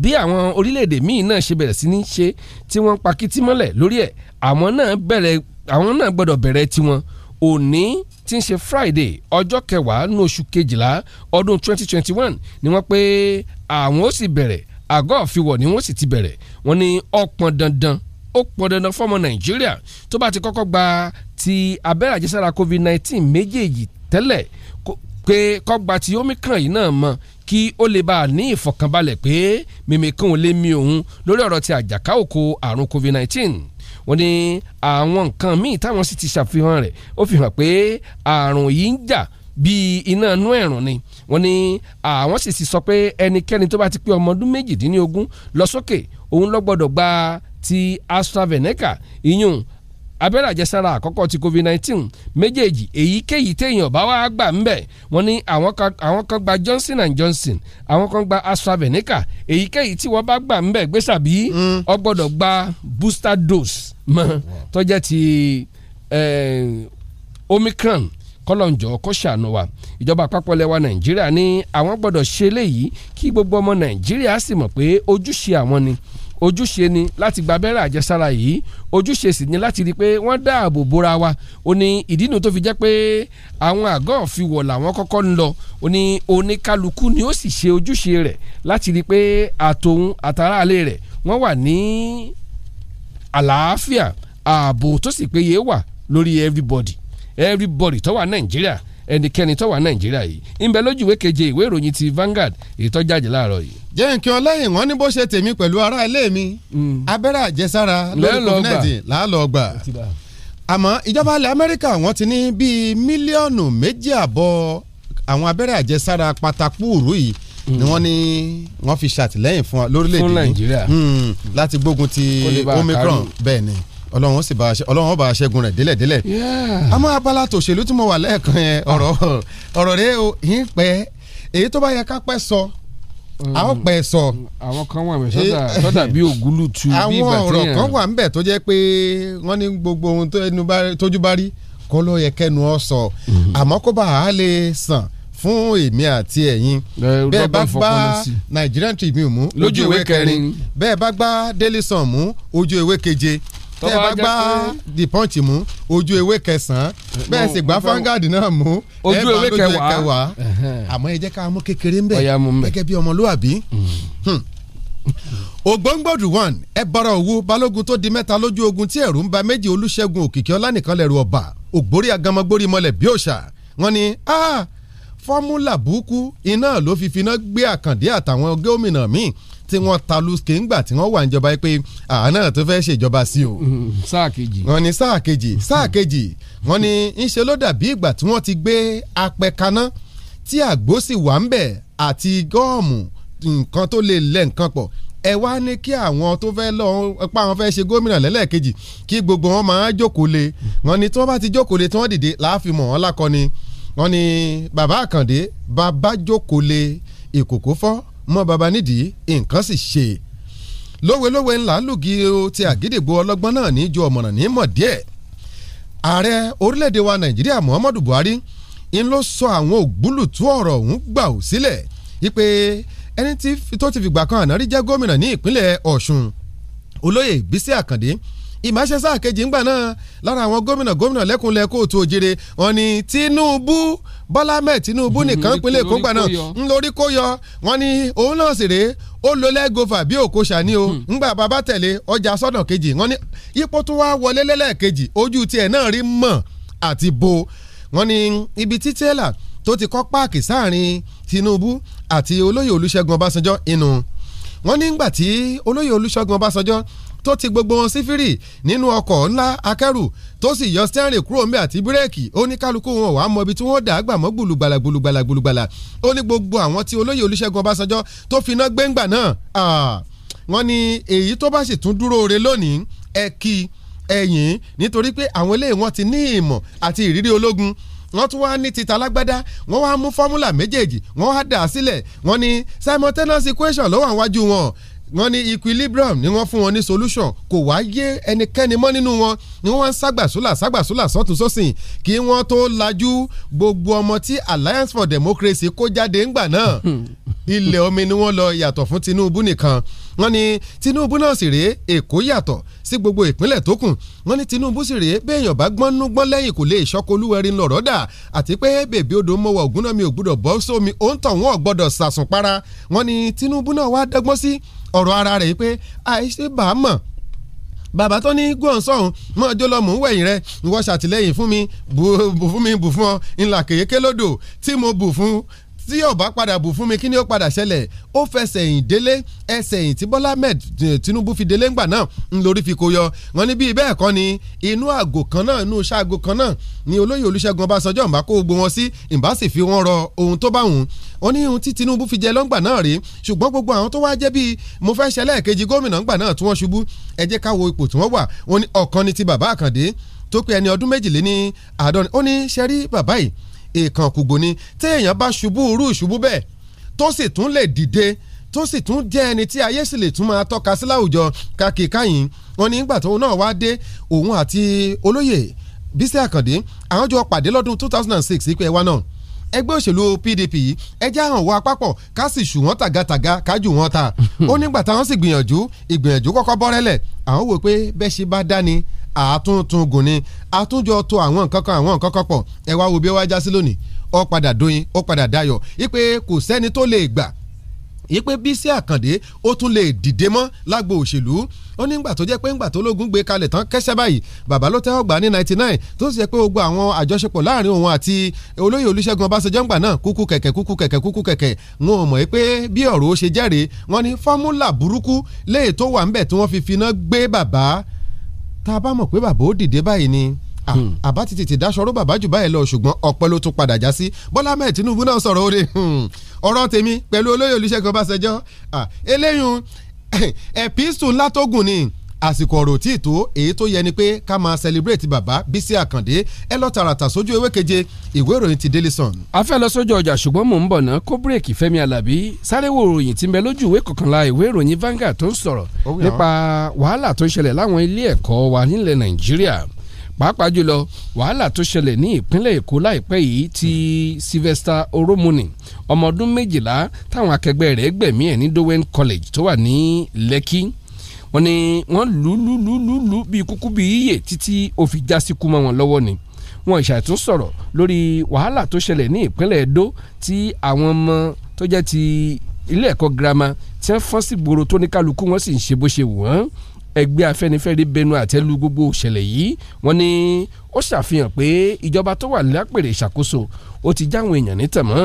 bí àwọn orílẹ̀-èdè míì náà ṣe bẹ̀rẹ̀ sí ní ṣe tí wọ́n pakítí mọ́lẹ̀ lórí ẹ̀ àwọn náà bẹ̀rẹ̀ àwọn náà gbọ́dọ̀ bẹ̀rẹ̀ tiwọn òní tí ń ṣe Friday ọjọ́ kẹwàá ní oṣù kejìlá ọdún 2021 ni wọ́n pé àwọn ó sì bẹ̀rẹ̀ àgọ́ ọ̀fìwọ̀ ni wọ́n sì ti bẹ̀rẹ̀ wọ́n ní ọpọn dandan ó pọn dandan fọmọ Nàìjíríà tó bá ti kọ́kọ́ gba ti abẹ́rẹ́ àjẹsára COVID-19 méjèèjì tẹ́lẹ̀ pé kó ti Omicron yìí náà mọ́ kí ó lè bá a ní ìfọ̀kànbalẹ̀ pé mímìkan ò lè mi òun lórí ọ̀rọ̀ ti àjàká àrùn covid-19 wọ́n ní àwọn nǹkan míì táwọn sì ti ṣàfihàn rẹ̀ ó fi hàn pé àrùn yìí ń jà bíi iná inú ẹ̀rùn ni wọ́n ní àwọn sì ti sọ pé ẹnikẹ́ni tó bá ti pé ọmọ ọdún méjìdínlógún lọ sókè òun lọ gba ti AstraZeneca ìyún abẹ́rẹ́ àjẹsára àkọ́kọ́ ti covid nineteen méjèèjì èyíkéyìí téèyàn bá wá gbà ń bẹ̀ wọ́n ní àwọn kan gba Johnson and Johnson àwọn kan gba AstraZeneca èyíkéyìí tí wọ́n bá gbà ń bẹ̀ gbèsà bí ọ gba booster dose mọ́ tó ti eh, Omicron kọlọ́njọ́ kó ṣàánú wa ìjọba àpapọ̀ lẹwa nàìjíríà ní àwọn gbọ́dọ̀ ṣe eléyìí kí gbogbo ọmọ nàìjíríà sì mọ̀ pé ojúṣe àwọn ni ojúṣe ni láti gba abẹ́rẹ́ àjẹsára yìí ojúṣe sì ni láti rí i pé wọ́n dáàbò bora wa ó ní ìdí nu tó fi jẹ́ pé àwọn àgọ́ òfiwọ̀ làwọn kọ́kọ́ ń lọ ó ní oníkálukú ni ó sì ṣe ojúṣe rẹ̀ láti rí i pé àtòun àtàràlé rẹ̀ wọ́n wà ní àlàáfíà ààbò tó sì péye wà lórí everybody everybody tó wà Nàìjíríà ẹnikẹ́ni tó wà nàìjíríà yìí ńbẹ lójúwèé keje ìwé ìròyìn ti Vanguard ètò jáde láàárọ̀ yìí. jẹ́ nǹkan ọlẹ́yìn wọn ní bó ṣe tèmi pẹ̀lú ará ilé mi hmm. abẹ́rẹ́ àjẹsára lórí covid-19 làálọ́ọ̀gbà àmọ́ ìjọba ilẹ̀ Amẹ́ríkà wọ́n ti ní bíi mílíọ̀nù méjì àbọ̀ àwọn abẹ́rẹ́ àjẹsára pátákùrú yìí ni hmm. wọ́n ní wọ́n fi ṣàtìlẹ́yìn fún lórílẹ̀ ọlọ́run ó sì bá ọlọ́run ó bá aṣẹ́gun rẹ̀ délẹ̀délẹ̀. àmọ́ abala tòṣèlú tí mo wà lẹ́ẹ̀kan yẹn ọ̀rọ̀ ọ̀rọ̀ rẹ o yín pẹ́ èyí tó bá yẹ ká pẹ́ sọ a ó pẹ́ sọ. àwọn kan wà mí eh, sọ́dà bí ògúlù tu bí ìbàtẹ́yàn. àwọn ọ̀rọ̀ kan wà ńbẹ̀ tó jẹ́ pé wọ́n ní gbogbo ohun tójú bá rí kó ló yẹ kẹ́nu ọ sọ mm-hmm. àmọ́ kó bá a lè sàn fún èmi àti ẹ̀yin bẹ́ẹ̀ bá gbá Nigerian Tribune mú lójú ìwé kẹrin bẹ́ẹ̀ bá gbá Daily Sun mú ojú ìwé keje tẹ́ ẹ bá gbá the punch mú ojú ewé kẹsàn-án bẹ́ẹ̀ sì gbá fangadi náà mú ojú ewé kẹwàá àmọ́ ẹ jẹ́ ká mú kékeré ń bẹ̀ gẹ́gẹ́ bí ọmọlúwàbí hmm. ògbóngbòdù one ẹ bọ̀rọ̀ òwú balógun tó di mẹ́ta lójú ogun tí ẹ̀rù ń ba méjì olúṣẹ́gun òkìkí ọlánìkan lẹ̀rù ọ̀bà ògbórí agamagbórí mọ́lẹ̀ bí òòṣà wọn ni fọ́múlà burúkú iná ló fi finá gbé àkàndé àtàwọn gómìnà míì tí wọ́n ta lùsùkè ńgbà tí wọ́n wà níjọba yìí pé àánà tó fẹ́ ṣèjọba sí o. Mm-hmm. sáà kejì. wọ́n ní sáà kejì mm-hmm. sáà kejì wọ́n ní ńṣe ló dàbí ìgbà tí wọ́n ti gbé apẹ kaná tí àgbo sì wà ń bẹ̀ àti gọ́ọ̀mù nǹkan tó lè lẹ̀ nǹkan pọ̀ ẹ wá ní kí àwọn tó fẹ́ lọ pa àwọn fẹ́ ṣe gómìnà lẹ́lẹ́kejì kí gbogbo wọn máa jókòó lé wọ́n ní tí wọ́n bá ti jókòó lé tí wọ́n dìde láàfin mọ̀ wọ́n lákọ ni wọ́n ní bàbá àkàndé bàbá jókòó lé ìkòkò fọ́ mọ́ baba nídìí nǹkan sì ṣe lówelówe ńlá lùgì o ti àgídìgbò ọlọ́gbọ́n náà ní ju ọ̀mọ̀ràn ní mọ̀ díẹ̀ ààrẹ orílẹ̀-èdè wa nàìjíríà muhammadu buhari ń ló sọ àwọn ògbúlùtú ọ̀rọ̀ ọ̀hún gbà ó sílẹ̀ wípé ẹni tó ti fìgbà kan àná rí jẹ́ gómìnà ní ìpínlẹ̀ ọ̀ṣun olóyè bísí àkàndé ìmáṣe sáà kejì ńgbà náà lára àwọn gómìnà gómìnà lẹ́kùnlẹ̀ kóòtù òjèrè wọn ni Tinubu Bọ́lá mẹ́ẹ̀ Tinubu hmm, nìkan pínlẹ̀ Èkó ńgbà náà ńlórí kó yọ wọn ni òun náà sì rèé ó lo lẹ́gọ́fà bí òkò ṣàní o hmm. ńgbà bàbá tẹ̀lé ọjà sọ́nà kejì wọn ni yípo tó wá wọlé lẹ́lẹ́kejì ojú tiẹ̀ náà rí mọ̀ àti bo wọn ni ibi títẹ́là tó ti kọ́ páàkì sáàrin Tinubu àti olóyè Olúṣẹ́gun Ọbásanjọ́ inú wọn nígbà tí olóyè Olúṣẹ́gun Ọbásanjọ́ tó ti gbogbo wọn sífìrì nínú ọkọ̀ ńlá akẹ́rù tó sì yọ stẹ́rìn kúrò ńbẹ àti bírèkì ó ní kálukú wọn wàá mọ ibi tí wọ́n dà á gbà mọ́ gbùlùgbàlà gbùlùgbàlà gbùlùgbàlà ó ní gbogbo àwọn tí olóyè olúṣẹ́gun ọbásanjọ́ tó fi iná gbẹ́ngbà náà wọ́n ní èyí tó bá sì tún dúró re lónìí ẹ kí ẹ̀yìn nítorí pé àwọn eléyìí wọ́n ti ní ìmọ̀ àti ìrírí ológun wọ́n tún wá ní títa lágbádá wọ́n wá mú fọ́múlà méjèèjì wọ́n wá dà á sílẹ̀ wọ́n ní simultaneous equation ló wà wọn wọ́n ní equilibrium ni wọ́n fún wọn ní solution kò wá yé ẹnikẹ́ni mọ́ nínú wọn ni wọ́n ń ságbàsólà ságbàsólà sọ́tún sósìn kí wọ́n tó lajú gbogbo ọmọ tí Alliance for Democracy kó jáde ńgbà náà ilẹ̀ omi ni wọ́n lọ yàtọ̀ fún Tinubu nìkan wọ́n ní Tinubu náà sì rèé Èkó yàtọ̀ sí gbogbo ìpínlẹ̀ tó kù wọ́n ní Tinubu sì rèé béèyàn bá gbọ́n nú gbọ́n lẹ́yìn kò lè ṣọ́kọlúwẹ̀rí lọ̀rọ̀ dà àti pé bèbí odò mọ́wọ́ ògúnnámi ò gbọ́dọ̀ bọ́ sómi òǹtọ̀ wọn ò gbọ́dọ̀ sàsùn para wọ́n ní Tinubu náà wá dẹ́gbọ́n sí ọ̀rọ̀ ara rẹ̀ yìí pé àìṣe bá a mọ̀ bàbá tó ní gbọ̀nsọ̀hún mọ́ ọjọ́ lọ́mú wẹ̀yìn rẹ ìwọ ṣàtìlẹ́yìn fún mi bù fún mi bù fún ọ ńlá kèéké lódò tí mo bù fún tí yóò bá padà bù fún mi kí ni ó padà ṣẹlẹ̀ ó fẹsẹ̀ yìn délé ẹsẹ̀ yìn tí Bọ́lá Ahmed eh, Tinubu fi délé ńgbà náà ń lórí fi kó yọ wọn ní bíi bẹ́ẹ̀ kọ́ ni inú àgò kan náà inú ṣáàgò kan náà ni olóyè Olúṣẹ́gun Ọbásanjọ́ ìbá kó gbogbo wọn sí ìbá sì fi wọn rọ ohun tó bá wùn ó ní ohun tí Tinubu fi jẹ lọ́ngbà náà rèé ṣùgbọ́n gbogbo àwọn tó wáá jẹ́ bíi mo fẹ́ ṣẹlẹ̀ gómìnà ńgbà náà tí wọ́n ṣubú ẹ jẹ́ ká wo ipò tí wọ́n wà ó ní ọ̀kan ni ti bàbá Àkàndé tó pé ẹni ọdún méjìléní àádọ́rin ó ní ṣẹ́rí bàbá yìí èèkàn kùgbò ni téèyàn bá ṣubú irú ìṣubú bẹ́ẹ̀ tó sì tún lè dìde tó sì tún jẹ́ ẹni tí ayé sì lè tún máa tọ́ka sí láwùjọ kàkì káyìn wọn ní ìgbà tóun náà wá dé òun àti olóyè Bísí Àkàndé àwọn jọ pàdé lọ́dún two thousand wa náà ẹgbẹ́ òṣèlú PDP yìí ẹjẹ́ àwọn wa papọ̀ ká sì ṣù wọ́n tàgàtàgà ká jù wọ́n ta ó nígbà táwọn sì gbìyànjú ìgbìyànjú kọ́kọ́ bọ́rẹ́lẹ̀ àwọn wò pé bẹ́ẹ̀ ṣe bá dání àtúntún gùn ni àtúnjọ to àwọn nǹkan kan àwọn nǹkan kan pọ̀ ẹ wá wo bí ó wá já sí lónìí ó padà dóyin ó padà dayọ̀ ipe kò sẹ́ni tó lè gbà ipe Bísí Àkàndé ó tún lè dìde mọ́ lágbo òṣèlú ó ní ngbà tó jẹ́ pé ngbà tó lógun gbé kalẹ̀ tán kẹ́sẹ́ báyìí bàbá ló tẹ́wọ́ gbà ní ninety nine tó sì jẹ́ pé gbogbo àwọn àjọṣepọ̀ láàrin òun àti olóyè olúṣẹ́gun ọbásanjọ́ ngbà náà kúkú kẹ̀kẹ́ kúkú kẹ̀kẹ́ kúkú kẹ̀kẹ́ wọn ò mọ̀ pé bí ọ̀rọ̀ ó ṣe jẹ́rìí wọn ní fọ́múlà burúkú léè tó wà ńbẹ̀ tí wọ́n fi finá gbé bàbá tá a bá mọ̀ pé bàbá ó dìde báyìí ni hmm. àbá ti tètè dáṣọró bàbá jù báyìí lọ ṣùgbọ́n ọ̀pẹ ló tún padà já sí Bọ́lá Ahmed Tinubu náà sọ̀rọ̀ òde hmm. ọ̀rọ̀ tèmi pẹ̀lú olóyè Olúṣẹ́gun Ọbásanjọ́ eléyìí ẹ̀písù ńlá tó gùn àsìkò ọ̀rọ̀ tí ìtò èyí tó yẹ ni pé ká máa celebrate bàbá Bísí Àkàndé ẹ lọ tààràtà sójú ewé keje ìwé ìròyìn ti Daily Sun. a fẹ́ lọ sójú ọjà ṣùgbọ́n mò ń bọ̀ ná kó bírèkì Fẹ́mi Alábí sáré wo ìròyìn tí ń bẹ lójú ìwé kọkànlá ìwé ìròyìn Vanguard tó ń sọ̀rọ̀ nípa wàhálà tó ń ṣẹlẹ̀ láwọn ilé ẹ̀kọ́ wa nílẹ̀ Nàìjíríà pàápàá jùlọ wàhálà tó ṣẹlẹ̀ ní ìpínlẹ̀ èkó láìpẹ́ yìí ti Sylvester Oromoni ọmọ ọdún méjìlá táwọn akẹgbẹ́ rẹ̀ gbẹ̀mí ẹ̀ ní Dowen College tó wà ní Lekki wọ́n ní wọ́n lù lù lù lù lù bí kúkú bí yíyè títí ó fi já sí kú mọ́ wọn lọ́wọ́ ni wọ́n ìṣàtún sọ̀rọ̀ lórí wàhálà tó ṣẹlẹ̀ ní ìpínlẹ̀ Edo tí àwọn ọmọ tó jẹ́ ti ilé ẹ̀kọ́ girama tí wọ́n fọ́n sí gbòòrò tó ní kálukú wọ́n sì ń ṣe bó ṣe wù wọ́n ẹgbẹ́ afẹ́nifẹ́re bẹnu àtẹ́lu gbogbo ìṣẹ̀lẹ̀ yìí wọ́n ní ó ṣàfihàn pé ìjọba tó wà lápèrè ìṣàkóso ó ti jáwọn èèyàn nítàn mọ́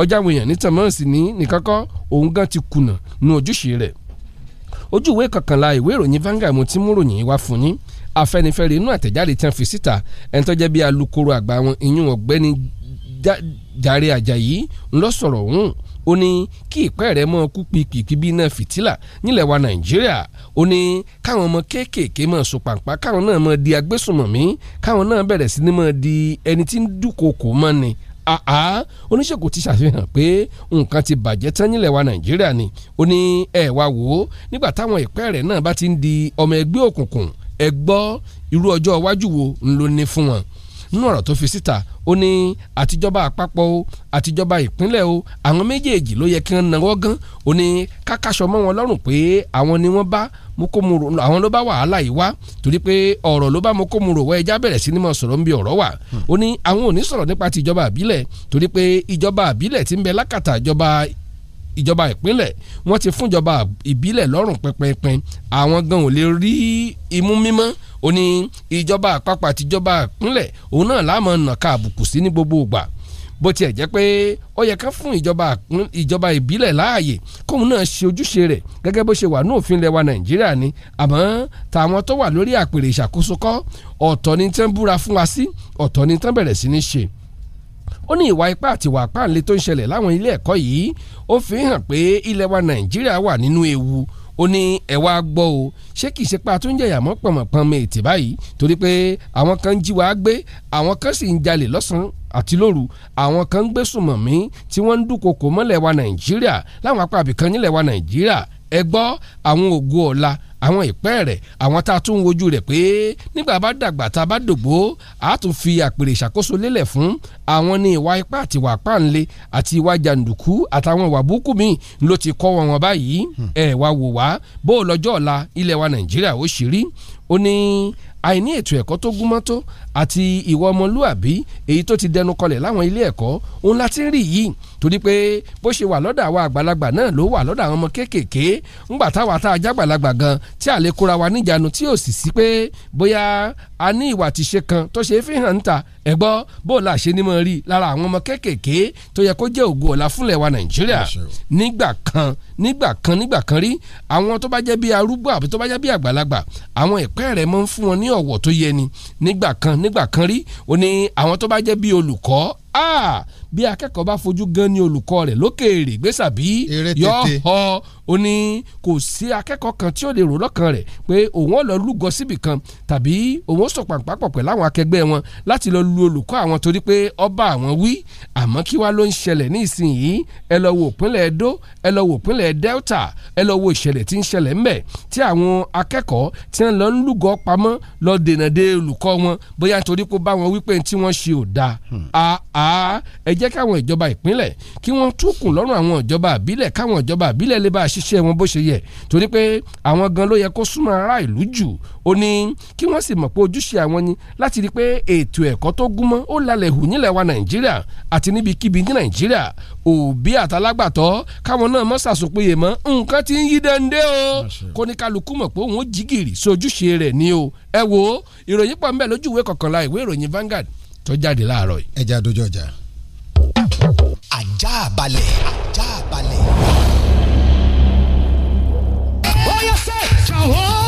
ọjà àwọn èèyàn nítàn mọ́ sí ní nìkankọ́ òun gan ti kùnà nu ojúṣe rẹ̀ ojú ìwé kọkànlá ìwé ìròyìn vanga mo ti mú ròyìn wá fún yín Afẹ́nifẹ́re inú àtẹ̀jáde tí wọ́n fi síta ẹni tó jẹ́ bí alukoro àgbà wọn ìyún ọ̀gbẹ́ni Jàre Àjàyí ńlọ sọ̀rọ̀ ọ̀hún ó ní kí ìpẹ́ rẹ̀ mọ́ kú pípípí bí iná fìtílà nílẹ̀ wa Nàìjíríà ó ní káwọn ọmọ kéékèèké mọ́ sopàǹpá káwọn náà mọ́ di agbésùnmọ̀mí káwọn náà bẹ̀rẹ̀ sí ní mọ́ di ẹni tí ń dúnkokò mọ́ ni oníṣègùn ti ṣàfihàn pé nǹkan ti bàjẹ́ tán nílẹ̀ wa nàìjíríà ni ó ní ẹ̀ wá wò ó nígbà táwọn ìpẹ́ rẹ̀ náà bá ti ń di ọmọ ẹgbẹ́ òkùnkùn ẹ gbọ́ irú ọjọ́ iwájú wo ń lò ní fún wọn nínú ọ̀rọ̀ tó fi síta ó ní àtijọba àpapọ̀ o àtijọba ìpínlẹ̀ o àwọn méjèèjì ló yẹ kí wọ́n náwó gan ó ní kákàṣọ mọ́ wọn lọ́rùn pé àwọn ni wọ́n bá mokomoro àwọn ló bá wàhálà yìí wá torí pé ọ̀rọ̀ ló bá mokomoro wọ ẹja bẹ̀rẹ̀ sí ni mo sọ̀rọ̀ ń bi ọ̀rọ̀ wà ó ní àwọn ò ní sọ̀rọ̀ nípa ti ìjọba àbílẹ̀ torí pé ìjọba àbílẹ̀ ti ń bẹ lákàtà ìjọba ìjọba ìpínlẹ̀ wọ́n ti fúnjọba ìbílẹ̀ lọ́rùn pẹpẹpẹ àwọn gan ò lè rí imú mímọ́ ó ní ìjọba àpapọ̀ àtijọba ìpínlẹ̀ òun náà láàmú nàka àbùkù sí ní gbogbo ìgbà bó tiẹ̀ jẹ́ pé ó yẹ ká fún ìjọba ìbílẹ̀ láàyè kóun náà ṣe ojúṣe rẹ̀ gẹ́gẹ́ bó ṣe wà ní òfin ilẹ̀ wa nàìjíríà ni àmọ́ tàwọn tó wà lórí àpèrè ìṣàkóso kọ́ ọ̀tọ̀ ni tán búra fún wa sí ọ̀tọ̀ ni tán bẹ̀rẹ̀ sí ní ṣe ó ní ìwà ipá àti ìwà páàlẹ́ tó ń ṣẹlẹ̀ láwọn ilé ẹ̀kọ́ yìí ó fi hàn pé ilẹ̀ wa nàìjíríà wà nínú ewu ó ní ẹ gbọ́ o ṣé kìí ṣe pa tó ń jẹ̀yà mọ́ pọ̀mọ̀pọ̀mọ ètè báyìí torí pé àwọn kan jí wa gbé àwọn kan sì ń jalè lọ́sàn-án àti lóru àwọn kan ń gbé sùnmọ̀ tí wọ́n ń dúnkokò mọ́lẹ̀ wa nàìjíríà láwọn apá àbìkan nílẹ̀ wa nàìjíríà ẹ gbọ́ àwọn ògo ọ̀la àwọn ìpẹ́ rẹ̀ àwọn tá a tún wojú rẹ̀ pé nígbà bá dàgbà tá a bá dògbò a tún fi àpèrè ìṣàkóso lélẹ̀ fún àwọn ní ìwà ipá àti ìwà páǹle àti ìwà jàǹdùkú àtàwọn ìwà burúkú míì ló ti kọ́ wọn wọn báyìí hmm. ẹ wá wò wá bó lọ́jọ́ ọ̀la ilẹ̀ wa Nàìjíríà ó ṣì rí ó ní àìní ètò ẹ̀kọ́ tó gúnmọ́ tó àti ìwà ọmọlúàbí èyí tó ti dẹnu kọlẹ̀ láwọn ilé ẹ̀kọ́ òun la ti ń rí yìí torí pé bó ṣe wà lọ́dọ̀ àwọn àgbàlagbà náà ló wà lọ́dọ̀ àwọn ọmọ kéékèèké ńgbà táwa tá a jágbàlagbà gan tí a lè kóra wa níjànú tí ò sì sí pé bóyá a ní ìwà àtiṣe kan tó ṣe é fi hàn ta ẹ gbọ́ bó o la ṣe ni mo rí lára àwọn ọmọ kéékèèké tó yẹ kó jẹ́ ògùn ọ̀la fúnlẹ̀ wa Nàìjíríà nígbà kan nígbà kan nígbà kan rí àwọn tó bá jẹ́ bí arúgbó àbí tó bá jẹ́ bí àgbàlagbà àwọn kan ní nígbà kan rí ó ní àwọn tó bá jẹ́ bí olùkọ́ ah, bí akẹ́kọ̀ọ́ bá fojú gan ni olùkọ́ rẹ̀ lókèèrè gbèsàbí yọ ọ ó ní kò sí akẹ́kọ̀ọ́ kan tí ó lè rò lọ́kàn rẹ̀ pé òun ò lọ lúgọ síbì kan tàbí òun ó sọ̀pàǹpà pọ̀ pẹ̀lú àwọn akẹgbẹ́ wọn láti lọ lu olùkọ́ àwọn torí pé ọba àwọn wí àmọ́ kí wá ló ń ṣẹlẹ̀ ní ìsinyìí ẹ lọ wo ìpínlẹ̀ Edo ẹ lọ wo ìpínlẹ̀ Delta ẹ lọ wo ìṣẹ̀lẹ̀ tí ń ṣẹlẹ̀ ńbẹ̀ tí àwọn akẹ́kọ̀ọ́ tí wọ́n lọ ń lúgọ pamọ́ lọ dènà de olùkọ́ wọn bóyá nítorí pé báwọn wípé tí wọ́n ṣe ò dáa hmm jẹ́ káwọn ìjọba ìpínlẹ̀ kí wọ́n túkùn lọ́rùn àwọn ìjọba àbílẹ̀ káwọn ìjọba àbílẹ̀ lè bá a ṣiṣẹ́ wọn bó ṣe yẹ torí pé àwọn gan ló yẹ kó súnmọ́ ará ìlú jù ó ní kí wọ́n sì mọ̀ pé ojúṣe àwọn ni láti rí i pé ètò ẹ̀kọ́ tó gúnmọ́ ó lalẹ̀ hù nílẹ̀ wa nàìjíríà àti níbikíbi ní nàìjíríà òbí àtàlágbàtọ́ káwọn náà mọ́ sàsopéye mọ́ nǹkan tí ń yí dẹ́ndé o kó ní kálukú mọ̀ pé òun ó jígìrì sojúṣe rẹ̀ ni o ẹ wo ìròyìn pọ̀ ń bẹ lójú kọ̀kànlá ìwé ìròyìn Vanguard tó jáde láàárọ̀ yìí. ẹja dojú ọjà ajá balẹ̀ ajá balẹ̀. ó yẹ fẹ́ jọ̀wọ́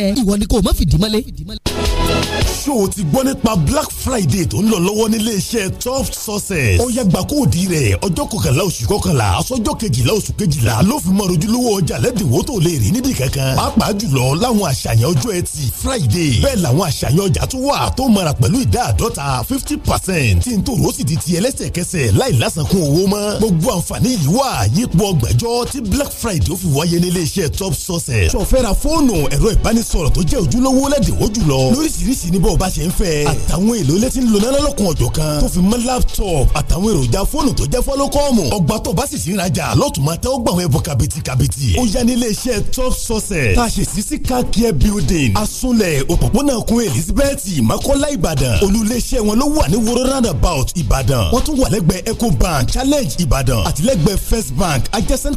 ẹ ìwọ ni kò mọ fìdí mọ́lẹ̀ ṣó o ti gbọ́ nípa black friday tó ń lọ lọ́wọ́ nílé iṣẹ́ top success. ó yá gbà kóòdì rẹ̀ ọjọ́ kọkànlá oṣù kọkànlá aṣọ́jọ́ kejìlá oṣù kejìlá ló fi mọ ojúlówó ọjà lẹ́dínwó tó lè rí níbi kankan. pàápàá jùlọ láwọn àṣàyàn ọjọ́ ẹtì friday bẹ́ẹ̀ làwọn àṣàyàn ọjà tó wà tó mara pẹ̀lú ìdá àdọ́ta fifty percent tí n tó rò sì di ti ẹlẹ́sẹ̀kẹsẹ̀ láì lásàkún owó mọ́. gbogbo àǹfààní yìí wà yípo ọgbẹ̀jọ́ black friday ó fi wáyé nílé iṣẹ́ top success. sọfẹ́ra fóònù ẹ̀rọ ìbánisọ̀rọ̀ tó jẹ́ ojúlówó lẹ́dínwó jùlọ lóríṣiríṣi sí ní bá ṣe ń fẹ́. àtàwọn èlò ilé ń lò náà lọ́kùn ọ̀jọ̀ kan tó fi mọ́ laptop àtàwọn èròjà fóònù tó jẹ́ fọ́lọ́kọ́ọ̀mù ọgbà tó bá sì sí ìrajà lọ́tùmọ̀ tẹ́ ó gbà wọn ẹ̀bùn kàbìtì kàbìtì. ó yá ní ilé iṣẹ́ top success tá a ṣe sí sí car care building asunlẹ̀ òpópónà kun elizabeth makola ìbàdàn olùléeṣẹ́ wọn ló wà ní woro roundabout ìbàdàn wọ́n tún wà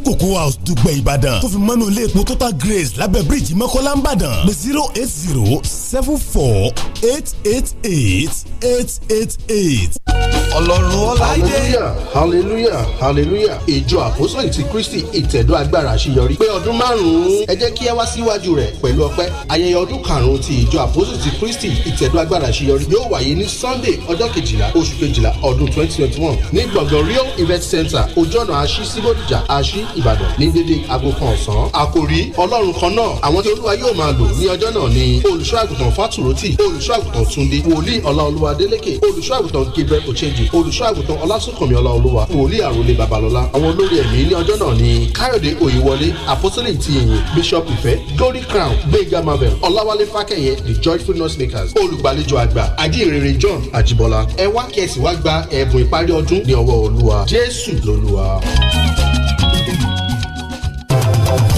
cocoa house dùgbẹ̀ ìbàdàn tó fi mọ́nú ilé epo total grace lábẹ́ bíríìjì makola ìbàdàn zero eight zero seven four eight eight eight eight eight eight. ọlọ́run ọláìdé. hallelujah hallelujah ìjọ àpòsílẹ̀ ti kristi ìtẹ̀dọ́ agbára àṣeyọrí pé ọdún márùn-ún ẹ jẹ́ kí ẹ wá síwájú rẹ̀ pẹ̀lú ọpẹ́ ayẹyẹ ọdún karùn-ún ti ìjọ àpòsílẹ̀ ti kristi ìtẹ̀dọ́ agbára àṣeyọrí yóò wáyé ní sunday ọjọ́ kejìlá oṣù kejìlá ọdún twenty twenty one ní gbọ̀ngàn real event center ojú ọ̀nà àṣì síbòdìjà àṣì ìbàdàn ní dédé aago kan ọ̀sán àkòrí ọlọ́run kan náà àwọn tí olúwa yóò máa lò ní ọjọ́ náà ni olùṣọ́ àgùntàn fàtúrótì olùṣọ́ àgùntàn túnde wòlíì ọláolúwa délékè olùṣọ́ àgùntàn gabriel ochejì kejì olùṣọ́ àgùntàn ọlásùnkànmí ọláolúwa wòlíì àròlé babalọ́lá àwọn olórí ẹ̀mí ní ọjọ́ náà ni káyọ̀dé òyìnwọlé àpọ́sítélì ti ìyìn bishop ìfẹ́ glory crown gbẹ̀ngà marvel ọláwálé fákẹ́yẹ the joyful nurse makers olùgbàlejò àgbà ajínrere john àjíbọ́lá ẹ wá kẹ́sì wá gba ẹ̀bùn ìparí ọdún ní ọwọ́ olúwa jésù lolúwa.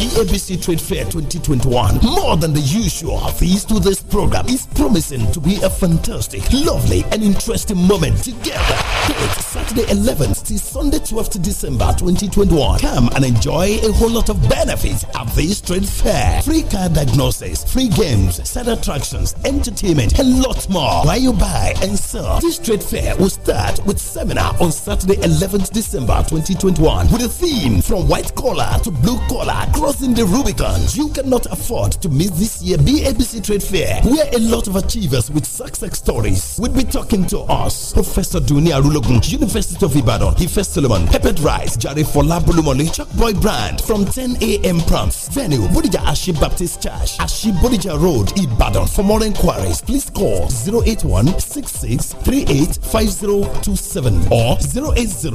the ABC Trade Fair 2021. More than the usual fees to this program is promising to be a fantastic, lovely, and interesting moment together. It's Saturday 11th to Sunday 12th December 2021. Come and enjoy a whole lot of benefits at this trade fair. Free car diagnosis, free games, set attractions, entertainment, and lots more. Why you buy and sell. This trade fair will start with seminar on Saturday 11th December 2021 with a theme from white collar to blue collar, cross Crossing the Rubicon, you cannot afford to miss this year BABC Trade Fair, where a lot of achievers with success stories will be talking to us. Professor Duni Arulogun, University of Ibadan, Ife Solomon, Peppered Rice, Jare Chuck Boy Brand, from 10 a.m. prompts. Venue, Bodija Ashi Baptist Church, Ashi Bodija Road, Ibadan. For more inquiries, please call 081 5027 or 080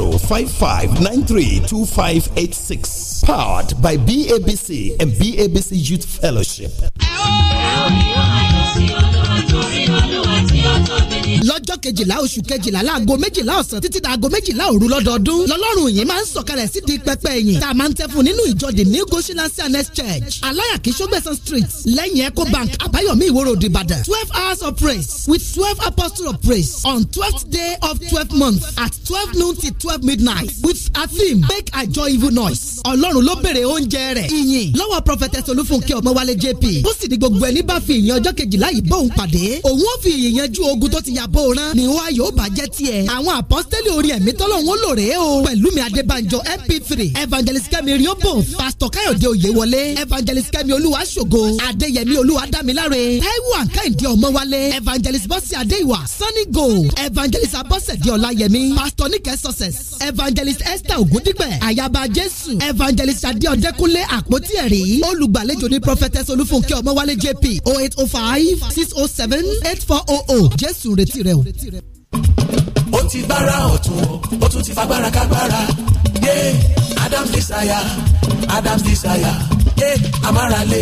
Powered by BABC BABC and BABC Youth Fellowship. lọ́jọ́ kejìlá oṣù kejìlá láago méjìlá ọ̀sán títí dàago méjìlá òru lọ́dọọdún lọ́lọ́run yìí máa ń sọ̀kalẹ̀ sí di pẹpẹ yìí tá a máa ń tẹ́ fún nínú ìjọ the new goshenans ernest church alayaki sọgbẹ́sán street lẹ́yìn eco bank abayomi ìwòrò ìbàdàn twelve hours of praise with twelve apostles of praise on twelfth day of twelfth month at twelve noon till twelve midnight with a theme make a joyful noise ọlọ́run ló bèrè oúnjẹ rẹ̀ ìyìn lọ́wọ́ prophetess olúfúnkẹ́ ọmọwálé jp bó sì ni gbogbo ẹni bá fi ìyìn ọjọ́ kejìlá yìí bóun pàdé òun ó fi ìyìn yanjú ogun tó ti yàbọ bó rán ni wá yóò bàjẹ́ tiẹ̀. àwọn àpọ́sítẹ́lì orin ẹ̀mí tọ́lọ́hún olóore o. pẹ̀lúmi adébánjọ mp3 evangelist kẹ́mi riobo pastor káyọ̀dé oyèwọlé evangelist kẹ́mi olúwaṣògo adéyẹmí olúwadámiláre táíwò àǹkáìndé ọmọwálé evangelist bọ́sì adéìwà sunny gold evangelist abọ́sẹ̀dé ọláyẹmí pastor níkẹ́ success evangelist esther ògúndígbẹ̀ ayaba jésù evangelist adéọdẹkúnlé àpótí ẹ̀rí olùgbàlejò ní prophetess olúfúnkẹ́ ọmọwálé jp 0805 607 8400 jésù retí retí rẹ o. ó ti gbára ọ̀tún ó tún ti fagbára kágbára yé Adams Desire Adams Desire yé yeah. amárale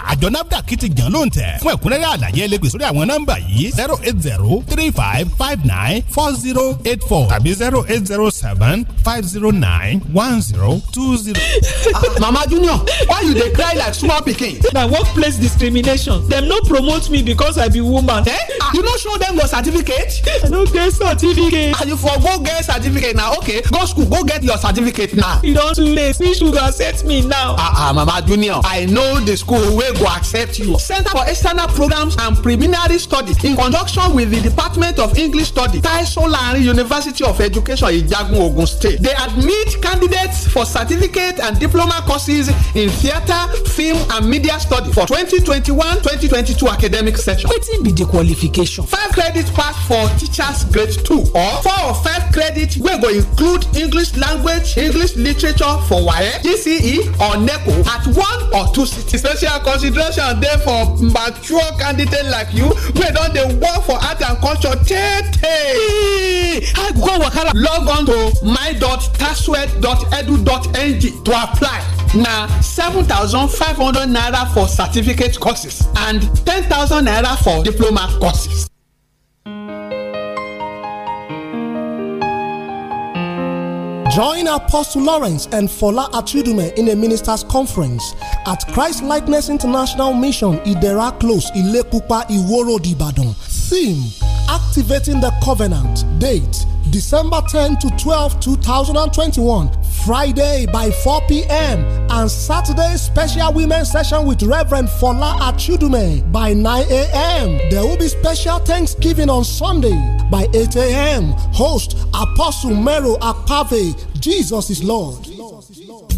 àjọ nafdac ti jàn ló ń tẹ̀ fún ẹ̀kúnrẹ́rẹ́ àlàyé ẹlẹ́gbẹ̀ sórí àwọn nọ́mbà yìí zero eight zero three five five nine four zero eight four tàbí zero eight zero seven five zero nine one zero two zero. Ah, mama junior why you dey cry like small pikin. na workplace discrimination dem no promote me because i be woman. Eh? Ah, you no show dem your certificate. i no get certificate. and ah, you for go get certificate na okay go school go get your certificate now. e don too late which school go me now. ah ah mama junior i know the school wey wey go accept you. Center for External Programs and Preliminary Studies in conjunction with the Department of English Studies, Taiso Larin University of Education, Ijagun, Ogun State. They admit candidates for certificate and diploma courses in theatre, film and media studies for 2021-2022 academic session. Wetin be the qualification? Five credit pass for teachers grade two or four or five credit wey go include English language, English literature for WAEC, GCE or NECO at one or two cities. Special course consideration dey for mature candidate like you wey don dey work for art and culture tey tey. i go waka log on to my.tasweb.edu.ng to apply. na seven thousand five hundred naira for certificate courses and ten thousand naira for diploma courses. Join Apostle Lawrence and Fola Atridume in a ministers' conference at Christ Likeness International Mission Idera Close, Ilekupa, Iworo, Ibadan. Theme Activating the Covenant. Date December 10 to 12, 2021, Friday by 4 p.m., and Saturday special women's session with Reverend Fola Achudume by 9 a.m. There will be special Thanksgiving on Sunday by 8 a.m. Host Apostle Mero Akpave, Jesus is Lord. Jesus is Lord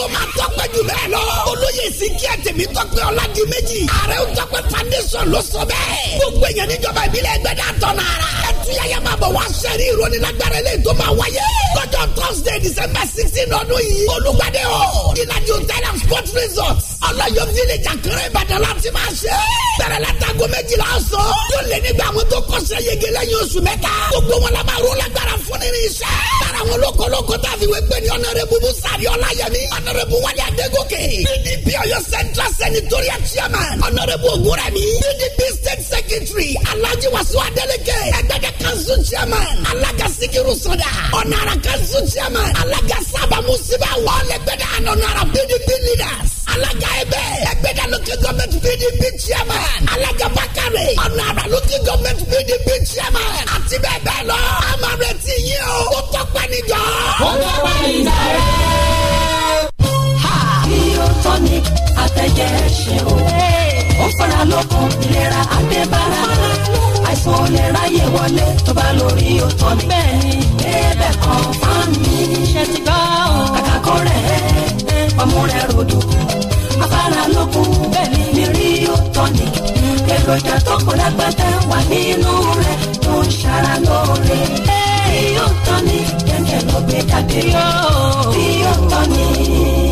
ó máa tọ́pẹ́ jù bẹ́ẹ̀ lọ. olóyè sí kí ẹ tèmi tọ́pẹ́ ọ̀làjú méjì. ààrẹ ń tọ́pẹ́ foundation ló sọ bẹ́ẹ̀. gbogbo èèyàn níjọba ìbílẹ̀ ẹgbẹ́dá tọ̀nà ara. ẹ tuyaya máa bọ̀ wá sẹ́rí ìrónilágbára ilé tó máa wáyé. lọ́jọ́ thursday december sixteen ọdún yìí. olùgbàdé o ìlàjì hotel and sport resort. ọlọ́yọ̀ village àkàrà ìbàdàn láti máa ṣe. bẹ̀rẹ̀ látago méjìlá sọ. yóò lé nígbà àwọn tó kọ́sẹ̀ yege lẹ́yìn oṣù mẹ́ta. gbogbo wọn la máa ró lágbára fún nínú iṣẹ́. bára wọn lókòlókò tá a fi wé pé ní ọ̀nà rẹ̀ bubu sáré ọ̀la yẹmi. ọ̀n ọ̀nàrẹ́bù wálé adégòkè pdp ọ̀yọ́ central senatorial chairman ọ̀nàrẹ́bù ògúnrẹ́mi pdp state secretary alhaji wasu adeleke ẹgbẹ́dẹ council chairman alaga sikiru sọdà ọ̀nàrà council chairman alaga sábà musiba ọ̀lẹ́gbẹ́dẹ anọ̀nàrà pdp leaders alaga ẹbẹ ẹgbẹ́dẹ lókè gọọmenti pdp chairman alaga bakare ọ̀nàrà lókè gọọmenti pdp chairman àti bẹ́ẹ̀ bẹ́ẹ̀ lọ amárẹ́tì yìí o ó tọ́pẹ́ níjọ́. ó tọ́pẹ́ níjọ́ rẹ̀ tonic àtẹ̀jẹ́ ṣe o. ó fara lókun ìlera àdébára. àìsàn ò lè ráyè wọlé tó bá lórí o tonic. bẹ́ẹ̀ni bẹ́ẹ̀ kan fún mi. ṣe ti gbọ́ o. kàkà kó rẹ̀ ọmú rẹ̀ rodò. afara lókun bẹ́ẹ̀ni mi rí o tonic. èròjà tó kọ lágbàtà wà nínú rẹ̀ tó ń ṣara lóore. rí o tonic kẹ̀kẹ́ ló gbé jáde. rí o tonic.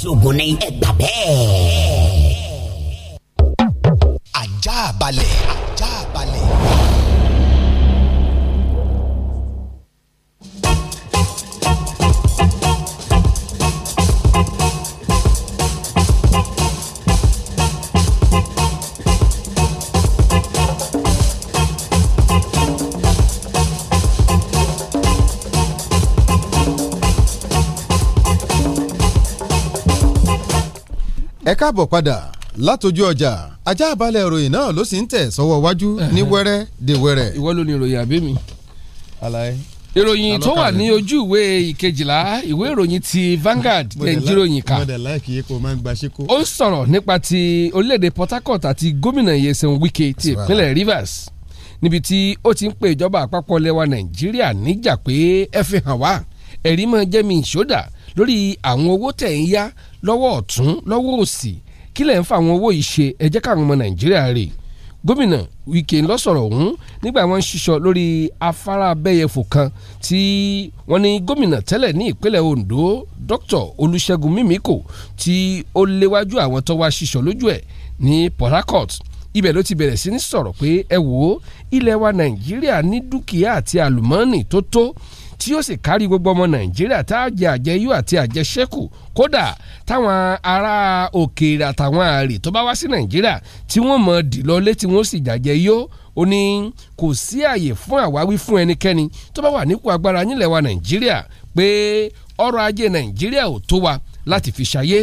ìṣògùn ni ẹgbà bẹ́ẹ̀. ajá balẹ̀ ajá balẹ̀. káàbọ̀ padà látọjú ọjà ajá àbálẹ̀ ìròyìn náà ló sì ń tẹ̀ sọ́wọ́ wájú ní wẹ́rẹ́ de wẹ́rẹ́. ìwọ ló ní ìròyìn àbí mi. alaye ìròyìn tó wà ní ojú ìwé ìkejìlá ìwé ìròyìn ti Vanguard nàìjíríòyìn ká ó ń sọ̀rọ̀ nípa ti orílẹ̀-èdè Port Harcourt àti gómìnà Nyesom Wike ti ìpínlẹ̀ Rivers níbi tí ó ti ń pe ìjọba àpapọ̀ lẹ́wà Nàìjíríà níjà pé ẹ fi hàn wá ẹ̀rí máa jẹ́ mi ìṣódà lórí àwọn owó tẹ̀ ń yá lọ́wọ́ ọ̀tún lọ́wọ́ òsì kí lẹ̀ ń fa àwọn owó yìí ṣe ẹ jẹ́ káwọn ọmọ nàìjíríà rè gómìnà wike ń lọ sọ̀rọ̀ ọ̀hún nígbà wọ́n ń ṣiṣọ lórí afárá abẹ́yẹfò kan tí wọ́n ní gómìnà tẹ́lẹ̀ ní ìpínlẹ̀ ondo dr olùṣègùn mímíkò tí ó léwájú àwọn tó wá ṣiṣọ lójú ẹ̀ ní port harcourt ibẹ̀ ló ti bẹ̀rẹ̀ sí ní sọ̀rọ̀ pé ẹ wò ó ilẹ̀ wa nàìjíríà ní dúkìá àti àlùmọ́ọ́nì tó tó tí ó sì kárí gbogbo ọmọ nàìjíríà tá a jẹ àjẹyó àti àjẹṣẹ́kù kódà táwọn ará òkèèrè àtàwọn ààrẹ tó bá wá sí nàìjíríà tí wọ́n mọ̀ dìlọ́lé tí wọ́n sì jàjẹyó ó ní kò sí àyè fún àwáwí fún ẹnikẹ́ni tó bá wà nípò agbára nílẹ̀ wa nàìjíríà pé ọrọ̀ ajé nàìjíríà ò tó wa láti fi ṣayé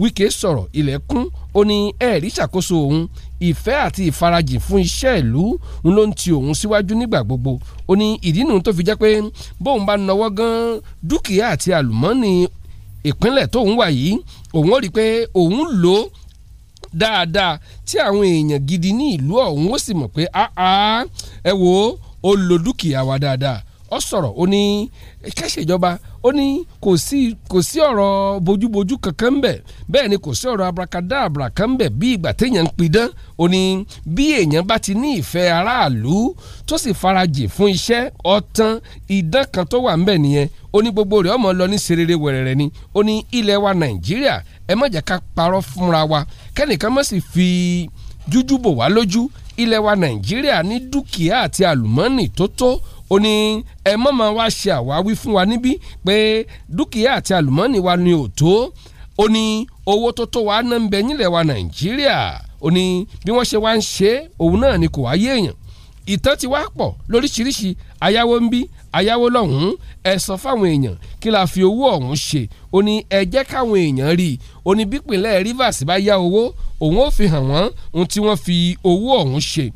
Wike sọ̀rọ̀ ilẹ̀kùn ó ní ẹ̀rí ṣàkóso òun ìfẹ́ àti ìfarajìn fún iṣẹ́ ìlú ń ló ń ti òun síwájú nígbà gbogbo ó ní ìdí nù tó fi jẹ́ pé bóun bá nọwọ́ gan dúkìá àti àlùmọ́ọ́nì ìpínlẹ̀ tóun wà yìí òun ó rí i pé òun lò ó dáadáa tí àwọn èèyàn gidi ní ìlú ọ̀hún ó sì mọ̀ pé ẹ wo ó lo dúkìá wa dáadáa ó sọ̀rọ̀ ó ní kẹ́sẹ̀jọba ó ní kò sí kò sí ọ̀rọ̀ bójúbójú kankan ń bẹ bẹ́ẹ̀ ni kò sí ọ̀rọ̀ abrakadabra kan ń bẹ bí ìgbà téèyàn ń pidán ó ní bí èèyàn bá ti ní ìfẹ́ aráàlú tó sì farajìn fún iṣẹ́ ọ̀tán ìdán kan tó wà ń nìyẹn ó ní gbogbo rẹ̀ ọmọ lọ ní serere wẹ̀rẹ̀rẹ̀ ni ó ní ilẹ̀ wa nàìjíríà ẹ má jẹ́ ká parọ́ fúnra wa kẹ́nìkan má sì fi jújú bò wá lójú ilẹ̀ wa nàìjíríà ní dúkìá àti àlùmọ́nì tó tó ó ní ẹ mọ̀mọ́ wá ṣe àwáwí fún wa níbí pé dúkìá àti àlùmọ́ọ́nì wa ni ò tó ó ní owó tó tó wa ná ń bẹ nílẹ̀ wa nàìjíríà ó ní bí wọ́n ṣe wá ń ṣe òun náà ni kò wá yé èèyàn ìtàn ti wá pọ̀ lóríṣiríṣi ayáwó ń bí ayáwó lọ́hùn-ún ẹ sọ fáwọn èèyàn kí la fi owó ọ̀hún ṣe ó ní ẹ jẹ́ káwọn èèyàn rí i ó ní bípínlẹ̀ Rivers bá yá owó òun ó fi hàn wọ́n ohun tí wọ́n fi owó ọ̀hún ṣe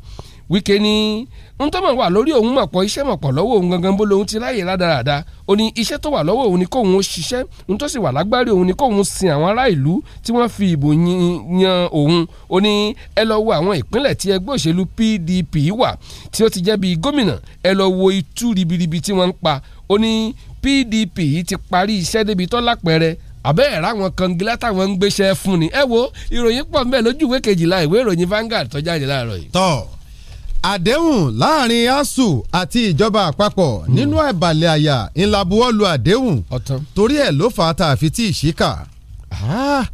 Wike ni n tó mọ̀ wà lórí òun mọ̀pọ̀ iṣẹ́ mọ̀pọ̀ lọ́wọ́ òun gangan bó lòun ti láàyè rádaràda ó ní iṣẹ́ tó wà lọ́wọ́ òun ni kóun ó ṣiṣẹ́ n sì wà lágbárí òun ni kóun sin àwọn ará ìlú tí wọ́n fi ìbò yan òun ó ní ẹ lọ wo àwọn ìpínlẹ̀ tí ẹgbẹ́ òṣèlú PDP wà tí ó ti jẹ́ bíi gómìnà ẹ lọ wo itú ribiribi tí wọ́n ń pa ó ní PDP ti parí iṣẹ́ débi tó lápẹẹrẹ àbẹ́ ẹ̀rọ àwọn kangilá táwọn ń gbéṣẹ́ fún ni ẹ wo ìròyìn pọ̀ mbẹ́ lójú ìwé kejìlá ìwé ìròyìn Vanguard tó jáde láàárọ̀ yìí. tọ́ọ̀ àdéhùn láàrin ASUU àti ìjọba àpapọ̀ hmm. nínú àìbalẹ̀ àyà ńlá buwọ́lu àdéhùn torí ẹ̀ ló fà á tá a fi tí ì ṣíkà. Ah,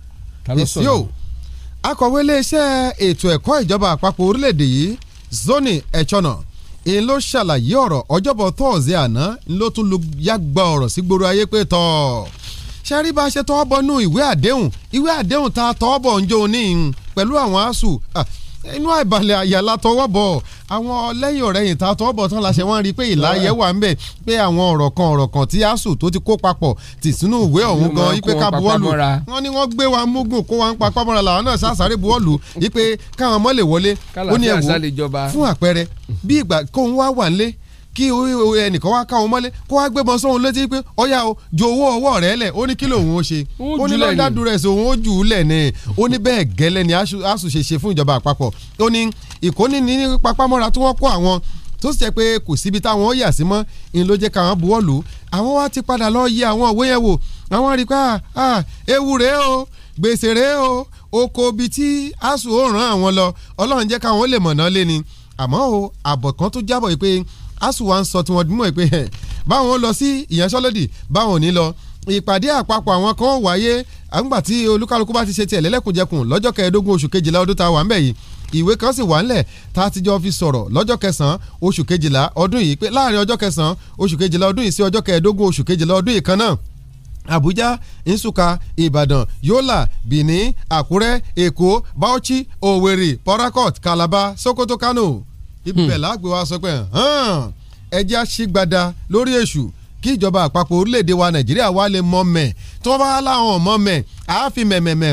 èsì o akọ̀wé iléeṣẹ́ ètò ẹ̀kọ́ ìjọba àpapọ̀ orílẹ̀-èdè yìí Zoni Echona ń ló ṣàlàyé ọ̀rọ̀ ọjọ́bọ̀ tọ́ọ̀sẹ̀ àná ń ló tún lu yàgbà ọ̀rọ̀ sí gbòòrò ayé pé tọ̀ ṣẹ́rí bá ṣe tọ́wọ́ bọ́nú ìwé àdéhùn ìwé àdéhùn tá a bọ̀ ń jó ní pẹ̀lú àwọn ASUU ah, inú àìbalẹ̀ àyà látọwọ́ bọ̀ àwọn lẹ́yìn ọ̀rẹ́yìn ta tọwọ́ bọ̀ tán la ṣe wọ́n rí i pé ìláyẹ̀ wà ń bẹ̀ pé àwọn ọ̀rọ̀ kan ọ̀rọ̀ kan tí asu tó ti kó papọ̀ tì sínú ìwé ọ̀hún gan ipe ká buwọ́lù wọ́n ní wọ́n gbé wa mógùn kó wa ń pa pamọ́ra làwọn náà sàṣàrè buwọ́lù ipe káwọn mọ́ lè wọlé ó ní ẹ̀wò fún àpẹẹrẹ bí ìgbà kóun wá wà nílé kí ẹnìkan wá káwọn mọ́lé kó wá gbébọn sóhun létí pé ọ̀yà o ju owó ọwọ́ rẹ̀ lẹ̀ ó ní kí lòun ó ṣe ó ní lọ́dà dúrẹ́sì òun ó jù ú lẹ̀ ni ó ní bẹ́ẹ̀ gẹ́lẹ́ ni asùn ṣe ṣe fún ìjọba àpapọ̀ ó ní ìkóni ní papámọ́ra tí wọ́n kó àwọn tó sì jẹ́ pé kò síbi táwọn yà sí mọ́ ń ló jẹ́ káwọn buwọ́ lù ú àwọn wá ti padà lọ yẹ̀ àwọn òwe yẹn wò àwọn rí i pé ah, ah, ewu rèé o gbèsè rèé o oko ibi tí asùn ó ràn àwọn lọ ọlọ́run jẹ́ káwọn ó lè mọ̀nà lé ni àmọ́ o àbọ̀ kan tó jábọ̀ yìí pé Asu wa ń sọ tiwọn dúnmọ̀ pé báwọn ó lọ sí ìyanṣẹ́lódì báwọn ò ní lọ ìpàdé àpapọ̀ àwọn kan wáyé àgbà tí olúkálukú bá ti ṣe tiẹ̀ lẹ́lẹ́kùnjẹkùn lọ́jọ́ kẹẹ̀ẹ́dógún oṣù kejìlá ọdún tá a wà ń bẹ̀ yìí ìwé kan sì wà ńlẹ̀ tá a ti jọ fi sọ̀rọ̀ lọ́jọ́ kẹsàn-án oṣù kejìlá ọdún yìí pé láàrin ọjọ́ kẹsàn-án oṣù kejìlá ọdún yìí sí ọjọ́ kẹẹ̀ẹ́dógún oṣù kejìlá ọdún yìí kan náà Abuja Nsukka Ibadan Yola Benin Akure Èkó Bauchi Owerri Port Harcourt Calabar Sokoto Kano ibẹ̀ hmm. láàgbé wa sọ pé ẹjẹ́ àṣìgbada lórí èṣù kí ìjọba àpapọ̀ orílẹ̀-èdè wa nàìjíríà wá lè mọ mẹ́ tó bá láwọn mọ mẹ́ àá fi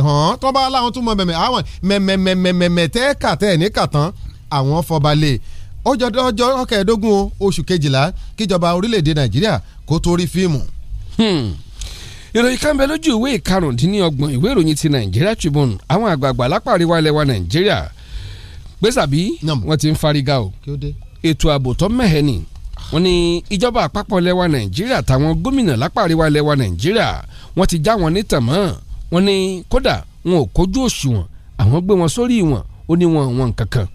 hàn tó bá láwọn tún mọ mẹ̀mẹ̀ àwọn mẹ̀mẹ̀mẹ̀mẹ̀mẹ̀ tẹ́ kà tẹ́ ní kà àwọn fọba lè ọjọ́ ọjọ́ kẹẹ̀ẹ́dógún oṣù kejìlá kíjọba orílẹ̀-èdè nàìjíríà kó tó fíìmù. Hmm. ìròyìn kan bẹ lójú ìwé ìkarùndínlọ́gbọ̀n ìwé ìròyìn ti nàìjíríà tribune àwọn àgbààgbà lápá àríwá ilẹ̀ wa nàìjíríà gbèsàbí wọ́n ti ń fariga o ètò ààbò tó mẹ́hẹ̀ ni wọ́n ní ìjọba àpapọ̀ lẹ́wà nàìjíríà táwọn gómìnà lápá àríwá lẹ́wà nàìjíríà wọ́n ti já wọn nítàn mọ́ wọ́n ní kódà wọn ò kójú òṣùwọ̀n àwọn gbé wọn sórí wọn ó ní wọn wọn kankan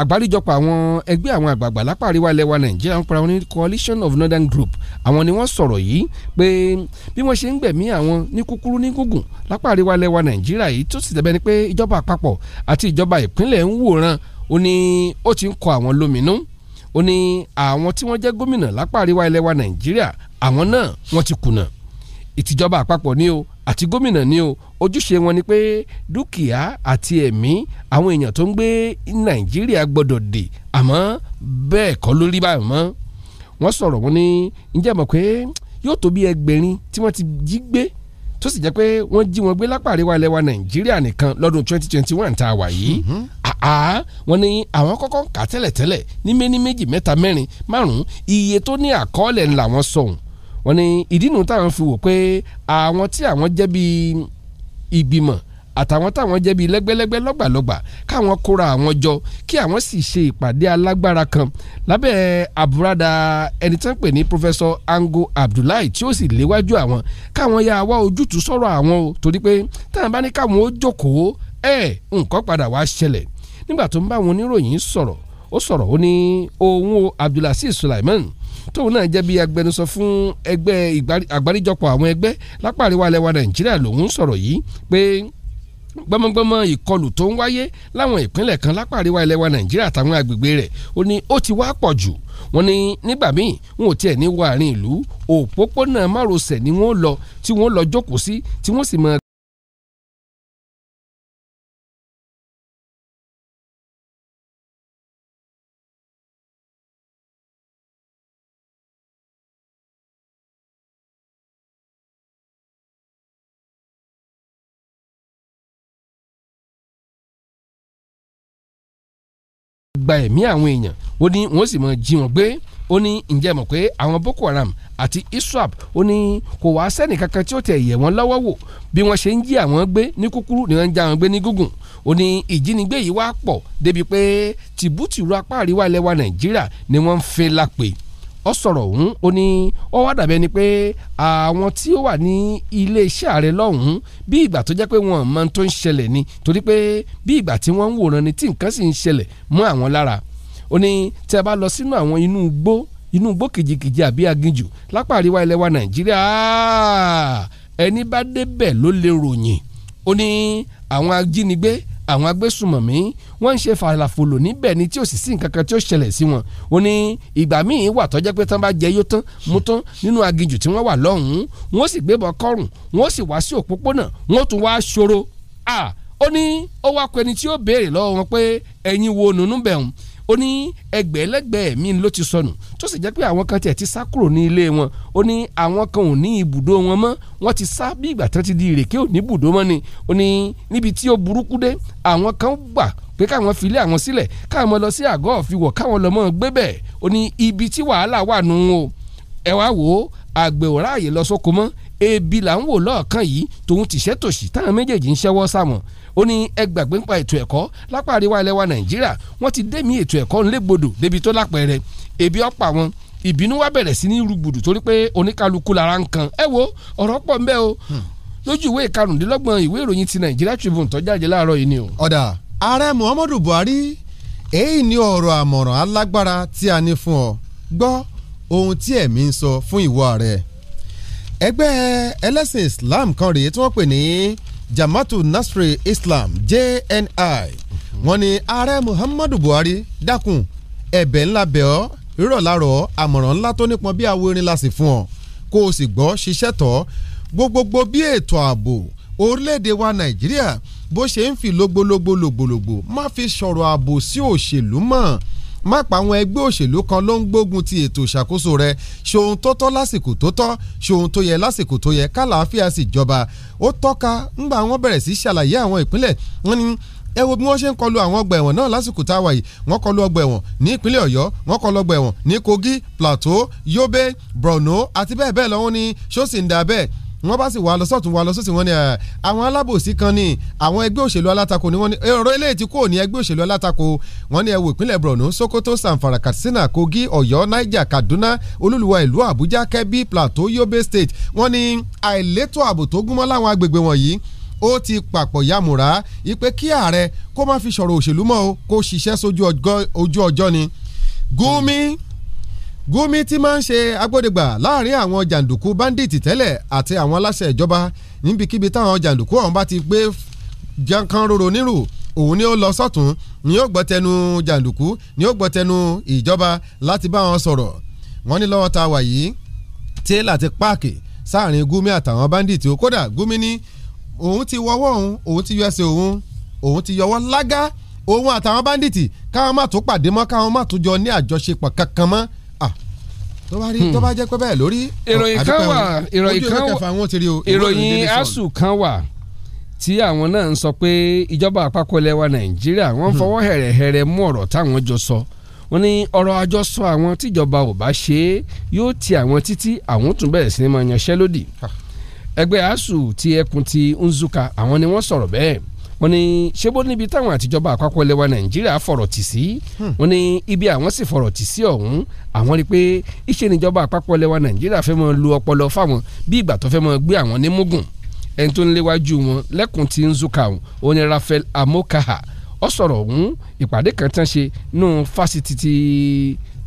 àgbáríjọpọ̀ àwọn ẹgbẹ́ àwọn àgbààgbà lápá àríwá ilẹ̀wà nàìjíríà ń para wọn ní coalition of northern group àwọn ni wọ́n sọ̀rọ̀ yìí pé bí wọ́n ṣe ń gbẹ̀mí àwọn ní kúkúrú ní gúngùn lápá àríwá ilẹ̀wà nàìjíríà yìí tó sì dẹ̀bẹ̀ ni pé ìjọba àpapọ̀ àti ìjọba ìpínlẹ̀ ń wòran ó ní ó ti ń kọ àwọn lóminú ó ní àwọn tí wọ́n jẹ́ gómìnà lápá àríwá ilẹ̀wà nàìjíríà àwọn náà wọ́n ti kùnà ìtìjọba àpapọ̀ ni o àti gómìnà ni o ojúṣe wọn ni pé dúkìá àti ẹ̀mí àwọn èèyàn tó ń gbé nàìjíríà gbọ́dọ̀ dè àmọ́ bẹ́ẹ̀ kọ́ ló rí báyìí mọ́ wọ́n sọ̀rọ̀ wọn ní ǹjẹ́ mọ̀ pé yóò tó bí ẹgbẹ̀rin tí wọ́n ti jí gbé tó sì jẹ́ pé wọ́n jí wọn gbé lápá àríwá ilẹ̀ nàìjíríà nìkan lọ́dún twenty tá a wà yìí mm-hmm. wọ́n ní àwọn kọ́kọ́ kà tẹ́lẹ̀tẹ́lẹ̀ ní méní méjì mẹ́ta mẹ́rin márùn-ún iye tó ní àkọọ́lẹ̀ ńlá wọn sọ̀hún wọ́n ní ìdínú táwọn fi wò pé àwọn tí àwọn jẹ́ bí ìgbìmọ̀ àtàwọn táwọn jẹ́ bí lẹ́gbẹ́lẹ́gbẹ́ lọ́gbàlọ́gbà káwọn kóra àwọn jọ kí àwọn sì ṣe ìpàdé alágbára kan lábẹ́ àbúradà ẹni tán pè ní Professor Ango Abdullahi tí ó sì léwájú àwọn káwọn ya wá ojútùú sọ̀rọ̀ àwọn o torí pé táwọn bá ní káwọn ó jókòó ẹ̀ nǹkan padà wá ṣẹlẹ̀ nígbà tó ń bá àwọn oníròyìn sọ̀rọ̀ ó sọ̀rọ̀ ó ní òun o Abdulaziz Sulaiman tóun náà jẹ́ bí agbẹnusọ fún ẹgbẹ́ àgbáríjọpọ̀ àwọn ẹgbẹ́ lápá àríwá ilẹ̀ wa nàìjíríà lòun sọ̀rọ̀ yìí pé gbọmọgbọmọ ìkọlù tó ń wáyé láwọn ìpínlẹ̀ kan lápá àríwá ilẹ̀ wa nàìjíríà àtàwọn agbègbè rẹ̀ ó ní ó ti wá pọ̀ jù wọ́n ní nígbà míì wọn ò tiẹ̀ ní wọ ìlú òpópónà márosẹ̀ ni wọ́n lọ tí wọ́n lọ jókòó sí tí wọ́n sì máa gba ẹ̀mí àwọn èèyàn ó ní wọ́n sì máa jí wọn gbé ó ní ǹjẹ́ mọ̀ pé àwọn Boko Haram àti ISWAP ó ní kò wá sẹ́nì kankan tí ó tẹ̀ yẹ̀ wọ́n lọ́wọ́ wò bí wọ́n ṣe ń jí àwọn gbé ní kúkúrú ni wọ́n ń já wọn gbé ní gúngùn ó ní ìjínigbé yìí wá pọ̀ débi pé tìbútìrú apá àríwá ilẹ̀ wa Nàìjíríà ni wọ́n ń fin lápè ọ sọ̀rọ̀ ọ̀hún ó ní ó wá dàbẹ́ ni pé àwọn tí ó wà ní iléeṣẹ́ ààrẹ lọ́hùn-ún bí ìgbà tó jẹ́ pé wọn ò mọ tó ń ṣẹlẹ̀ ni torí pé bí ìgbà tí wọ́n ń wòran ni tí nǹkan sì ń ṣẹlẹ̀ mọ́ àwọn lára ó ní tí a bá lọ sínú àwọn inú igbó inú igbó kìjìkìjì àbí aginjù lápá àríwá ilẹ̀ wa Nàìjíríà ẹni bá débẹ̀ ló lè ròyìn ó ní àwọn ajínigbé àwọn agbésùmọ̀mí wọ́n ń ṣe fàlàfòlò níbẹ̀ ni tí ò sì sí nǹkan kan tí ó ṣẹlẹ̀ sí wọn ó ní ìgbà míì wà tọ́jẹ́ pé tán bá jẹ yó tán mú tán nínú aginjù tí wọ́n wà lọ́hùn-ún wọ́n sì gbébọn kọ́rùn wọ́n sì wá sí òpópónà wọ́n tún wá ṣòro ó ní ó wá kọ tí ó béèrè lọ́wọ́ wọn pé ẹ̀yin wo nùnú bẹ̀rùn ó ní ẹgbẹ̀lẹ́gbẹ̀ mi ló ti sọnù tó sì jẹ́ pé àwọn kan tiẹ̀ ti sá kúrò ní ilé wọn ó ní àwọn kan ò ní ibùdó wọn mọ́ wọ́n ti sá bí ìgbà tán ti di ìrèké ò ní ibùdó mọ́ ni ó ní níbi tí ó burúkú dé àwọn kan gbà pé káwọn filé àwọn sílẹ̀ káwọn lọ sí àgọ́ ọ̀fìwọ̀ káwọn lọ mọ́ gbé bẹ́ẹ̀ ó ní ibi tí wàhálà wà nù ú o ẹ wá wò ó àgbẹ̀ ò ráàyè lọ sóko mọ́ ebi là ń wò lọ́ọ̀kan yìí tòun tìṣẹ́ tòṣì táwọn méjèèjì ń ṣẹ́wọ́ sámọ̀ ó ní ẹgbàgbé ń pa ètò ẹ̀kọ́ lápá àríwá ilẹ̀ wa nàìjíríà wọ́n ti dé mi ètò ẹ̀kọ́ ńlẹ́gbọdọ̀ débi tó lápẹ̀rẹ̀ ebi ọ̀pá wọn ìbínú wa bẹ̀rẹ̀ sí ní rúgbùdù torí pé oníkálukú lára ń kan ẹ wo ọ̀rọ̀ pọ̀ ń bẹ o hmm. lójú ìwé ìkarùndínlọ́gbọ̀n ìwé ìròyìn ti nàìjíríà tribune tó jáde láàárọ̀ yìí ni o. ọ̀dà ààrẹ muhammadu buhari èyí ni ọ̀rọ̀ àmọ̀ràn alágbára tí a ní fún ọ gbọ́ ohun tí ẹ̀mí ń sọ fún ìwọ ààrẹ ẹgbẹ́ ẹlẹ́sìn islam kan rèé tí wọ́n pè ní Jama'atu Nasri Islam JNI wọ́n ní ààrẹ Muhammadu Buhari dákun ẹ̀bẹ̀ ńlá bẹ̀ ọ́ rírọ̀ lárọ̀ àmọ̀ràn ńlá tó nípọn bí awo erin la sì fún ọ kó o sì gbọ́ ṣiṣẹ́ tọ́ gbogbogbò bí ètò ààbò orílẹ̀-èdè wa Nàìjíríà bó ṣe ń fi lógbólógbó lògbòlògbò má fi sọ̀rọ̀ ààbò sí òṣèlú mọ́ má pa àwọn ẹgbẹ́ òṣèlú kan ló ń gbógun ti ètò ìṣàkóso rẹ ṣòun tó tọ́ lásìkò tó tọ́ ṣòun tó yẹ lásìkò tó yẹ kálàáfíà sì jọba ó tọ́ka ńgbà wọ́n bẹ̀rẹ̀ sí ṣàlàyé àwọn ìpínlẹ̀ wọ́n ní ẹ wo bí wọ́n ṣe ń kọlu àwọn ọgbà ẹ̀wọ̀n náà lásìkò tá a wà yìí wọ́n kọlu ọgbà ẹ̀wọ̀n ní ìpínlẹ̀ ọ̀yọ́ wọ́n kọlu ọgbà ẹ̀wọ̀n ní kogi plateau yobe borno àti bẹ́ẹ̀ bẹ́ẹ̀ lọ́wọ́ ní ṣó sì ń da bẹ́ẹ̀ wọ́n bá sì wà lọ sọ́tún wà lọ sọ́sì wọ́n ni àwọn alábòsí kan ní àwọn ẹgbẹ́ òṣèlú alátakò ni wọ́n ní ọ̀rọ̀ eléyìí ti kúrò ní ẹgbẹ́ òṣèlú alátakò wọ́n ní ẹ̀wò ìpínlẹ̀ Borno Sokoto Samfara Katsina Kogi Ọ̀yọ́ Niger Kaduna olúluwa ìlú Àbújá Kebbi Plateau Yobe State wọ́n ní àìlétò ààbò tó gúnmọ́ láwọn agbègbè wọ̀nyí ó ti papọ̀ yàmùrá ipe kí ààrẹ kó má fi sọ̀rọ̀ òṣèlú mọ́ o kó ṣiṣẹ́ sójú ọjọ́ ni Gumi. Mm Gumi ti máa ń ṣe agbódegbà láàrin àwọn jàǹdùkú bandit tẹ́lẹ̀ àti àwọn aláṣẹ ìjọba níbikíbi táwọn jàǹdùkú ọ̀hún bá ti gbé jankan roro nírù òun ni ó lọ sọ́tún ni ó gbọ́ tẹnu jàǹdùkú ni ó gbọ́ tẹnu ìjọba láti bá wọn sọ̀rọ̀ wọ́n ní lọ́wọ́ ta wà yìí tẹ́lá ti páàkì sáàrin Gumi àtàwọn bandit ó kódà Gumi ní òun ti wọ́wọ́ òun òun ti yọ òun òun ti yọwọ́ lágá òun àtàwọn bandit káwọn má tún pàdé mọ́ káwọn má tún jọ ní àjọṣepọ̀ kankan mọ́ tó bá rí tó bá jẹ́ pé bẹ́ẹ̀ lórí. ìròyìn kan wà ìròyìn kan wà ìròyìn asu kan wà tí àwọn náà ń sọ pé ìjọba àpapọ̀ ilẹ̀ wa nàìjíríà wọ́n ń hmm. fọwọ́ hẹ̀rẹ̀hẹ̀rẹ̀ mú ọ̀rọ̀ táwọn jọ sọ wọ́n ní ọ̀rọ̀ àjọsọ àwọn tíjọba ò bá ṣe é yóò ti àwọn títí àwọn tún bẹ̀rẹ̀ sí ni máa yanṣẹ́ lódì ah. ẹgbẹ́ asu ti ẹkùn ti nzuka àwọn ni wọ́n sọ̀rọ̀ bẹ́ẹ̀ wọ́n ní ṣébó níbi táwọn àtijọba àpapọ̀ ilẹ̀ wa nàìjíríà fọ̀rọ̀ tì sí hmm. wọ́n ní ibi àwọn sì fọ̀rọ̀ tì sí ọ̀hún àwọn rí i pé iṣẹ́ níjọba àpapọ̀ ilẹ̀ wa nàìjíríà fẹ́ mọ́ lu ọpọlọ fáwọn bí ìgbà tó fẹ́ mọ́ gbé àwọn ní mugun ẹni tó ń léwájú wọn lẹ́kùn tí ń zùkà wọn òun ni Amokaha ó sọ̀rọ̀ ọ̀hún ìpàdé kan tán ṣe nù fásitì ti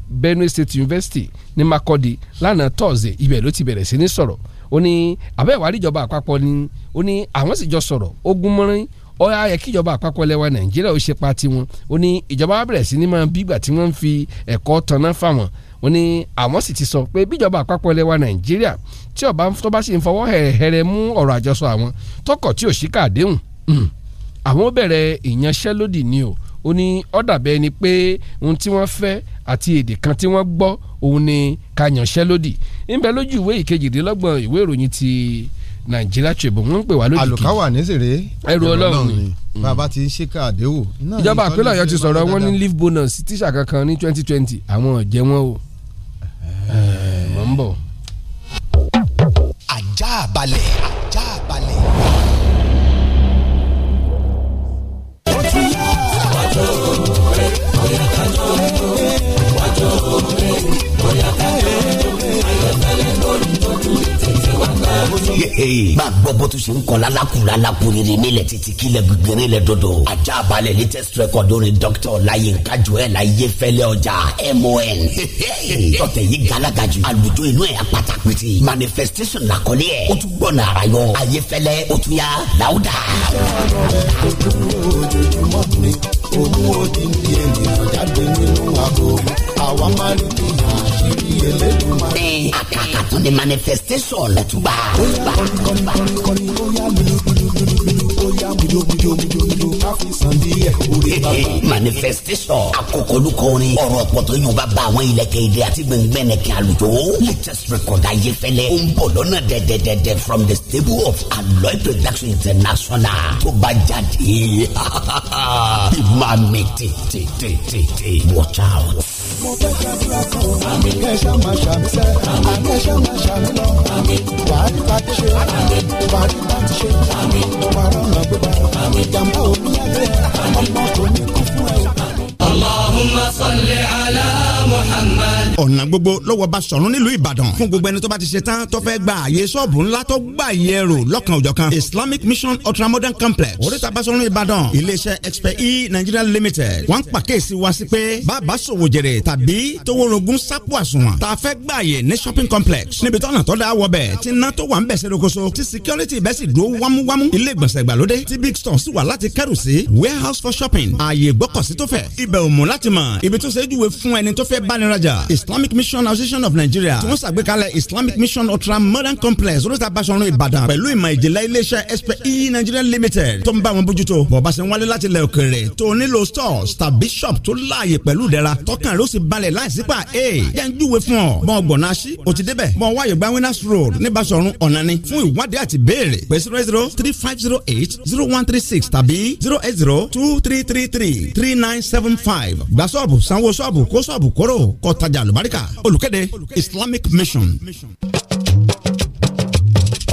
Benue State University ní Makurdi lánàá tọ́ọ̀sì ibẹ̀ ló ti bẹ̀rẹ̀ sí ní sọ̀rọ̀ ó ní àbẹ́wárí ìjọba àpapọ̀ ni ó ní àwọn sì jọ sọ̀rọ̀ ó mọ́rin ó yẹ kí ìjọba àpapọ̀ lẹ́wà nàìjíríà ó ṣe pa tiwọn ó ní ìjọba bẹ̀rẹ̀ sí ní máa bígbà tí wọ́n ń fi ẹ̀kọ́ tanná fáwọn ó ní àwọn sì ti sọ pé bíjọba àpapọ̀ lẹ́wà nàìjíríà tí ọba tó bá sì ń fọwọ́ hẹ̀rẹ̀hẹ̀rẹ̀ mú ọ̀rọ̀ àjọsọ àwọn tọkọ̀ tí ò sí kàdéhùn um, àwọn ó bẹ̀rẹ̀ ìyanṣẹ́lódì ni o ó ní ó dàbẹ́ ni pé ohun tí wọ́n fẹ́ àti èdè kan tí wọ́n gbọ́ òun ni ká yanṣẹ́lódì lójú ìwé ìkejìdínlọ́gbọ̀n ìwé ìròyìn ti nàìjíríà tribune wọ́n ń pè wá lójijì. àlùkáwà nísìrè ẹrù ọlọ́run ni bàbá ti ṣèkà àdéhùn. ìjọba àpẹẹrẹ ọ̀yọ́ ti sọ̀rọ̀ wọ́n ní leave bonus tíṣà kankan ní twenty twenty àwọn ọ̀jẹ̀ wọn o mọ̀ ń bọ̀. ajá balẹ̀ ajá balẹ̀. ó tún yá wájú òwe bóyá ká lóore bóyá ká lóore bóyá ká lóore. máa gbọ́ bó tún ṣe ń kọ́ lálákùú lálákùú rere nílẹ̀ títí kílẹ̀ gbẹ̀rẹ̀ lẹ̀ dodo ajá balẹ̀ latest record orin dr ọláyínká joel ayéfẹ́lẹ́ ọjà mon tọ́tẹ̀ yìí galaga ju àlùjọ inú ẹ̀ apata pété manifestation làkọ́lé ẹ̀ ó tún gbọ́ nàrà yọ ayéfẹ́lẹ́ ó tún yá láwùdà. ojoojúmọ́ ni òun ò ní bí ènìyàn jáde nínú àgọ́ àwa máa ń kiri Elédùmarè. ẹ àkàkà tó manifestation lẹ́tùgbà. bóyá kọ́ni kọ́ni kọ́ni bóyá gbìdúgbìdúgbìdú bóyá gbìdúgbìdúgbìdú ká fi san díẹ̀ orí bàbá. manifestation akókòlùkọ orin ọ̀rọ̀ ọ̀pọ̀tọ́ yóò bá bá àwọn ilẹ̀kẹ̀ èdè àti gbẹ̀ngbẹ̀nẹ̀kẹ̀ àlùjọ. latest record ayé fẹ́lẹ́ ó ń bọ̀ lọ́nà dẹ̀dẹ̀dẹ̀dẹ̀ from the stable of Aloy production international tó bá jáde. ìmọ̀ àmì tètè tètè watch out mo fẹ́ ṣàdúrà kan àmì kẹṣà máa ṣàmìṣẹ́ àkẹṣà máa ṣàmìlọ wàá ní bá ti ṣe wàá ní bá ti ṣe wàá rọ̀nà gbígbà ìjàmbá òbí yàgbé ọmọ tó ní kú fún ẹ. Allahumma salli ala Muhammad. ọ̀nà gbogbo lọ́wọ́ Basọ̀rún nílùú Ìbàdàn fún gbogbo ẹni tó bá ti ṣe tán tó fẹ́ gba àyè sọ́ọ̀bù ńlá tó gbà yẹ rò lọ́kàn òjọ̀kan Islamic Mission Ultramodern Complex oríta Basọ̀rún Ìbàdàn iléeṣẹ́ Expert E Nigeria Limited wọ́n ń pàkíyèsí wa sí pé bàbá sòwò jèrè tàbí toworogun sápò àsùnwọ̀n tá a fẹ́ gba àyè ní shopping complex níbi tọ́nà tó dá wọ bẹ̀ tí iná tó wà ń bẹ̀ ṣe rokoṣo tí security bẹ́ẹ̀ sì dúró wámúwámú ilé ìgbọ̀nsẹ̀ ìgbàlódé tí big store sì wà láti kẹ́rù sí warehouse for shopping àyè gbọ́kọ̀sí tó fẹ̀ ibẹ̀ ò mọ̀ láti mọ̀ ibi tó ṣe é júwe fún ẹni tó fẹ́ báni rajà Islamic Mission Association of Nigeria tí wọ́n ṣàgbékalẹ̀ Islamic Mission Ultra Modern Complex oríta Báṣọ̀run Ìbàdàn pẹ̀lú ìmọ̀ ìjìnlẹ̀ iléeṣẹ́ SPE Nigeria Limited tó ń bá wọn bójútó bọ̀bá ṣe ń wálé láti ilẹ̀ òkèèrè tó nílò stores tàbí shop tó láàyè pẹ̀lú ìdẹ̀ra tọkàn ló sì balẹ̀ láìsí pa e jẹ́ ń júwe fún ọ bọ́n gbọ̀nà sí o ti débẹ̀ bọ́n wáyé gba winners road ní Báṣọ̀run ọ̀nani fún ìwádìí àti béèrè pé zero zero three five zero eight zero one three six tàbí zero eight zero two three three three three nine seven five five gba sọ́ọ̀bù sanwó sọ́ọ̀bù kó sọ́ọ̀bù kóró kọ́ tajà lùbáríkà olùkéde Islamic Mission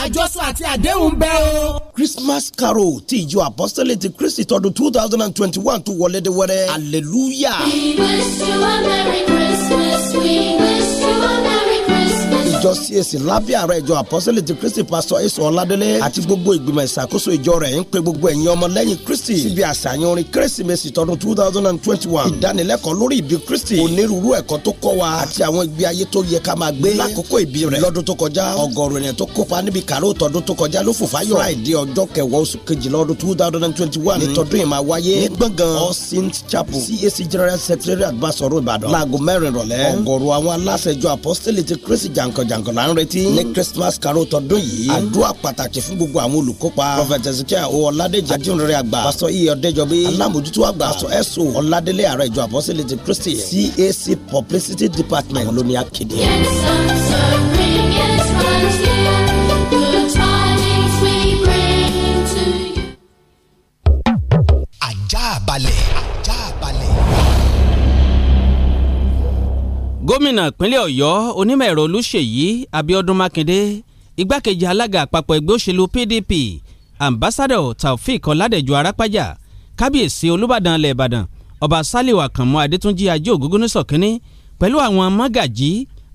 àjọsọ àti àdéhùn bẹ́ẹ̀ o. Christmas carol ti ìjọ apostolic ti Kristi tọdún two thousand and twenty one tó wọlé dé wẹ́rẹ́ hallelujah. we wish you ìjọ CAC lábẹ́ ààrẹ ìjọ àpọ́sẹ̀lẹ̀ ti Kristi pásọ èso ọ̀ládélé àti gbogbo ìgbìmọ̀ ìṣàkóso ìjọ rẹ̀ ń pe gbogbo ẹ̀yin ọmọlẹ́yìn Kristi síbi àṣàyàn orin kérésìmesì tọdún two thousand and twenty one ìdánilẹ́kọ̀ọ́ lórí ìbí Kristi onírúurú ẹ̀kọ́ tó kọ́ wa àti àwọn ìgbé ayé tó yẹ ká máa gbé lákòókò ìbí rẹ̀ lọ́dún tó kọjá ọgọ́rùn ènìyàn tó kópa níbi kàró tọdún tó kọjá ló fòfá yọ Friday ọjọ́ kẹwàá oṣù kejìlá ọdún two thousand and twenty one nítọ́dún yìí máa wáyé ní gbọ̀ngàn All Saints Chapel CAC General Secretariat Basoro Ìbàdàn láago mẹ́rin rọ̀lẹ́ ọgọ́rùn àwọn aláṣẹjọ apostolic ti Kristi jankan jankan gangan la ń retí ní christmas carol tọdún yìí àdúrà pàtàkì fún gboggo àwọn olùkópa prophet ezekiel o ọládèjì àgbà pásítọ̀ iye ọdẹjọbí alámòjútó àgbà pásítọ̀ ẹ̀sọ́ ọládélé ààrẹ ìjọ ti christy cac publicity department ló ní akéde. gómìnà ìpínlẹ̀ ọ̀yọ́ onímọ̀ ẹ̀rọ olúṣèyí abíọ́dún mákindé igbákejì alága àpapọ̀ ẹgbẹ́ òṣèlú pdp ambassador taofik ọládẹ̀jọ arápájà kábíyèsí olúbàdàn ilẹ̀ ìbàdàn ọba saliu àkànmú adétúnjì ajé ògúngúnnísọ̀ kínní pẹ̀lú àwọn mágàjí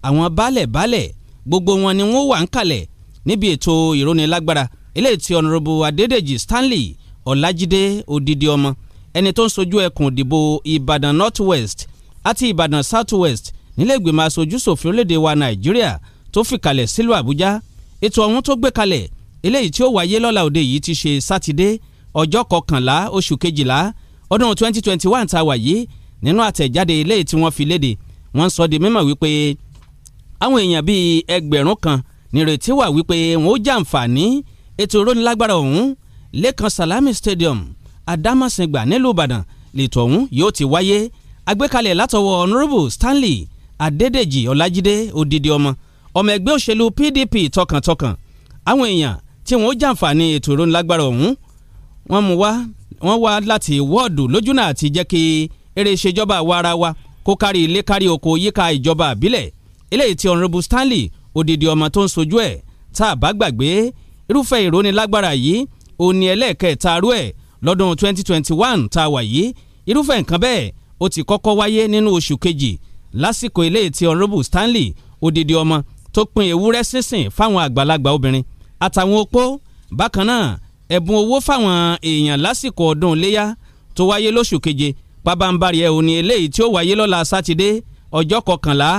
àwọn baálẹ̀ baálẹ̀ gbogbo wọn ni wọ́n wà ń kalẹ̀ níbi ètò ìrónilágbára eléyìí ọ̀nàrọ̀bù adédèjì stanley ọ̀làjídé odidi ọmọ ẹni tó ń sojú ẹkùn ìdìbò ìbàdàn north west àti ìbàdàn south west nílé ìgbìmọ̀ aṣojú ṣòfin orílẹ̀-èdè wa nàìjíríà tó fìkàlẹ̀ sílùú àbújá ètò ọ̀hún tó gbé kalẹ̀ eléyìí tí ó wáyé lọ́la òde yìí ti ṣe sátidé ọjọ́ kọkànlá oṣù kejìlá ọdún 2021 ta wà yìí nínú àtẹ̀jáde eléyìí tí wọ́n fi léde wọ́n sọ di mímọ̀ wípé àwọn èèyàn bíi ẹgbẹ̀rún kan nírètí wà wípé wọn ó jàǹfààní ètò ìrónilágbára ọ̀hún lẹ́kan salami stadium adámàsìngbà nílùú ìbàdàn lẹ́tọ̀ ọ̀hún yóò ti wáyé àgbékalẹ̀ látọwọ́ honourable stanley adédèjì ọlájídé odidi ọmọ ọmọ ẹgbẹ́ òṣèlú pdp tọkàntọkàn àwọn èèyàn tí wọ́n jàǹfààní ètò ìrónilágbára ọ̀hún wọ́n mú wá wọ́n wá láti wọ́ọ̀dù lójúnà àti jẹ́ kí eré ìṣèjọba àwa ara wa kó kárí ilé kárí oko yíká ìjọba àbílẹ̀ eléyìí tí honourable stanley odidi ọmọ tó ń sojú ẹ̀ tá a bá gbàgbé irúfẹ́ ìrónilágbára yìí ó ní ẹlẹ́ẹ̀kẹta arú ẹ̀ lọ́dún 2021 tá a wà yìí irúfẹ́ nǹkan bẹ́ẹ̀ ó ti kọ́kọ́ wáyé nínú oṣù kejì lásìkò eléyìí tí honourable Stanley odidi ọmọ tó pin ewúrẹ́ sínsìn fáwọn àgbàlagbà obìnrin àtàwọn opó bákan náà ẹ̀bùn owó fáwọn èèyàn lásìkò ọdún iléyà tó wáyé lóṣù keje pabambarì ẹ̀ òní eléyìí tí ó wáyé lọ́la sátidé ọjọ́ kọkànlá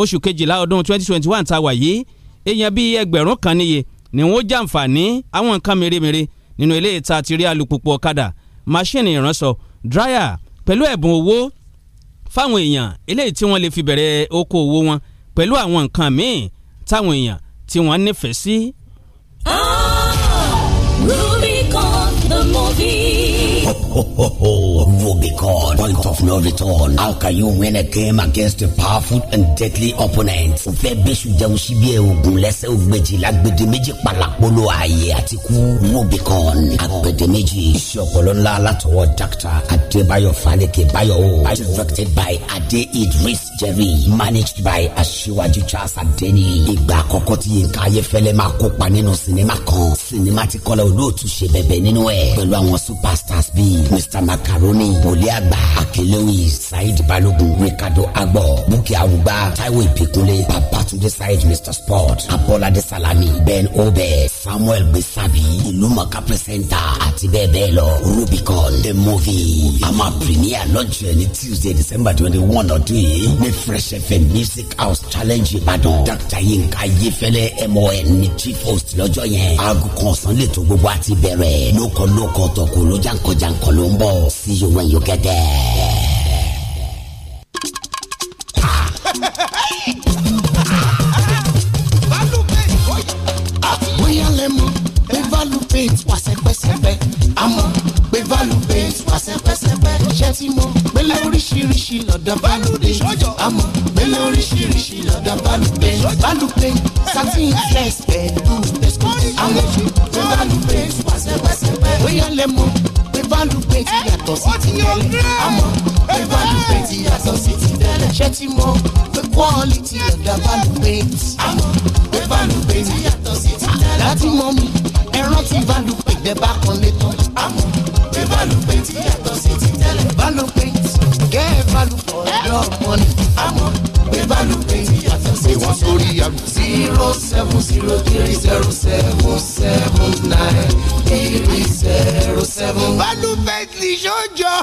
oṣù kejìlá ọdún 2021 ta wà yìí èèyàn bíi ẹgbẹ̀rún kan níye ni wọ́n jàǹfààní àwọn nǹkan mèremère nínú eléyìí tá a ti rí alùpùpù ọ̀kadà máṣíìnì ìránṣọ dráyà pẹ̀lú ẹ̀bùn owó fáwọn èèyàn eléyìí tí wọ́n lè fi bẹ̀rẹ̀ okòwò wọn pẹ̀lú àwọn nǹkan míì táwọn èèyàn tí wọ́n nífẹ̀ẹ́ sí. Ah, Rubicon the movie will be gone. Point of no return. How can you win a game against a powerful and deadly opponent? O fẹ́ bẹ́sù jẹun síbi ẹ̀ ogun lẹ́sẹ̀ ògbèjì lágbèdè méjì palàpolo ààyè àti kú will be gone. Àgbèdè méjì iṣẹ́ ọpọlọ ńlá látọwọ́ Dr. Adébáyọ̀ Fálékè bayo. o. Directed by Adé Idris Jerry. Managed by Aṣíwájú Charles Adéni. Ìgbà àkọ́kọ́ tí Yinka Ayéfẹ́lẹ́ máa kópa nínú sinimá kan. Sinimá ti kọ́lá olóòtú ṣe bẹ̀bẹ̀ nínú ẹ̀. Pẹ̀lú àwọn superstars bíi Mr. Macaroni wòlíì àgbà akelewi saheed balogun ricardo agbo bukki arugba taiwo ìpèkúnlé babatunde saheed mr sport abolade salami ben obe samuel gbèsàbí ìlúmọ̀ká pẹ́sẹ́ńtà àti bẹ́ẹ̀ bẹ́ẹ̀ lọ rubicon the movie a máa premier lọ́jọ́ ní tuesday december twenty one ọdún yìí ní fresh fm music house challenge ìbàdàn dr yinka yefẹlẹ mon ní chief host lọ́jọ́ yẹn aago kan ọ̀sán lè tó gbogbo àti bẹ̀rẹ̀ lóko lóko tọkọ lójàǹkọjàǹkọ ló ń bọ̀ sí yorùbá you get there. bóyá lẹ́mọ̀ value paint wà sẹ́pẹ́sẹ́pẹ́ àmọ́ pé value paint wà sẹ́pẹ́sẹ́pẹ́ ṣé tí mo gbélé oríṣiríṣi lọ́dọ̀ value paint àmọ́ gbélé oríṣiríṣi lọ́dọ̀ value paint satin flex pẹ̀lú àwọn pé value paint wà sẹ́pẹ́sẹ́pẹ́ bóyá lẹ mọ̀ pé value paint sí ti tẹ́lẹ̀ àmọ́ pé value paint sí ti tẹ́lẹ̀ ṣé tí mo pé quality lọ́dọ̀ value paint àmọ́ pé value sí ti tẹ́lẹ̀ láti mọ̀ mi ẹran tí balùwẹ̀ jẹ́ bá kan lé tán. àmọ́ pé balùwẹ̀ ti yàtọ̀ sí ti tẹ́lẹ̀. balùwẹ̀ kẹ́ ẹ balùwẹ̀ ọ̀dọ́ ọmọ ni. àmọ́ pé balùwẹ̀ ti yàtọ̀ sí ti tẹ́lẹ̀. ìwọ sórí àgbà. zero seven zero three zero seven seven nine three zero seven. balùwẹ̀ ti ṣojọ.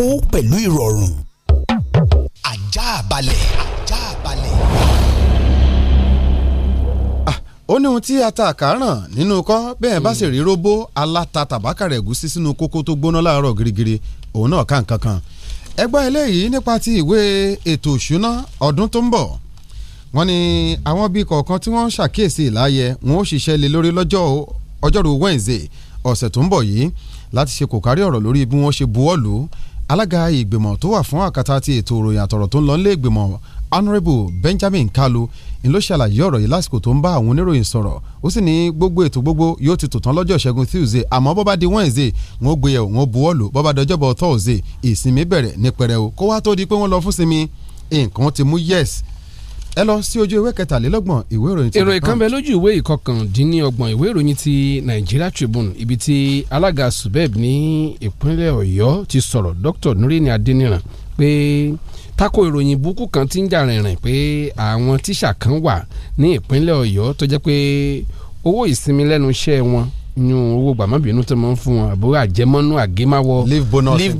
owó pẹ̀lú ìrọ̀rùn. ajá balẹ̀ ajá balẹ̀. Ah, ó ní ohun tí ata àkáràn nínú kọ́ bẹ́ẹ̀ bá sì rí róbó aláta tàbákàrẹ̀ ẹ̀gúsí sínú kókó tó gbóná láàárọ̀ girigiri òun náà kàn kankan. ẹgbọ́n eléyìí nípa ti ìwé ètò òṣùná ọdún tó ń bọ̀ wọ́n ní àwọn bíi kọ̀ọ̀kan tí wọ́n ń ṣàkíyèsí ìláyẹ wọn ó ṣiṣẹ́ lé lórí lọ́jọ́ ọjọ́rú Wednesday ọ̀sẹ̀ tó ń bọ̀ yìí láti ṣe kòkárí ọ̀rọ̀ lórí bí wọ́n ṣe buwọ́lù alága ìgbìmọ̀ tó wà fún àkàtà ti ètò ìròyìn àtọ̀rọ̀ tó ń lọ nílé honourable benjamin kalu ń ló ṣàlàyé ọ̀rọ̀ yìí lásìkò tó ń bá àwọn oníròyìn sọ̀rọ̀ ó sì ní gbogbo ètò gbogbo yóò ti tò tán lọ́jọ́ ṣẹ́gun tuesday àmọ́ bó bá di wednesday wọn ó gbé yẹ̀ wọn buwọ́ lù bó bá dọjọ́bọ̀ thursday ìsinmi bẹ̀rẹ̀ ní pẹrẹu kó wá tó di pé wọ́n lọ fún sinmi nǹkan ti mú yes ẹ lọ sí ojú ìwé kẹtàlélọ́gbọ̀n ìwé ìròyìn ti. ìròyìn kan bẹ lójú ìwé ìkọkàndínlọ́gbọ̀n ìwé ìròyìn ti Nigeria Tribune ibi tí alága subeb ní ìpínlẹ̀ Ọ̀yọ́ ti sọ̀rọ̀ Dr. Nurini Adeniran pé tako ìròyìn burúkú kan ti ń jà rìnrìn pé àwọn tíṣà kan wà ní ìpínlẹ̀ Ọ̀yọ́ tó jẹ́ pé owó ìsinmi lẹ́nu iṣẹ́ wọn yún owó gbàmọ́bìnú tó máa ń fún wọn àbúrò àjẹmọ́nú àgémáwọ̀ leave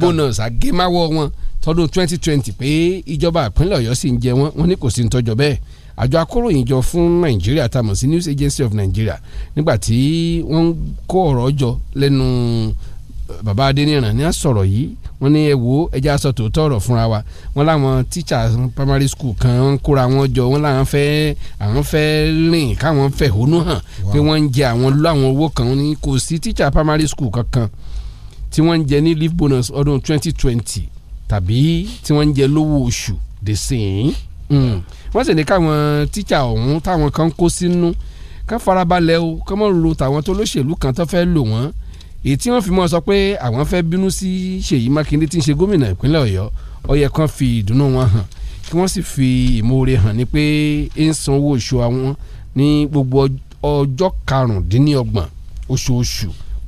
bonus àgémáwọ̀ wọn tọdún 2020 pé ìjọba ìpínlẹ̀ ọ̀yọ́ sì ń jẹ wọ́n wọ́n ní kò sí ń tọ́jọ́ bẹ́ẹ̀ àjọ akóròyìnjọ fún nàìjíríà tá a mọ̀ sí news agency of nigeria nígbà tí wọ́n ń kó ọ̀rọ̀ jọ lẹ́nu eh, bàbá adéníran ní àsọ̀rọ̀ yìí wọ́n ní ẹ wo ẹjẹ́ aṣọ tòótọ́ ọ̀rọ̀ fúnra wa wọ́n láwọn tíṣà primary school kan ń kóra wọn jọ wọ́n láwọn fẹ́ àwọn fẹ́ rìn káwọn fẹ̀hónú hàn pé wọ́n ń jẹ àwọn lọ àwọn owó kan ní kò sí tíṣà primary school kankan tí wọ́n ń jẹ ní leave bonus ọdún 2020 tàbí tí wọ́n ń jẹ lówó oṣù dè sìn hmm. wọ́n sì ní káwọn tíjà ọ̀hún táwọn kan kó sínú kán farabalẹ̀ o kán mọ̀ lo tàwọn tó lóṣèlú kan tó fẹ́ lò wọ́n èyí tí wọ́n fi mọ́ sọ pé àwọn fẹ́ bínú sí Ṣèyí Mákindé tí ń ṣe gómìnà ìpínlẹ̀ Ọ̀yọ́ ó yẹ kán fi ìdùnnú wọn hàn kí wọ́n sì fi ìmoore hàn ní pé ń san owó oṣù àwọn ní gbogbo ọjọ́ karùndínlọ́gbọ̀n oṣooṣù